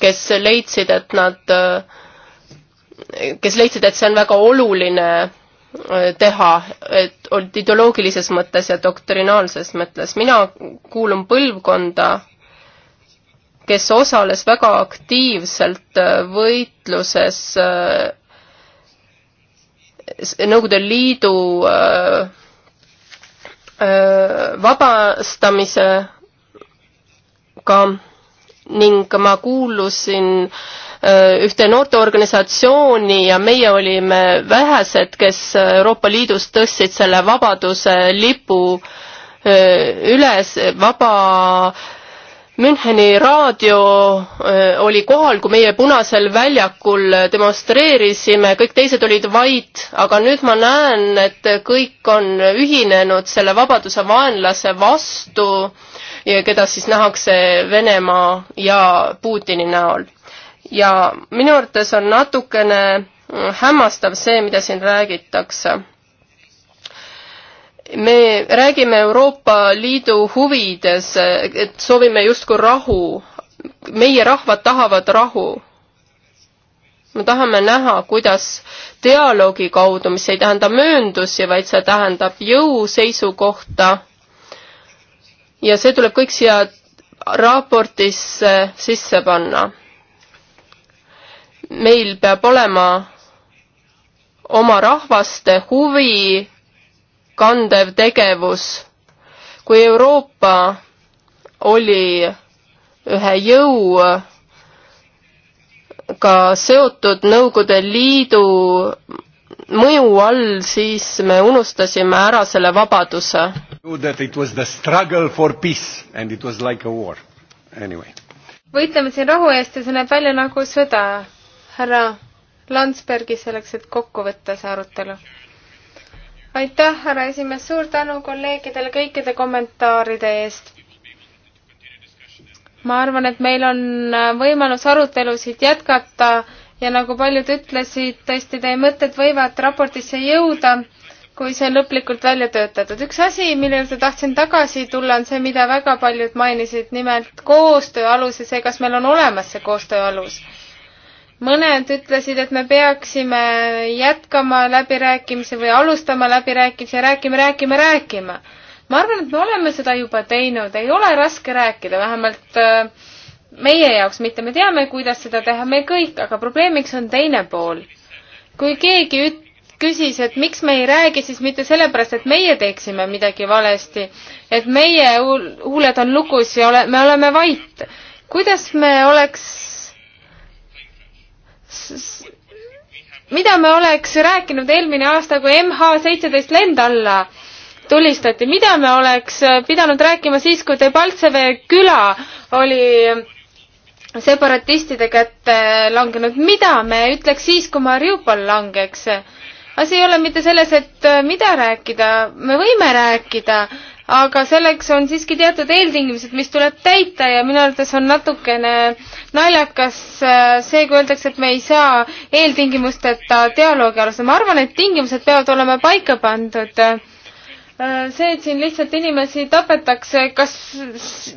kes leidsid, et nad, äh, kes leidsid, et see on väga oluline äh, teha, et ideoloogilises mõttes ja doktrinaalses mõttes. mina kuulun põlvkonda, kes osales väga aktiivselt äh, võitluses äh, Nõukogude Liidu äh, vabastamisega ning ma kuulusin ühte noorteorganisatsiooni ja meie olime vähesed, kes Euroopa Liidus tõstsid selle vabaduse lipu üles, vaba Müncheni raadio äh, oli kohal, kui meie Punasel väljakul demonstreerisime, kõik teised olid vait, aga nüüd ma näen, et kõik on ühinenud selle vabaduse vaenlase vastu, keda siis nähakse Venemaa ja Putini näol. ja minu arvates on natukene hämmastav see, mida siin räägitakse me räägime Euroopa Liidu huvides, et soovime justkui rahu. meie rahvad tahavad rahu. me tahame näha, kuidas dialoogi kaudu, mis ei tähenda mööndusi, vaid see tähendab jõu seisukohta. ja see tuleb kõik siia raportisse sisse panna. meil peab olema oma rahvaste huvi kandev tegevus. kui Euroopa oli ühe jõuga seotud Nõukogude Liidu mõju all, siis me unustasime ära selle vabaduse. võitleme siin rahu eest ja see näeb välja nagu sõda. härra Landsbergi selleks, et kokku võtta see arutelu aitäh, härra esimees, suur tänu kolleegidele kõikide kommentaaride eest. ma arvan, et meil on äh, võimalus arutelusid jätkata ja nagu paljud ütlesid, tõesti teie mõtted võivad raportisse jõuda, kui see on lõplikult välja töötatud. üks asi, mille juurde tahtsin tagasi tulla, on see, mida väga paljud mainisid, nimelt koostöö alus ja see, kas meil on olemas see koostöö alus mõned ütlesid, et me peaksime jätkama läbirääkimisi või alustama läbirääkimisi ja rääkima, rääkima, rääkima. ma arvan, et me oleme seda juba teinud, ei ole raske rääkida, vähemalt äh, meie jaoks mitte, me teame, kuidas seda teha, me kõik, aga probleemiks on teine pool. kui keegi üt-, küsis, et miks me ei räägi, siis mitte sellepärast, et meie teeksime midagi valesti, et meie huuled on lukus ja ole, me oleme vait. kuidas me oleks mida me oleks rääkinud eelmine aasta, kui MH seitseteist lend alla tulistati, mida me oleks pidanud rääkima siis, kui Debaltseve küla oli separatistide kätte langenud, mida me ütleks siis, kui Mariupol langeks? asi ei ole mitte selles, et mida rääkida, me võime rääkida aga selleks on siiski teatud eeltingimused, mis tuleb täita ja minu arvates on natukene naljakas äh, see, kui öeldakse, et me ei saa eeltingimusteta dialoogi alustada. ma arvan, et tingimused peavad olema paika pandud. Äh, see, et siin lihtsalt inimesi tapetakse, kas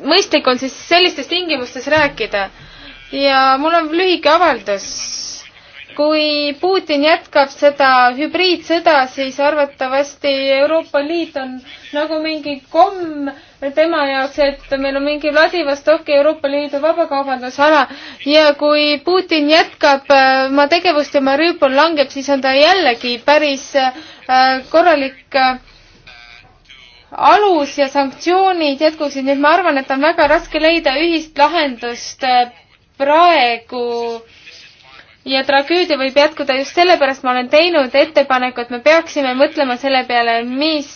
mõistlik on siis sellistes tingimustes rääkida? ja mul on lühike avaldus kui Putin jätkab seda hübriidsõda, siis arvatavasti Euroopa Liit on nagu mingi komm tema jaoks, et meil on mingi Vladivostoki Euroopa Liidu vabakaubandusala ja kui Putin jätkab äh, oma tegevust ja Mariupol langeb, siis on ta jällegi päris äh, korralik äh, alus ja sanktsioonid jätkuksid, nii et ma arvan, et on väga raske leida ühist lahendust praegu äh, ja tragöödia võib jätkuda just sellepärast, ma olen teinud ettepaneku, et me peaksime mõtlema selle peale, mis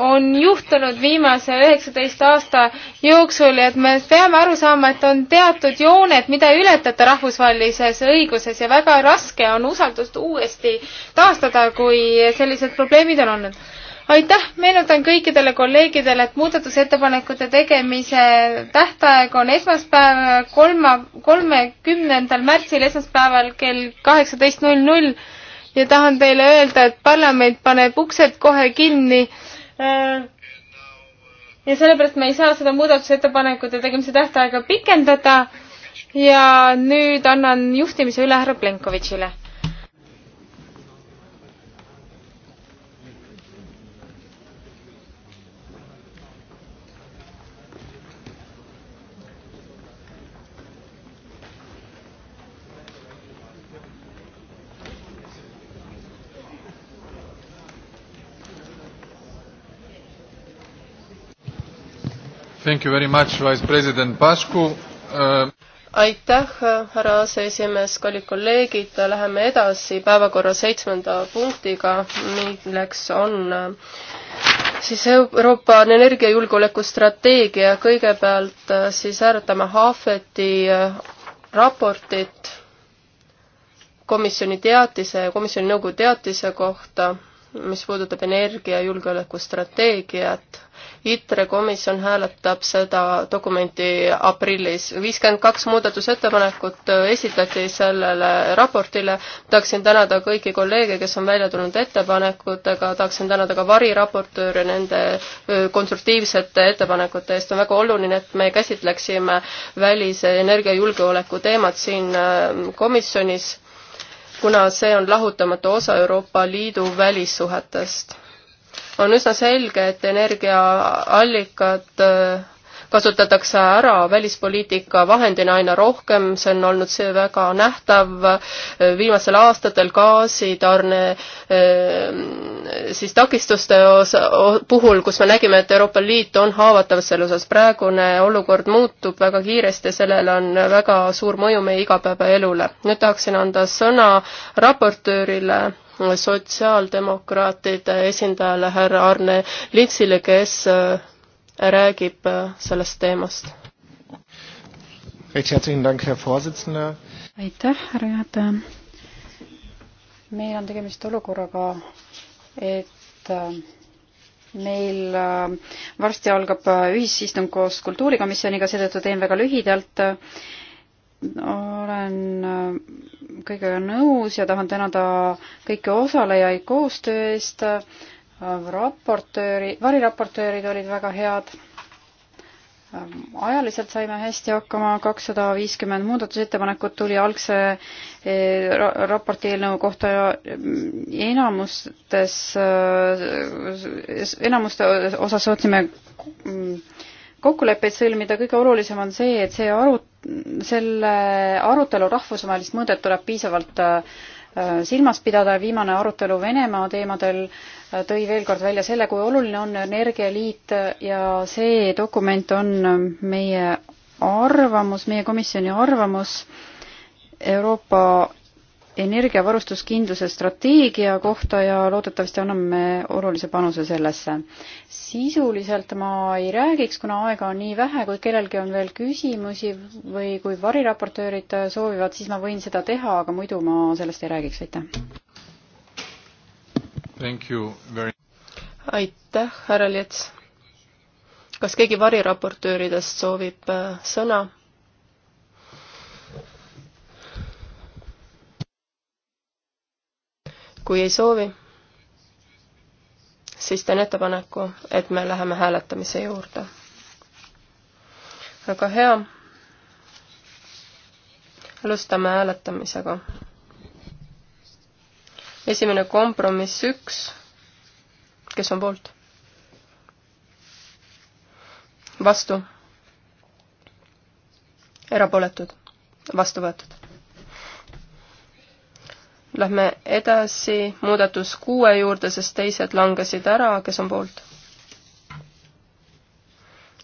on juhtunud viimase üheksateist aasta jooksul ja et me peame aru saama, et on teatud jooned, mida ei ületata rahvusvahelises õiguses ja väga raske on usaldust uuesti taastada, kui sellised probleemid on olnud aitäh, meenutan kõikidele kolleegidele, et muudatusettepanekute tegemise tähtaeg on esmaspäev, kolma, kolmekümnendal märtsil, esmaspäeval kell kaheksateist null null ja tahan teile öelda, et parlament paneb uksed kohe kinni. Äh, ja sellepärast me ei saa seda muudatusettepanekute tegemise tähtaega pikendada ja nüüd annan juhtimise üle härra Plenkovitšile Thank you very much, Vice President Pasku uh.... aitäh, härra aseesimees, kallid kolleegid, läheme edasi päevakorra seitsmenda punktiga, milleks on äh, siis Euroopa energiajulgeoleku strateegia, kõigepealt äh, siis hääletame Haafeti äh, raportit komisjoni teatise ja komisjoni nõukogu teatise kohta, mis puudutab energiajulgeoleku strateegiat ITRE komisjon hääletab seda dokumenti aprillis. viiskümmend kaks muudatusettepanekut äh, esitati sellele raportile. tahaksin tänada kõiki kolleege, kes on välja tulnud ettepanekutega, tahaksin tänada ka variraportööre nende äh, konstruktiivsete ettepanekute eest. on väga oluline, et me käsitleksime välise energiajulgeoleku teemat siin äh, komisjonis kuna see on lahutamatu osa Euroopa Liidu välissuhetest on üsna selge, et energiaallikad kasutatakse ära välispoliitika vahendina aina rohkem, see on olnud see väga nähtav äh, viimastel aastatel gaasitarne äh, siis takistuste osa, puhul, kus me nägime, et Euroopa Liit on haavatav selle osas. praegune olukord muutub väga kiiresti ja sellel on väga suur mõju meie igapäevaelule. nüüd tahaksin anda sõna raportöörile sotsiaaldemokraatide esindajale härra Arne Litsile, kes äh, räägib äh, sellest teemast. aitäh, härra juhataja. meil on tegemist olukorraga, et äh, meil äh, varsti algab ühisistung koos kultuurikomisjoniga, seetõttu teen väga lühidalt. olen kõigega nõus ja tahan tänada kõiki osalejaid koostöö eest. Äh, raportööri, variraportöörid olid väga head. Ähm, ajaliselt saime hästi hakkama, kakssada viiskümmend muudatusettepanekut tuli algse äh, raporti eelnõu kohta ja äh, enamustes, enamuste osas suutsime mm, kokkuleppeid sõlmida, kõige olulisem on see, et see aru, selle arutelu rahvusvahelist mõõdet tuleb piisavalt silmas pidada ja viimane arutelu Venemaa teemadel äh, tõi veel kord välja selle, kui oluline on energialiit ja see dokument on meie arvamus, meie komisjoni arvamus Euroopa energiavarustuskindluse strateegia kohta ja loodetavasti anname olulise panuse sellesse. sisuliselt ma ei räägiks, kuna aega on nii vähe, kui kellelgi on veel küsimusi või kui variraportöörid soovivad, siis ma võin seda teha, aga muidu ma sellest ei räägiks, aitäh. Very... aitäh, härra Liets. kas keegi variraportööridest soovib äh, sõna? kui ei soovi, siis teen ettepaneku, et me läheme hääletamise juurde. väga hea. alustame hääletamisega esimene kompromiss üks, kes on poolt? vastu? erapooletud? vastu võetud? Lähme edasi muudatus kuue juurde, sest teised langesid ära, kes on poolt?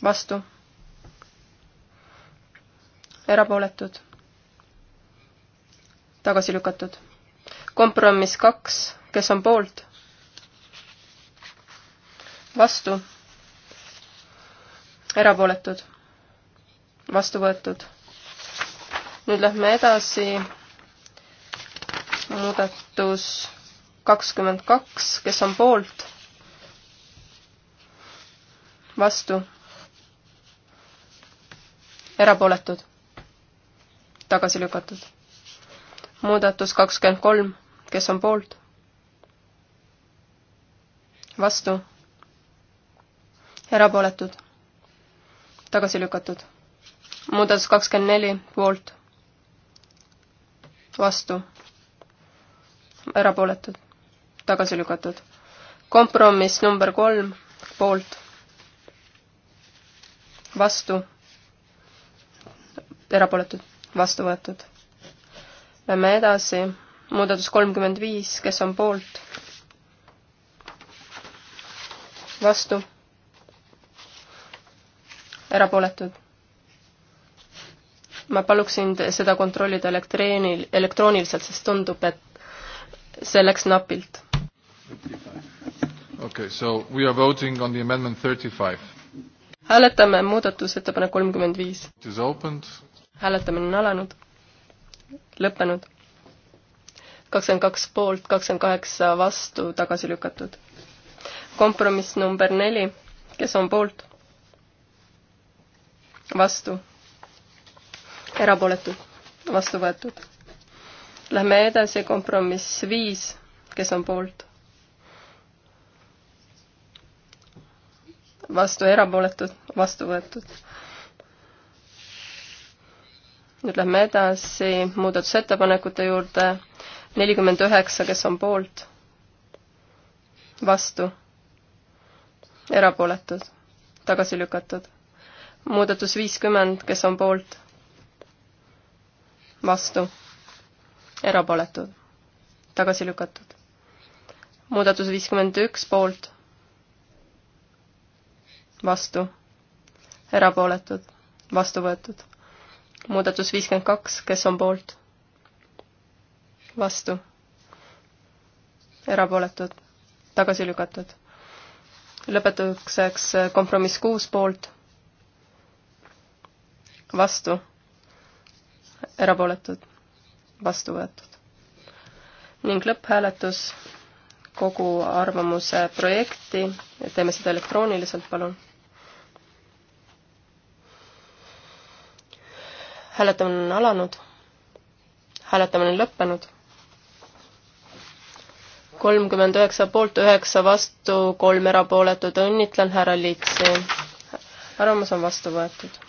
vastu? erapooletud? tagasi lükatud? kompromiss kaks, kes on poolt? vastu? erapooletud? vastu võetud? nüüd lähme edasi. muudatus kakskümmend kaks, kes on poolt? vastu? erapooletud? tagasi lükatud? muudatus kakskümmend kolm kes on poolt? vastu? erapooletud? tagasi lükatud? muudatus kakskümmend neli, poolt? vastu? erapooletud? tagasi lükatud? kompromiss number kolm, poolt? vastu? erapooletud? vastu võetud? Lähme edasi muudatus kolmkümmend viis, kes on poolt? vastu? erapooletud? ma paluksin seda kontrollida elektreenil, elektrooniliselt, sest tundub, et see läks napilt. Okay, so we are voting on the amendment thirty five. hääletame muudatusettepanek kolmkümmend viis. hääletamine on alanud, lõppenud kakskümmend kaks poolt, kakskümmend kaheksa vastu, tagasi lükatud. kompromiss number neli, kes on poolt? vastu. erapooletud, vastu võetud. Lähme edasi, kompromiss viis, kes on poolt? vastu erapooletud, vastu võetud. nüüd lähme edasi muudatusettepanekute juurde, nelikümmend üheksa, kes on poolt, vastu, erapooletud, tagasi lükatud. muudatus viiskümmend, kes on poolt, vastu, erapooletud, tagasi lükatud. muudatus viiskümmend üks, poolt, vastu, erapooletud, vastu võetud. muudatus viiskümmend kaks, kes on poolt vastu, erapooletud, tagasi lükatud. lõpetuseks eh, kompromiss kuus poolt, vastu, erapooletud, vastu võetud. ning lõpphääletus kogu arvamuse projekti, teeme seda elektrooniliselt, palun hääletamine on alanud, hääletamine on lõppenud kolmkümmend üheksa poolt, üheksa vastu, kolm erapooletut, õnnitlen härra Litsi. arvamus on vastu võetud.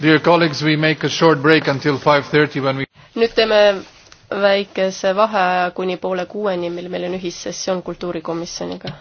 Dear colleagues, we make a short break until five thirty when we nüüd teeme väikese vaheaja kuni poole kuueni, mil meil on ühissessioon kultuurikomisjoniga.